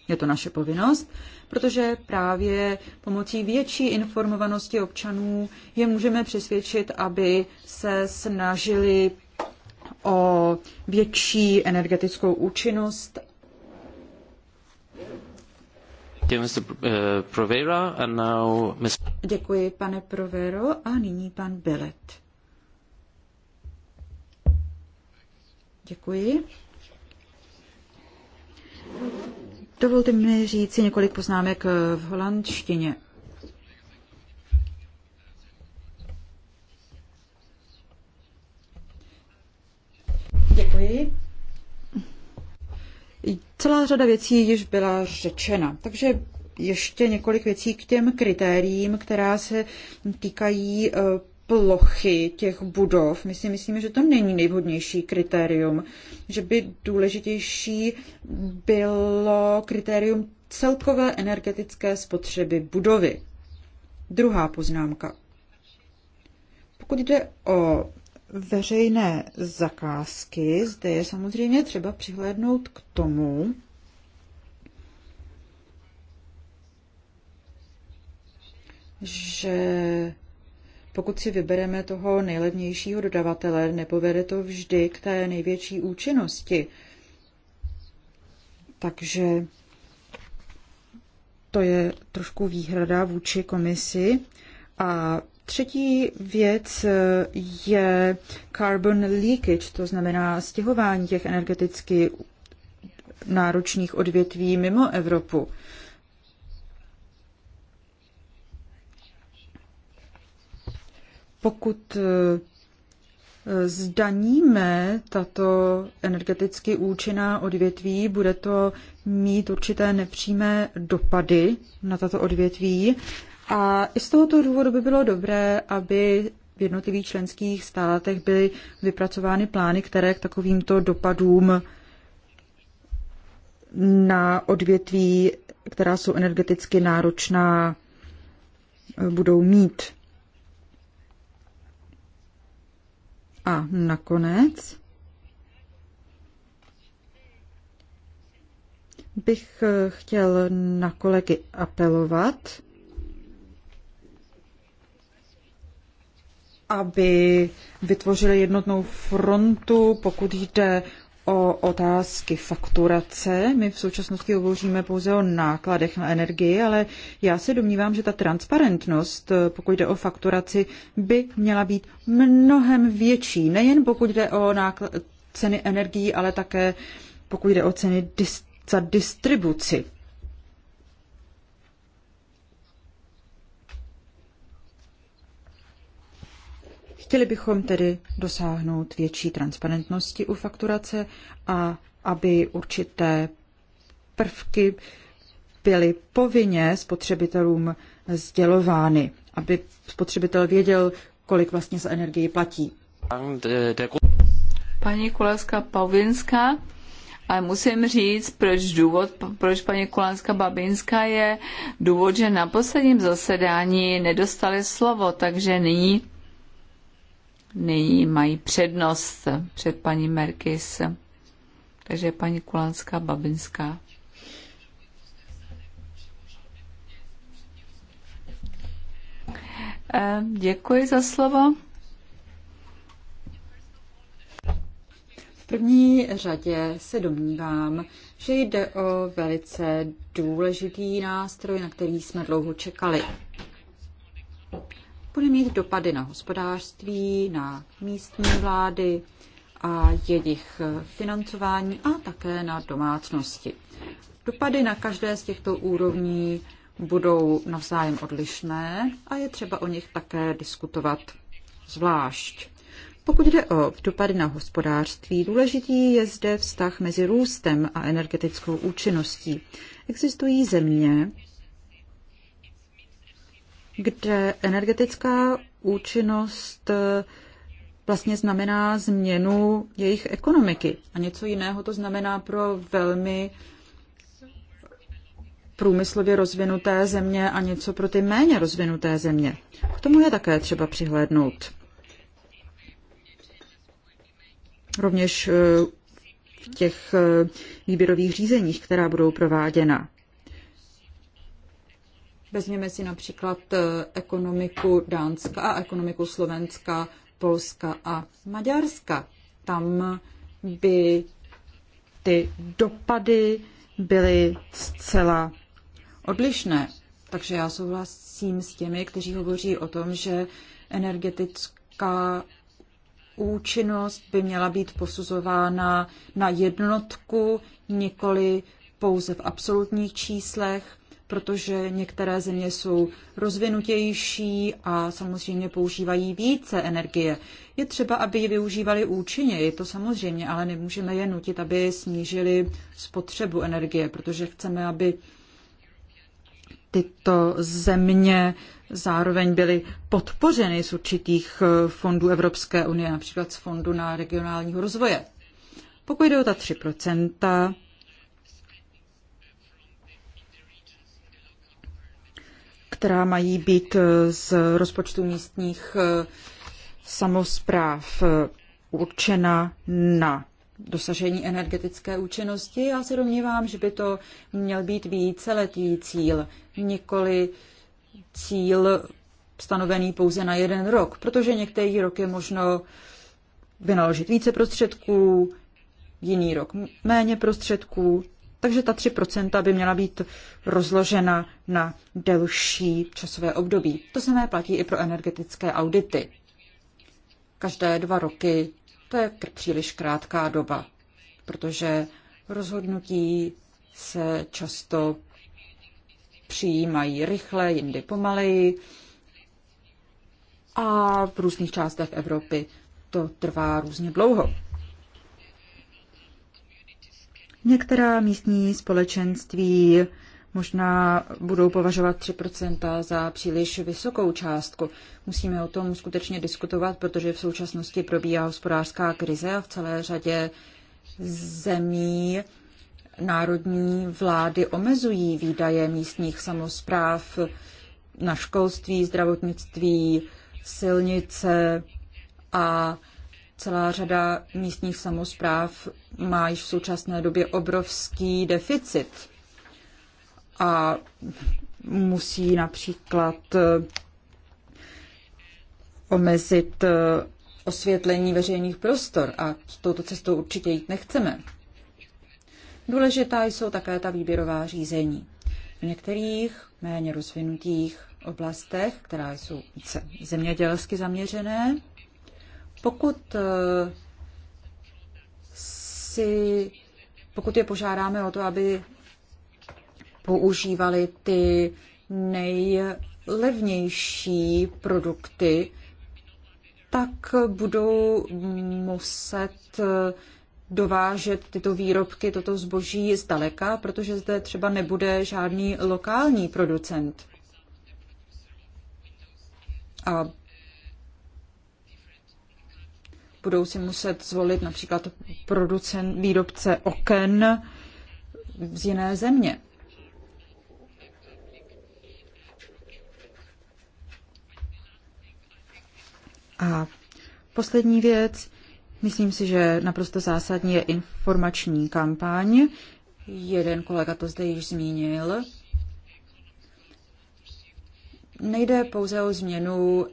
Je to naše povinnost, protože právě pomocí větší informovanosti občanů je můžeme přesvědčit, aby se snažili o větší energetickou účinnost Eh, Děkuji, pane Provero, a nyní pan Belet. Děkuji. Dovolte mi říci několik poznámek eh, v holandštině. Děkuji. Celá řada věcí již byla řečena, takže ještě několik věcí k těm kritériím, která se týkají e, plochy těch budov. My si myslíme, že to není nejvhodnější kritérium, že by důležitější bylo kritérium celkové energetické spotřeby budovy. Druhá poznámka. Pokud jde o veřejné zakázky, zde je samozřejmě třeba přihlédnout k tomu, že pokud si vybereme toho nejlevnějšího dodavatele, nepovede to vždy k té největší účinnosti. Takže to je trošku výhrada vůči komisi a Třetí věc eh, je carbon leakage, to znamená stěhování těch energeticky náročných odvětví mimo Evropu. Pokud eh, zdaníme tato energeticky účinná odvětví, bude to mít určité nepřímé dopady na tato odvětví a i z tohoto důvodu by bylo dobré, aby v jednotlivých členských státech byly vypracovány plány, které k takovýmto dopadům na odvětví, která jsou energeticky náročná, budou mít. A nakonec bych chtěl na kolegy apelovat, aby vytvořili jednotnou frontu, pokud jde o otázky fakturace. My v současnosti hovoříme pouze o nákladech na energii, ale já se domnívám, že ta transparentnost, pokud jde o fakturaci, by měla být mnohem větší. Nejen pokud jde o náklad, ceny energií, ale také pokud jde o ceny dis- za distribuci. Chtěli bychom tedy dosáhnout větší transparentnosti u fakturace a aby určité prvky byly povinně spotřebitelům sdělovány, aby spotřebitel věděl, kolik vlastně za energii platí. Paní Kulánská Pavinská, ale musím říct, proč důvod, proč paní Kulánská Babinská je důvod, že na posledním zasedání nedostali slovo, takže nyní nyní mají přednost před paní Merkis. Takže paní Kulanská Babinská. Eh, děkuji za slovo. V první řadě se domnívám, že jde o velice důležitý nástroj, na který jsme dlouho čekali bude mít dopady na hospodářství, na místní vlády a jejich financování a také na domácnosti. Dopady na každé z těchto úrovní budou navzájem odlišné a je třeba o nich také diskutovat zvlášť. Pokud jde o dopady na hospodářství, důležitý je zde vztah mezi růstem a energetickou účinností. Existují země, kde energetická účinnost eh, vlastně znamená změnu jejich ekonomiky. A něco jiného to znamená pro velmi průmyslově rozvinuté země a něco pro ty méně rozvinuté země. K tomu je také třeba přihlédnout. Rovněž eh, v těch eh, výběrových řízeních, která budou prováděna. Vezměme si například eh, ekonomiku Dánska a ekonomiku Slovenska, Polska a Maďarska. Tam by ty dopady byly zcela odlišné. Takže já souhlasím s těmi, kteří hovoří o tom, že energetická účinnost by měla být posuzována na jednotku, nikoli pouze v absolutních číslech, protože některé země jsou rozvinutější a samozřejmě používají více energie. Je třeba, aby ji využívali je to samozřejmě, ale nemůžeme je nutit, aby snížili spotřebu energie, protože chceme, aby tyto země zároveň byly podpořeny z určitých eh, fondů Evropské unie, například z Fondu na regionálního rozvoje. Pokud jde o ta 3%, která mají být z rozpočtu místních eh, samozpráv eh, určena na dosažení energetické účinnosti. Já se domnívám, že by to měl být víceletý cíl, nikoli cíl stanovený pouze na jeden rok, protože některý rok je možno vynaložit více prostředků, jiný rok méně prostředků. Takže ta 3% by měla být rozložena na delší časové období. To samé platí i pro energetické audity. Každé dva roky to je příliš krátká doba, protože rozhodnutí se často přijímají rychle, jindy pomaleji a v různých částech Evropy to trvá různě dlouho. Některá místní společenství možná budou považovat 3% za příliš vysokou částku. Musíme o tom skutečně diskutovat, protože v současnosti probíhá hospodářská krize a v celé řadě zemí národní vlády omezují výdaje místních samozpráv na školství, zdravotnictví, silnice a Celá řada místních samozpráv má již v současné době obrovský deficit a musí například eh, omezit eh, osvětlení veřejných prostor a touto cestou určitě jít nechceme. Důležitá jsou také ta výběrová řízení. V některých méně rozvinutých oblastech, která jsou více zemědělsky zaměřené, pokud eh, si, pokud je požádáme o to, aby používali ty nejlevnější produkty, tak budou muset eh, dovážet tyto výrobky, toto zboží zdaleka, protože zde třeba nebude žádný lokální producent. A budou si muset zvolit například producent, výrobce oken z jiné země. A poslední věc, myslím si, že naprosto zásadní je informační kampaň. Jeden kolega to zde již zmínil. Nejde pouze o změnu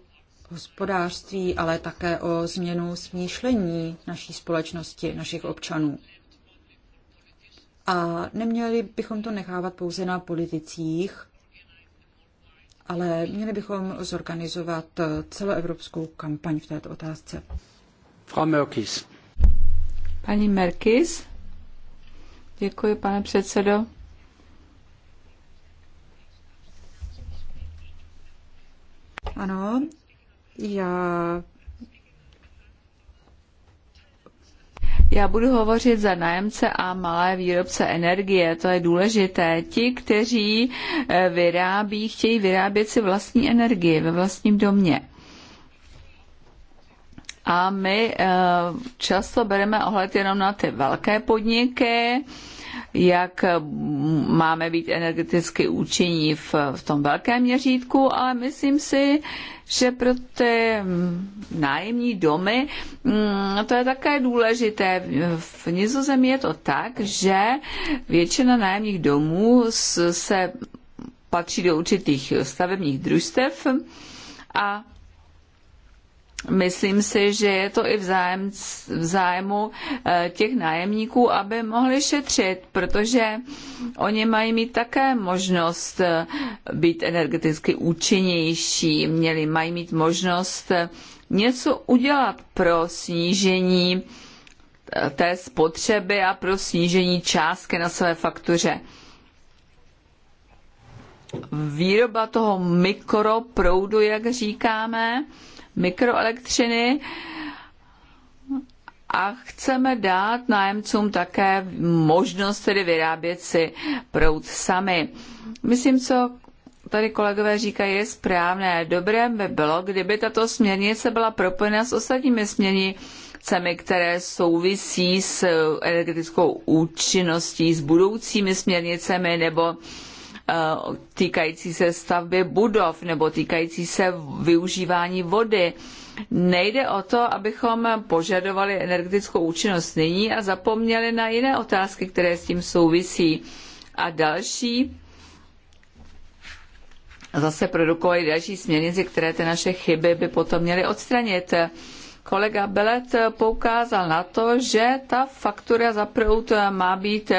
hospodářství, ale také o změnu smýšlení naší společnosti, našich občanů. A neměli bychom to nechávat pouze na politicích, ale měli bychom zorganizovat celoevropskou kampaň v této otázce. Frau Merkis. Paní Merkis. Děkuji, pane předsedo. Ano, já Já budu hovořit za nájemce a malé výrobce energie, to je důležité. Ti, kteří eh, vyrábí, chtějí vyrábět si vlastní energii ve vlastním domě. A my eh, často bereme ohled jenom na ty velké podniky, jak máme být energeticky účinní v, v tom velkém měřítku, ale myslím si, že pro ty nájemní domy mm, to je také důležité. V Nizozemí je to tak, že většina nájemních domů se patří do určitých stavebních družstev a Myslím si, že je to i v, zájmu eh, těch nájemníků, aby mohli šetřit, protože oni mají mít také možnost eh, být energeticky účinnější, měli, mají mít možnost eh, něco udělat pro snížení té spotřeby a pro snížení částky na své faktuře výroba toho mikroproudu, jak říkáme, mikroelektřiny a chceme dát nájemcům také možnost tedy vyrábět si proud sami. Myslím, co tady kolegové říkají, je správné. Dobré by bylo, kdyby tato směrnice byla propojena s ostatními směrnicemi, které souvisí s energetickou účinností, s budoucími směrnicemi nebo Eh, týkající se stavby budov nebo týkající se využívání vody. Nejde o to, abychom požadovali energetickou účinnost nyní a zapomněli na jiné otázky, které s tím souvisí. A další zase produkovali další směrnici, které ty naše chyby by potom měly odstranit kolega Belet poukázal na to, že ta faktura za prout má být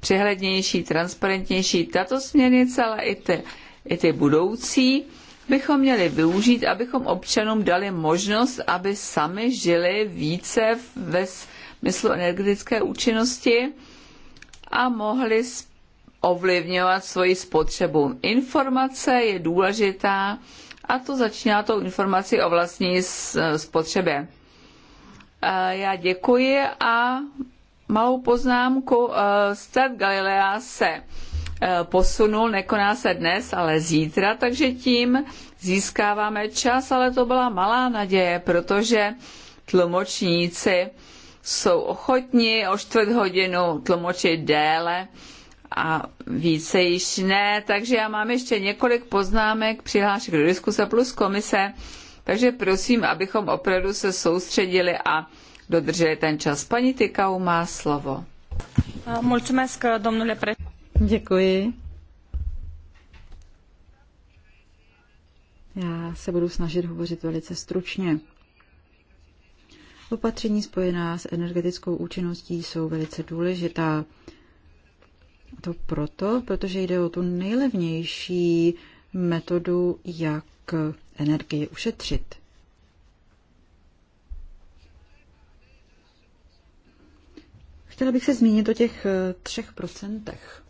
přehlednější, transparentnější. Tato směrnice, ale i ty, i ty budoucí, bychom měli využít, abychom občanům dali možnost, aby sami žili více ve smyslu energetické účinnosti a mohli ovlivňovat svoji spotřebu. Informace je důležitá a to začíná tou informací o vlastní spotřebě. Já děkuji a malou poznámku. Eh, stát Galilea se eh, posunul, nekoná se dnes, ale zítra, takže tím získáváme čas, ale to byla malá naděje, protože tlumočníci jsou ochotni o čtvrt hodinu tlumočit déle a více již ne. Takže já mám ještě několik poznámek, přihlášek do diskuse plus komise. Takže prosím, abychom opravdu se soustředili a dodrželi ten čas. Paní Tykau má slovo. Děkuji. Já se budu snažit hovořit velice stručně. Opatření spojená s energetickou účinností jsou velice důležitá. To proto, protože jde o tu nejlevnější metodu, jak energii ušetřit. Chtěla bych se zmínit o těch eh, třech procentech.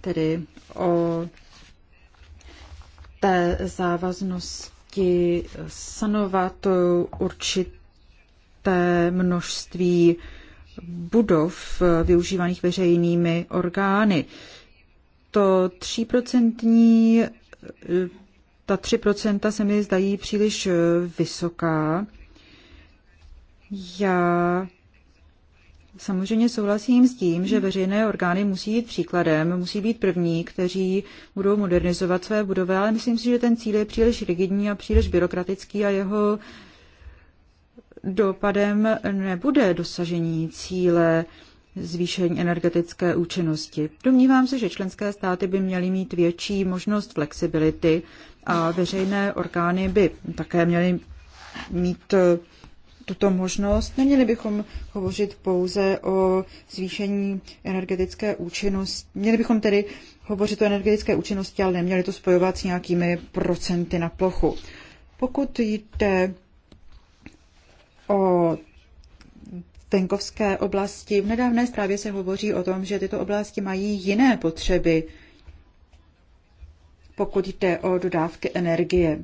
Tedy o té závaznosti sanovat určité množství budov eh, využívaných veřejnými orgány to 3%, ta 3% se mi zdají příliš eh, vysoká. Já samozřejmě souhlasím s tím, že veřejné orgány musí jít příkladem, musí být první, kteří budou modernizovat své budovy, ale myslím si, že ten cíl je příliš rigidní a příliš byrokratický a jeho dopadem nebude dosažení cíle zvýšení energetické účinnosti. Domnívám se, že členské státy by měly mít větší možnost flexibility a veřejné orgány by také měly mít eh, tuto možnost. Neměli bychom hovořit pouze o zvýšení energetické účinnosti. Měli bychom tedy hovořit o energetické účinnosti, ale neměli to spojovat s nějakými procenty na plochu. Pokud jde o venkovské oblasti. V nedávné zprávě se hovoří o tom, že tyto oblasti mají jiné potřeby, pokud jde o dodávky energie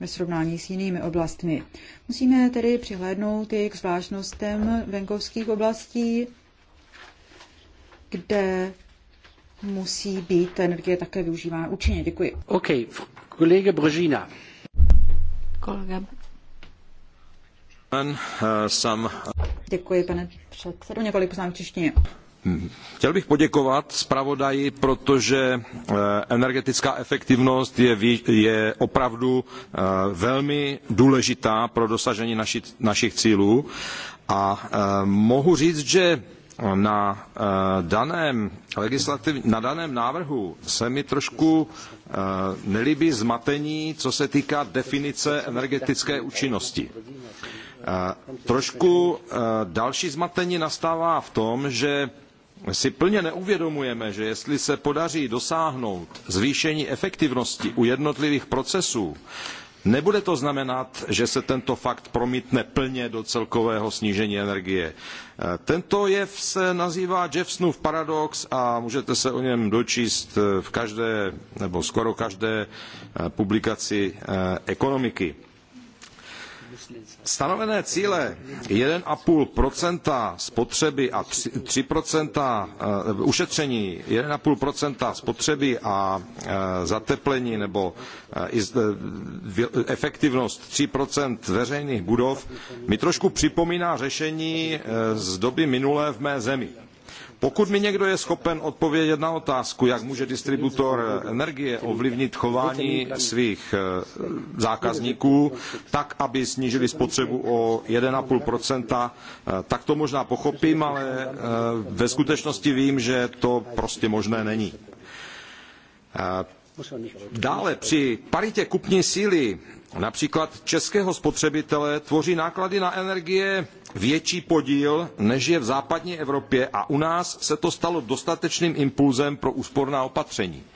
ve srovnání s jinými oblastmi. Musíme tedy přihlédnout i k zvláštnostem venkovských oblastí, kde musí být energie také využívána účinně. Děkuji. OK, kolega Bržina. Kolega Eh, Děkuji, pane předsedo. Několik poznámek češtině. Hmm. Chtěl bych poděkovat zpravodaji, protože eh, energetická efektivnost je, je opravdu eh, velmi důležitá pro dosažení naši, našich cílů. A mohu říct, že na daném, legislativ, na daném návrhu se mi trošku nelíbí zmatení, co se týká definice energetické účinnosti Eh, trošku eh, další zmatení nastává v tom, že si plně neuvědomujeme, že jestli se podaří dosáhnout zvýšení efektivnosti u jednotlivých procesů, nebude to znamenat, že se tento fakt promítne plně do celkového snížení energie. Eh, tento jev se nazývá Jeffsonův paradox a můžete se o něm dočíst v každé nebo skoro každé publikaci ekonomiky. Stanovené cíle 1,5 spotřeby a 3 eh, ušetření 1,5 spotřeby a eh, zateplení nebo eh, efektivnost 3 veřejných budov mi trošku připomíná řešení z doby minulé v mé zemi. Pokud mi někdo je schopen odpovědět na otázku, jak může distributor energie ovlivnit chování svých eh, zákazníků, tak, aby snížili spotřebu o 1,5%, eh, tak to možná pochopím, ale eh, ve skutečnosti vím, že to prostě možné není. Dále při paritě kupní síly Například českého spotřebitele tvoří náklady na energie větší podíl, než je v západní Evropě a u nás se to stalo dostatečným impulzem pro úsporná opatření. E,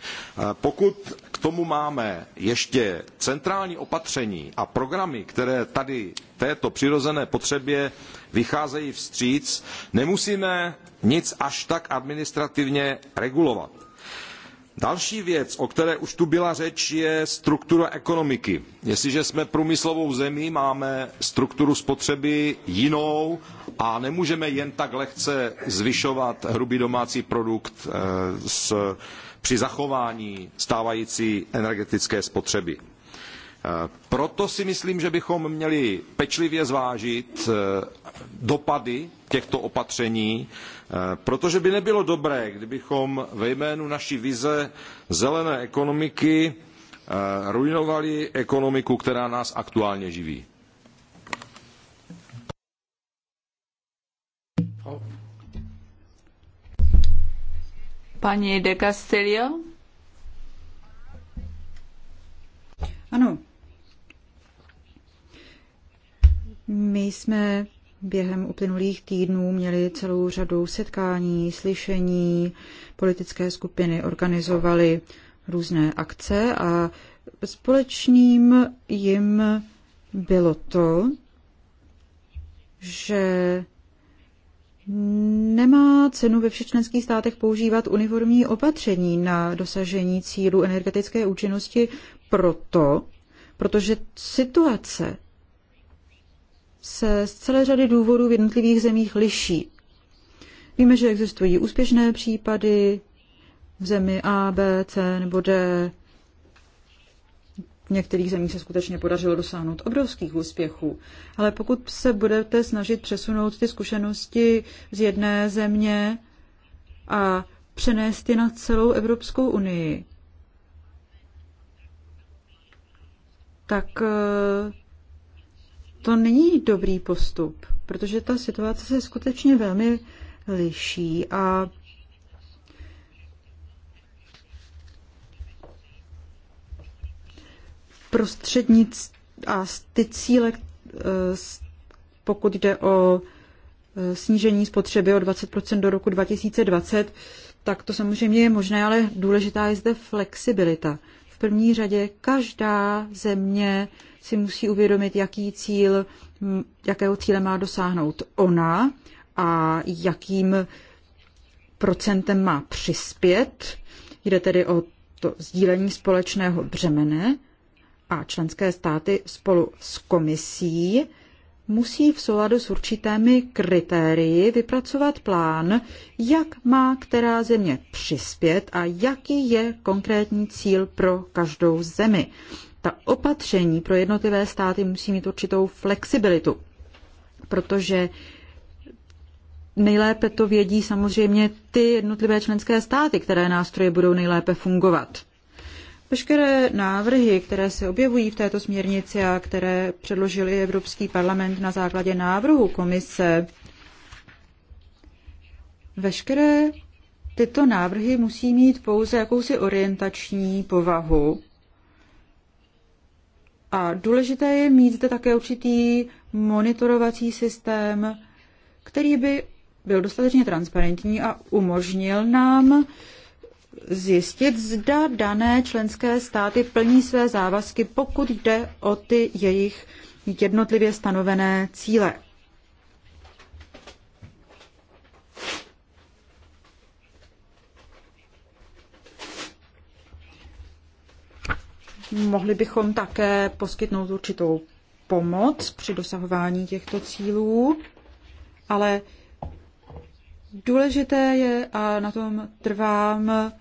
pokud k tomu máme ještě centrální opatření a programy, které tady této přirozené potřebě vycházejí vstříc, nemusíme nic až tak administrativně regulovat. Další věc, o které už tu byla řeč, je struktura ekonomiky. Jestliže jsme průmyslovou zemí, máme strukturu spotřeby jinou a nemůžeme jen tak lehce zvyšovat hrubý domácí produkt eh, s, při zachování stávající energetické spotřeby. Eh, proto si myslím, že bychom měli pečlivě zvážit eh, dopady těchto opatření, eh, protože by nebylo dobré, kdybychom ve jménu naší vize zelené ekonomiky eh, ruinovali ekonomiku, která nás aktuálně živí. Paní de Castillo? Ano. My jsme během uplynulých týdnů měli celou řadu setkání, slyšení, politické skupiny organizovaly různé akce a společným jim bylo to, že nemá cenu ve všech členských státech používat uniformní opatření na dosažení cílu energetické účinnosti proto, protože situace se z celé řady důvodů v jednotlivých zemích liší. Víme, že existují úspěšné případy v zemi A, B, C nebo D. V některých zemích se skutečně podařilo dosáhnout obrovských úspěchů. Ale pokud se budete snažit přesunout ty zkušenosti z jedné země a přenést je na celou Evropskou unii, tak eh, to není dobrý postup, protože ta situace se skutečně velmi liší a prostřednic a ty cíle, eh, pokud jde o eh, snížení spotřeby o 20% do roku 2020, tak to samozřejmě je možné, ale důležitá je zde flexibilita. V první řadě každá země si musí uvědomit, jaký cíl, jakého cíle má dosáhnout ona a jakým procentem má přispět. Jde tedy o to sdílení společného břemene a členské státy spolu s komisí musí v souladu s určitými kritérii vypracovat plán, jak má která země přispět a jaký je konkrétní cíl pro každou zemi ta opatření pro jednotlivé státy musí mít určitou flexibilitu, protože nejlépe to vědí samozřejmě ty jednotlivé členské státy, které nástroje budou nejlépe fungovat. Veškeré návrhy, které se objevují v této směrnici a které předložili Evropský parlament na základě návrhu komise, veškeré tyto návrhy musí mít pouze jakousi orientační povahu a důležité je mít zde také určitý monitorovací systém, který by byl dostatečně transparentní a umožnil nám zjistit, zda dané členské státy plní své závazky, pokud jde o ty jejich jednotlivě stanovené cíle. Mohli bychom také poskytnout určitou pomoc při dosahování těchto cílů, ale důležité je, a na tom trvám,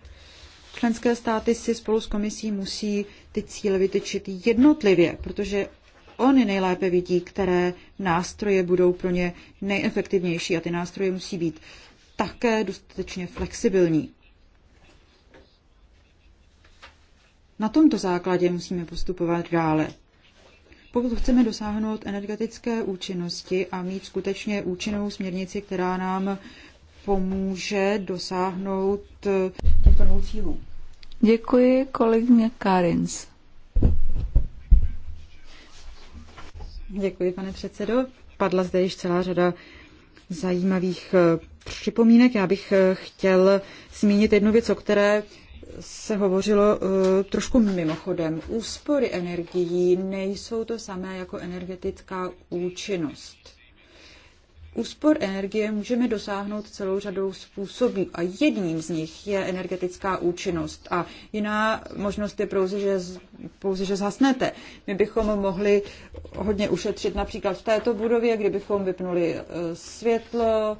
členské státy si spolu s komisí musí ty cíle vytyčit jednotlivě, protože oni nejlépe vidí, které nástroje budou pro ně nejefektivnější a ty nástroje musí být také dostatečně flexibilní. Na tomto základě musíme postupovat dále. Pokud chceme dosáhnout energetické účinnosti a mít skutečně účinnou směrnici, která nám pomůže dosáhnout eh, těchto dvou cílů. Děkuji kolegyně Karins. Děkuji, pane předsedo. Padla zde již celá řada zajímavých eh, připomínek. Já bych eh, chtěl zmínit jednu věc, o které se hovořilo eh, trošku mimochodem. Úspory energií nejsou to samé jako energetická účinnost. Úspor energie můžeme dosáhnout celou řadou způsobů a jedním z nich je energetická účinnost a jiná možnost je pouze, že, pouze, že zhasnete. My bychom mohli hodně ušetřit například v této budově, kdybychom vypnuli eh, světlo,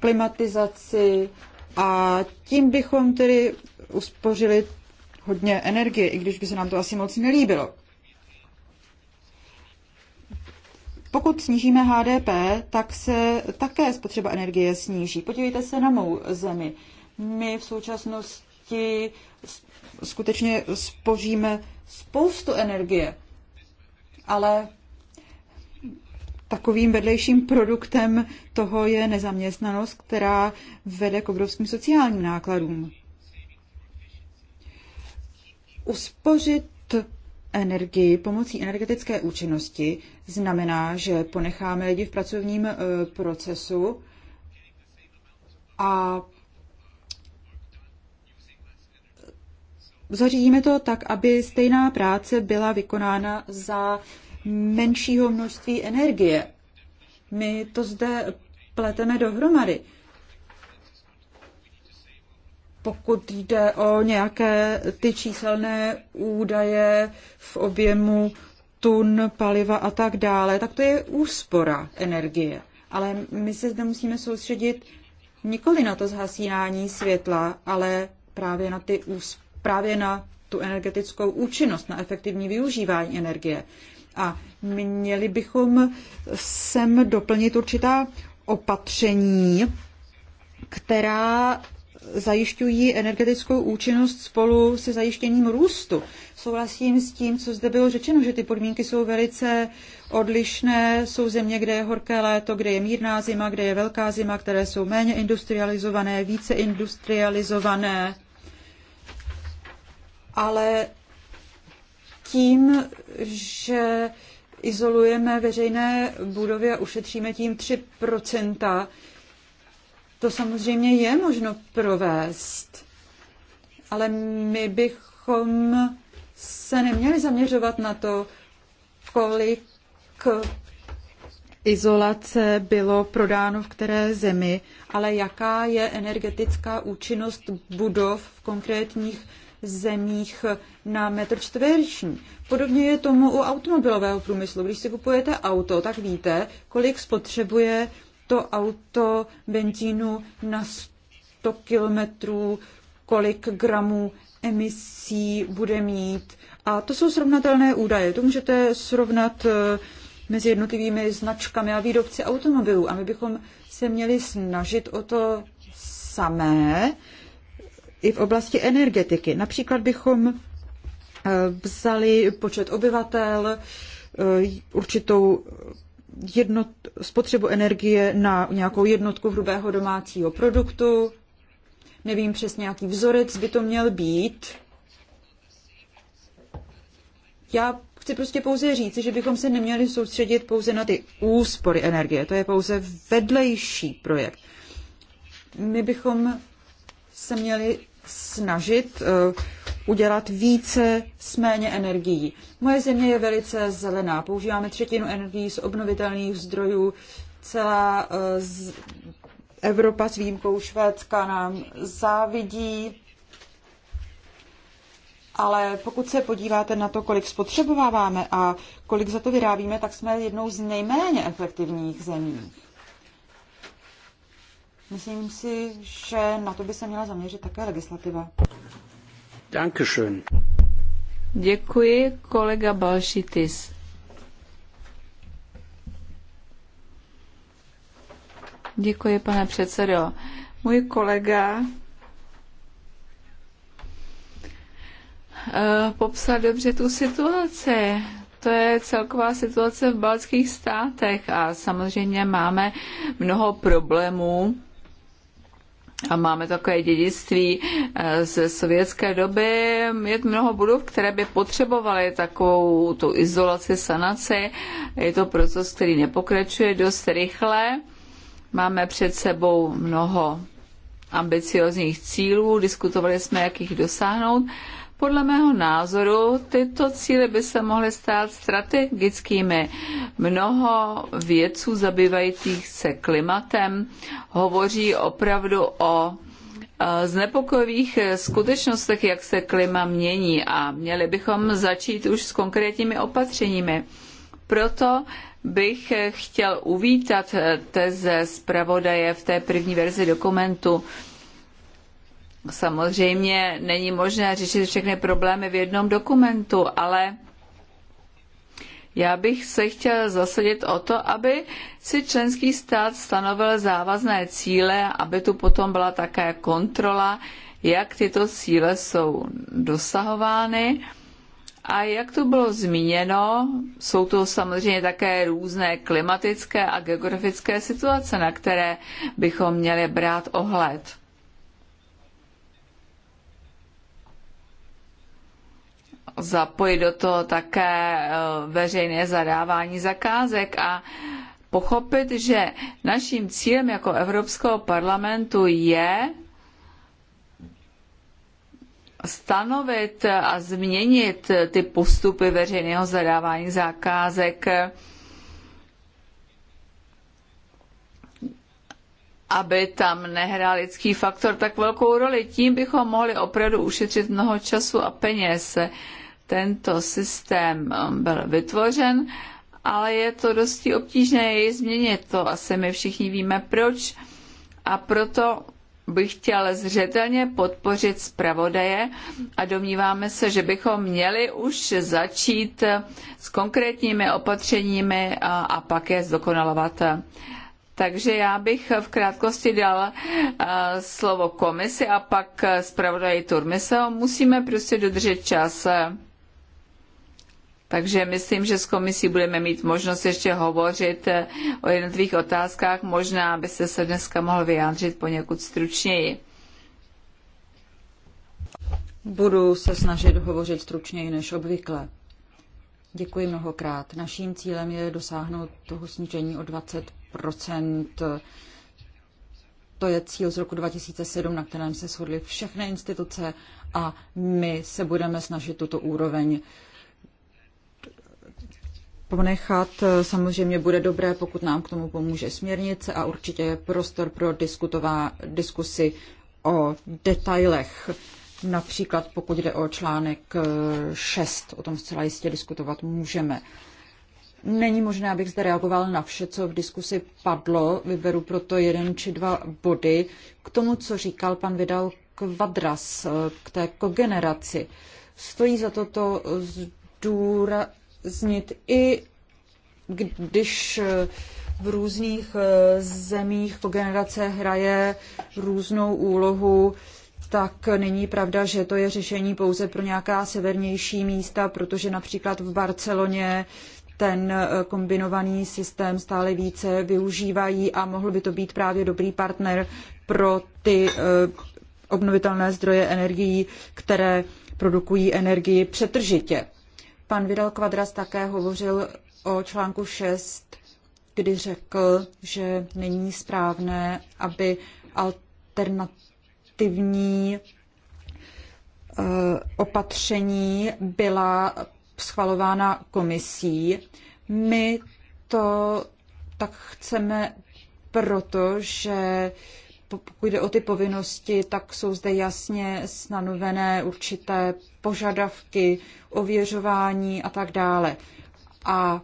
klimatizaci, a tím bychom tedy uspořili hodně energie, i když by se nám to asi moc nelíbilo. Pokud snížíme HDP, tak se také spotřeba energie sníží. Podívejte se na mou zemi. My v současnosti skutečně spoříme spoustu energie, ale takovým vedlejším produktem toho je nezaměstnanost, která vede k obrovským sociálním nákladům. Uspořit energii pomocí energetické účinnosti znamená, že ponecháme lidi v pracovním e, procesu a zařídíme to tak, aby stejná práce byla vykonána za menšího množství energie. My to zde pleteme dohromady. Pokud jde o nějaké ty číselné údaje v objemu tun paliva a tak dále, tak to je úspora energie. Ale my se zde musíme soustředit nikoli na to zhasínání světla, ale právě na, ty, právě na tu energetickou účinnost, na efektivní využívání energie. A měli bychom sem doplnit určitá opatření, která zajišťují energetickou účinnost spolu se zajištěním růstu. Souhlasím s tím, co zde bylo řečeno, že ty podmínky jsou velice odlišné. Jsou země, kde je horké léto, kde je mírná zima, kde je velká zima, které jsou méně industrializované, více industrializované. Ale tím, že izolujeme veřejné budovy a ušetříme tím 3%, to samozřejmě je možno provést, ale my bychom se neměli zaměřovat na to, kolik izolace bylo prodáno v které zemi, ale jaká je energetická účinnost budov v konkrétních zemích na metr čtvereční. Podobně je tomu u automobilového průmyslu. Když si kupujete auto, tak víte, kolik spotřebuje to auto benzínu na 100 kilometrů, kolik gramů emisí bude mít. A to jsou srovnatelné údaje. To můžete srovnat eh, mezi jednotlivými značkami a výrobci automobilů. A my bychom se měli snažit o to samé, i v oblasti energetiky. Například bychom eh, vzali počet obyvatel, eh, určitou jednot, spotřebu energie na nějakou jednotku hrubého domácího produktu. Nevím přesně, jaký vzorec by to měl být. Já chci prostě pouze říci, že bychom se neměli soustředit pouze na ty úspory energie. To je pouze vedlejší projekt. My bychom se měli snažit eh, udělat více s méně energií. Moje země je velice zelená. Používáme třetinu energií z obnovitelných zdrojů. Celá eh, Evropa s výjimkou Švédska nám závidí. Ale pokud se podíváte na to, kolik spotřebováváme a kolik za to vyrábíme, tak jsme jednou z nejméně efektivních zemí. Myslím si, že na to by se měla zaměřit také legislativa. Dankeschön. Děkuji, kolega Balšitis. Děkuji, pane předsedo. Můj kolega eh, popsal dobře tu situaci. To je celková situace v baltských státech a samozřejmě máme mnoho problémů a máme takové dědictví eh, ze sovětské doby. Je mnoho budov, které by potřebovaly takovou tu izolaci, sanaci. Je to proces, který nepokračuje dost rychle. Máme před sebou mnoho ambiciozních cílů, diskutovali jsme, jak jich dosáhnout. Podle mého názoru tyto cíle by se mohly stát strategickými. Mnoho vědců zabývajících se klimatem hovoří opravdu o e, znepokojivých skutečnostech, jak se klima mění a měli bychom začít už s konkrétními opatřeními. Proto bych chtěl uvítat e, teze zpravodaje v té první verzi dokumentu, Samozřejmě není možné řešit všechny problémy v jednom dokumentu, ale já bych se chtěl zasadit o to, aby si členský stát stanovil závazné cíle, aby tu potom byla také kontrola, jak tyto cíle jsou dosahovány. A jak to bylo zmíněno, jsou to samozřejmě také různé klimatické a geografické situace, na které bychom měli brát ohled. zapojit do toho také eh, veřejné zadávání zakázek a pochopit, že naším cílem jako Evropského parlamentu je stanovit a změnit ty postupy veřejného zadávání zakázek, aby tam nehrál lidský faktor tak velkou roli. Tím bychom mohli opravdu ušetřit mnoho času a peněz tento systém um, byl vytvořen, ale je to dosti obtížné jej změnit. To asi my všichni víme proč. A proto bych chtěl zřetelně podpořit zpravodaje a domníváme se, že bychom měli už začít s konkrétními opatřeními a, a pak je zdokonalovat. Takže já bych v krátkosti dal slovo komisi a pak zpravodaji Turmise. Musíme prostě dodržet čas. Takže myslím, že s komisí budeme mít možnost ještě hovořit eh, o jednotlivých otázkách. Možná byste se dneska mohl vyjádřit poněkud stručněji. Budu se snažit hovořit stručněji než obvykle. Děkuji mnohokrát. Naším cílem je dosáhnout toho snížení o 20 To je cíl z roku 2007, na kterém se shodly všechny instituce a my se budeme snažit tuto úroveň ponechat. Samozřejmě bude dobré, pokud nám k tomu pomůže směrnice a určitě je prostor pro diskutová, diskusy o detailech. Například pokud jde o článek 6, eh, o tom zcela jistě diskutovat můžeme. Není možné, abych zde reagoval na vše, co v diskusi padlo. Vyberu proto jeden či dva body. K tomu, co říkal pan Vidal Kvadras, eh, k té kogeneraci. Stojí za toto zdůra, znít i když eh, v různých eh, zemích kogenerace hraje různou úlohu, tak není pravda, že to je řešení pouze pro nějaká severnější místa, protože například v Barceloně ten eh, kombinovaný systém stále více využívají a mohl by to být právě dobrý partner pro ty obnovitelné zdroje energií, které produkují energii přetržitě. Pan Vidal Kvadras také hovořil o článku 6, kdy řekl, že není správné, aby alternativní eh, opatření byla schvalována komisí. My to tak chceme, protože pokud jde o ty povinnosti, tak jsou zde jasně stanovené určité požadavky, ověřování a tak dále. A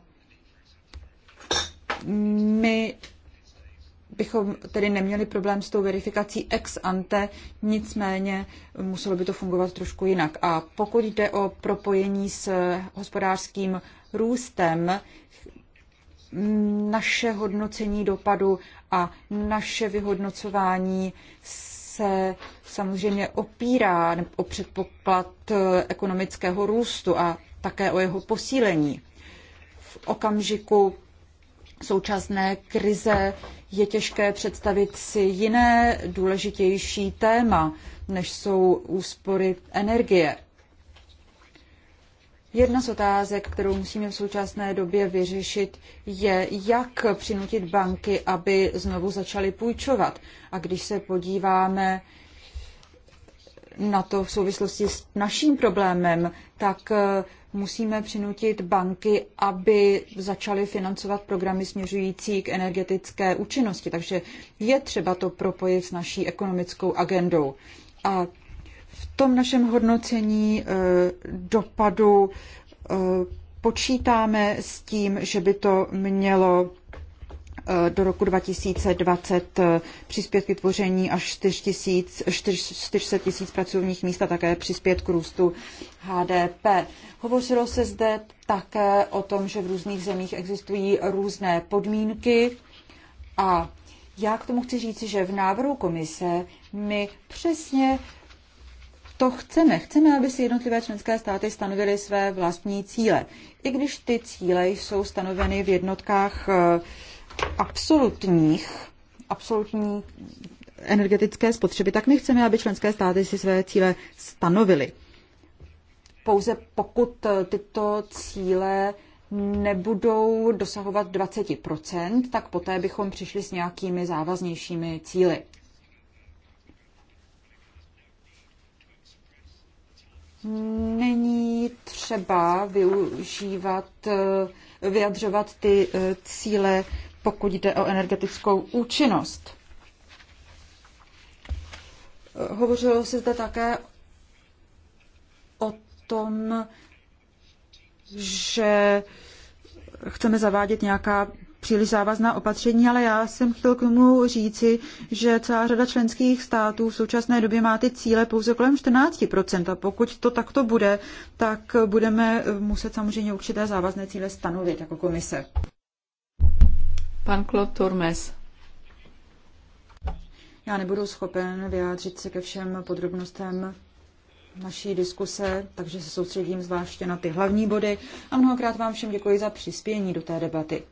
my bychom tedy neměli problém s tou verifikací ex ante, nicméně muselo by to fungovat trošku jinak. A pokud jde o propojení s hospodářským růstem, naše hodnocení dopadu a naše vyhodnocování se samozřejmě opírá o předpoklad eh, ekonomického růstu a také o jeho posílení. V okamžiku současné krize je těžké představit si jiné důležitější téma, než jsou úspory energie. Jedna z otázek, kterou musíme v současné době vyřešit, je, jak přinutit banky, aby znovu začaly půjčovat. A když se podíváme na to v souvislosti s naším problémem, tak eh, musíme přinutit banky, aby začaly financovat programy směřující k energetické účinnosti. Takže je třeba to propojit s naší ekonomickou agendou. A v tom našem hodnocení eh, dopadu eh, počítáme s tím, že by to mělo eh, do roku 2020 přispět k vytvoření až 400 tisíc pracovních míst a také přispět k růstu HDP. Hovořilo se zde také o tom, že v různých zemích existují různé podmínky a já k tomu chci říci, že v návrhu komise my přesně to chceme. Chceme, aby si jednotlivé členské státy stanovily své vlastní cíle. I když ty cíle jsou stanoveny v jednotkách eh, absolutních, absolutní energetické spotřeby, tak my chceme, aby členské státy si své cíle stanovily. Pouze pokud eh, tyto cíle nebudou dosahovat 20%, tak poté bychom přišli s nějakými závaznějšími cíly. není třeba využívat, vyjadřovat ty eh, cíle, pokud jde o energetickou účinnost. Eh, hovořilo se zde také o tom, že chceme zavádět nějaká příliš závazná opatření, ale já jsem chtěl k tomu říci, že celá řada členských států v současné době má ty cíle pouze kolem 14%. A pokud to takto bude, tak budeme muset samozřejmě určité závazné cíle stanovit jako komise. Pan Claude Turmes. Já nebudu schopen vyjádřit se ke všem podrobnostem naší diskuse, takže se soustředím zvláště na ty hlavní body a mnohokrát vám všem děkuji za přispění do té debaty.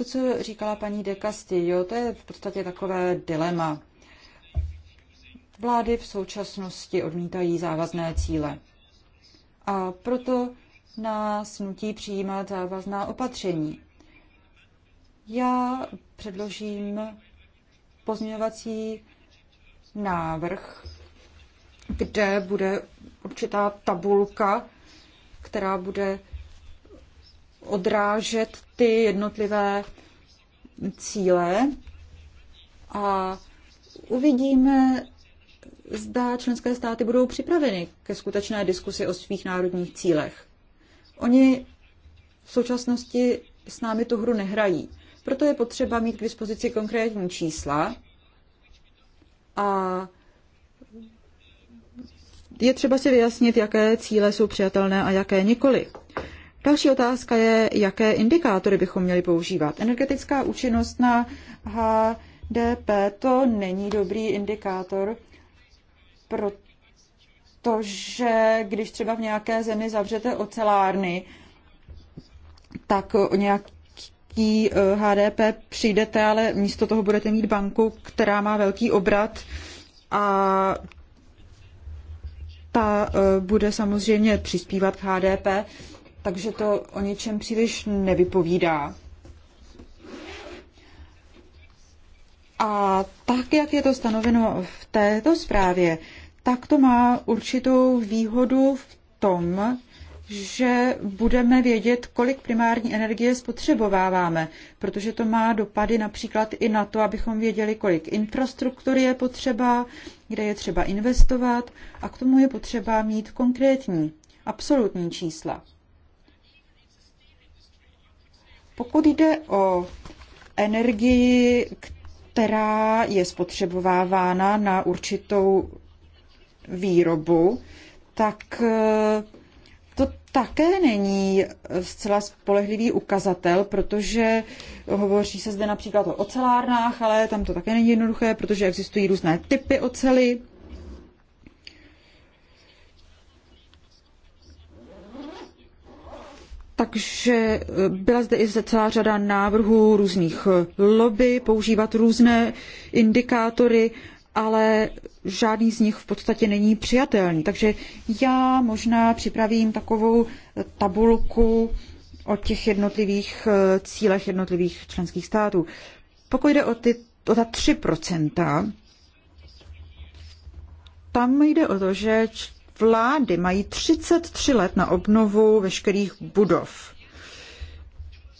To, co říkala paní De jo, to je v podstatě takové dilema. Vlády v současnosti odmítají závazné cíle. A proto nás nutí přijímat závazná opatření. Já předložím pozměňovací návrh, kde bude určitá tabulka, která bude odrážet ty jednotlivé cíle a uvidíme, zda členské státy budou připraveny ke skutečné diskusi o svých národních cílech. Oni v současnosti s námi tu hru nehrají. Proto je potřeba mít k dispozici konkrétní čísla a je třeba si vyjasnit, jaké cíle jsou přijatelné a jaké nikoli. Další otázka je, jaké indikátory bychom měli používat. Energetická účinnost na HDP to není dobrý indikátor, protože když třeba v nějaké zemi zavřete ocelárny, tak o nějaký HDP eh, přijdete, ale místo toho budete mít banku, která má velký obrat a ta eh, bude samozřejmě přispívat k HDP takže to o něčem příliš nevypovídá. A tak, jak je to stanoveno v této zprávě, tak to má určitou výhodu v tom, že budeme vědět, kolik primární energie spotřebováváme, protože to má dopady například i na to, abychom věděli, kolik infrastruktury je potřeba, kde je třeba investovat a k tomu je potřeba mít konkrétní, absolutní čísla. Pokud jde o energii, která je spotřebovávána na určitou výrobu, tak eh, to také není zcela spolehlivý ukazatel, protože hovoří se zde například o ocelárnách, ale tam to také není jednoduché, protože existují různé typy ocely. Takže eh, byla zde i celá řada návrhů různých eh, lobby, používat různé indikátory, ale žádný z nich v podstatě není přijatelný. Takže já možná připravím takovou eh, tabulku o těch jednotlivých cílech jednotlivých členských států. Pokud jde o, ty, o ta 3%, tam jde o to, že vlády mají 33 let na obnovu veškerých budov.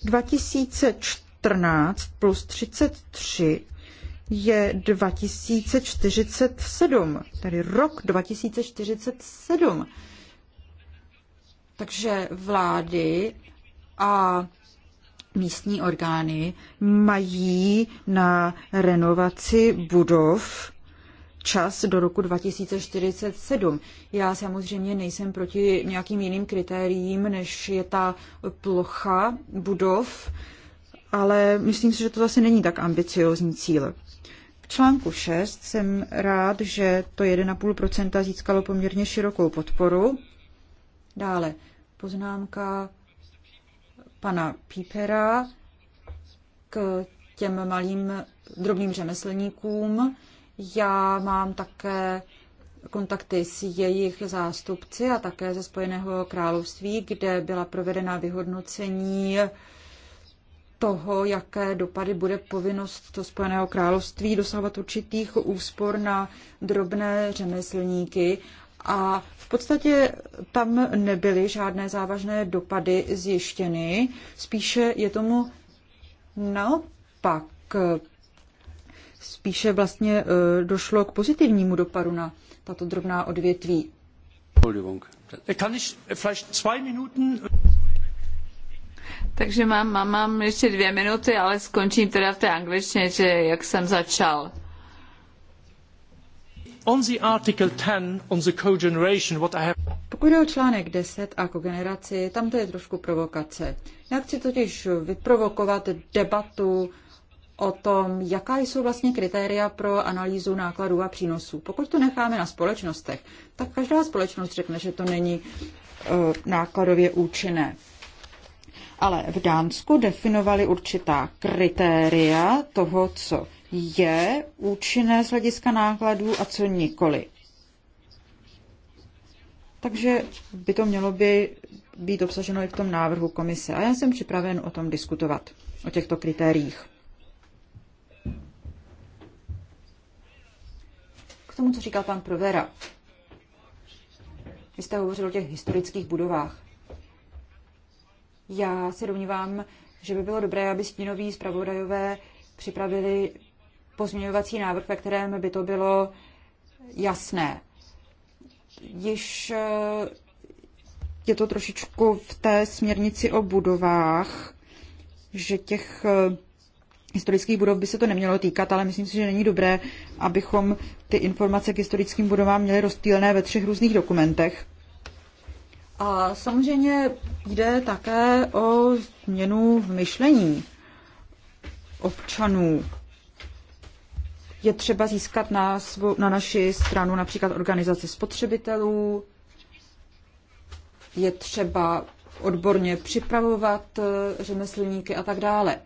2014 plus 33 je 2047, tedy rok 2047. Takže vlády a místní orgány mají na renovaci budov čas do roku 2047. Já samozřejmě nejsem proti nějakým jiným kritériím, než je ta plocha budov, ale myslím si, že to zase není tak ambiciozní cíl. V článku 6 jsem rád, že to 1,5% získalo poměrně širokou podporu. Dále poznámka pana Pípera k těm malým drobným řemeslníkům. Já mám také kontakty s jejich zástupci a také ze Spojeného království, kde byla provedena vyhodnocení toho, jaké dopady bude povinnost to Spojeného království dosahovat určitých úspor na drobné řemeslníky. A v podstatě tam nebyly žádné závažné dopady zjištěny. Spíše je tomu naopak, spíše vlastně e, došlo k pozitivnímu dopadu na tato drobná odvětví. Takže mám, mám, mám ještě dvě minuty, ale skončím teda v té angličtině, že jak jsem začal. On the Article 10 on the cogeneration, what I have... Pokud jde o článek 10 a kogeneraci, tam to je trošku provokace. Já chci totiž vyprovokovat debatu o tom, jaká jsou vlastně kritéria pro analýzu nákladů a přínosů. Pokud to necháme na společnostech, tak každá společnost řekne, že to není e, nákladově účinné. Ale v Dánsku definovali určitá kritéria toho, co je účinné z hlediska nákladů a co nikoli. Takže by to mělo by být obsaženo i v tom návrhu komise. A já jsem připraven o tom diskutovat, o těchto kritériích. tomu, co říkal pan Provera. Vy jste hovořil o těch historických budovách. Já se domnívám, že by bylo dobré, aby stínoví zpravodajové připravili pozměňovací návrh, ve kterém by to bylo jasné. Již eh, je to trošičku v té směrnici o budovách, že těch eh, historických budov by se to nemělo týkat, ale myslím si, že není dobré, abychom ty informace k historickým budovám měli rozptýlené ve třech různých dokumentech. A samozřejmě jde také o změnu v myšlení občanů. Je třeba získat na, svou, na naši stranu například organizaci spotřebitelů, je třeba odborně připravovat eh, řemeslníky a tak dále.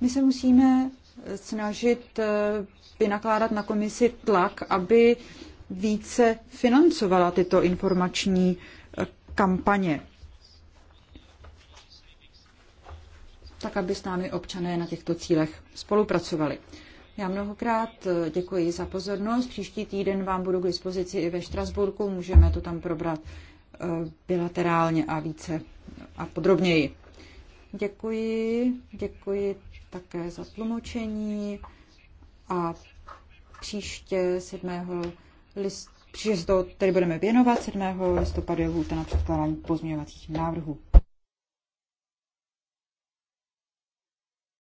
My se musíme snažit eh, vynakládat na komisi tlak, aby více financovala tyto informační eh, kampaně. Tak, aby s námi občané na těchto cílech spolupracovali. Já mnohokrát eh, děkuji za pozornost. Příští týden vám budu k dispozici i ve Štrasburku. Můžeme to tam probrat bilaterálně a více a podrobněji. Děkuji, děkuji také za tlumočení a příště 7. list, příště tedy budeme věnovat, 7. listopadu je na předkládání pozměňovacích návrhů.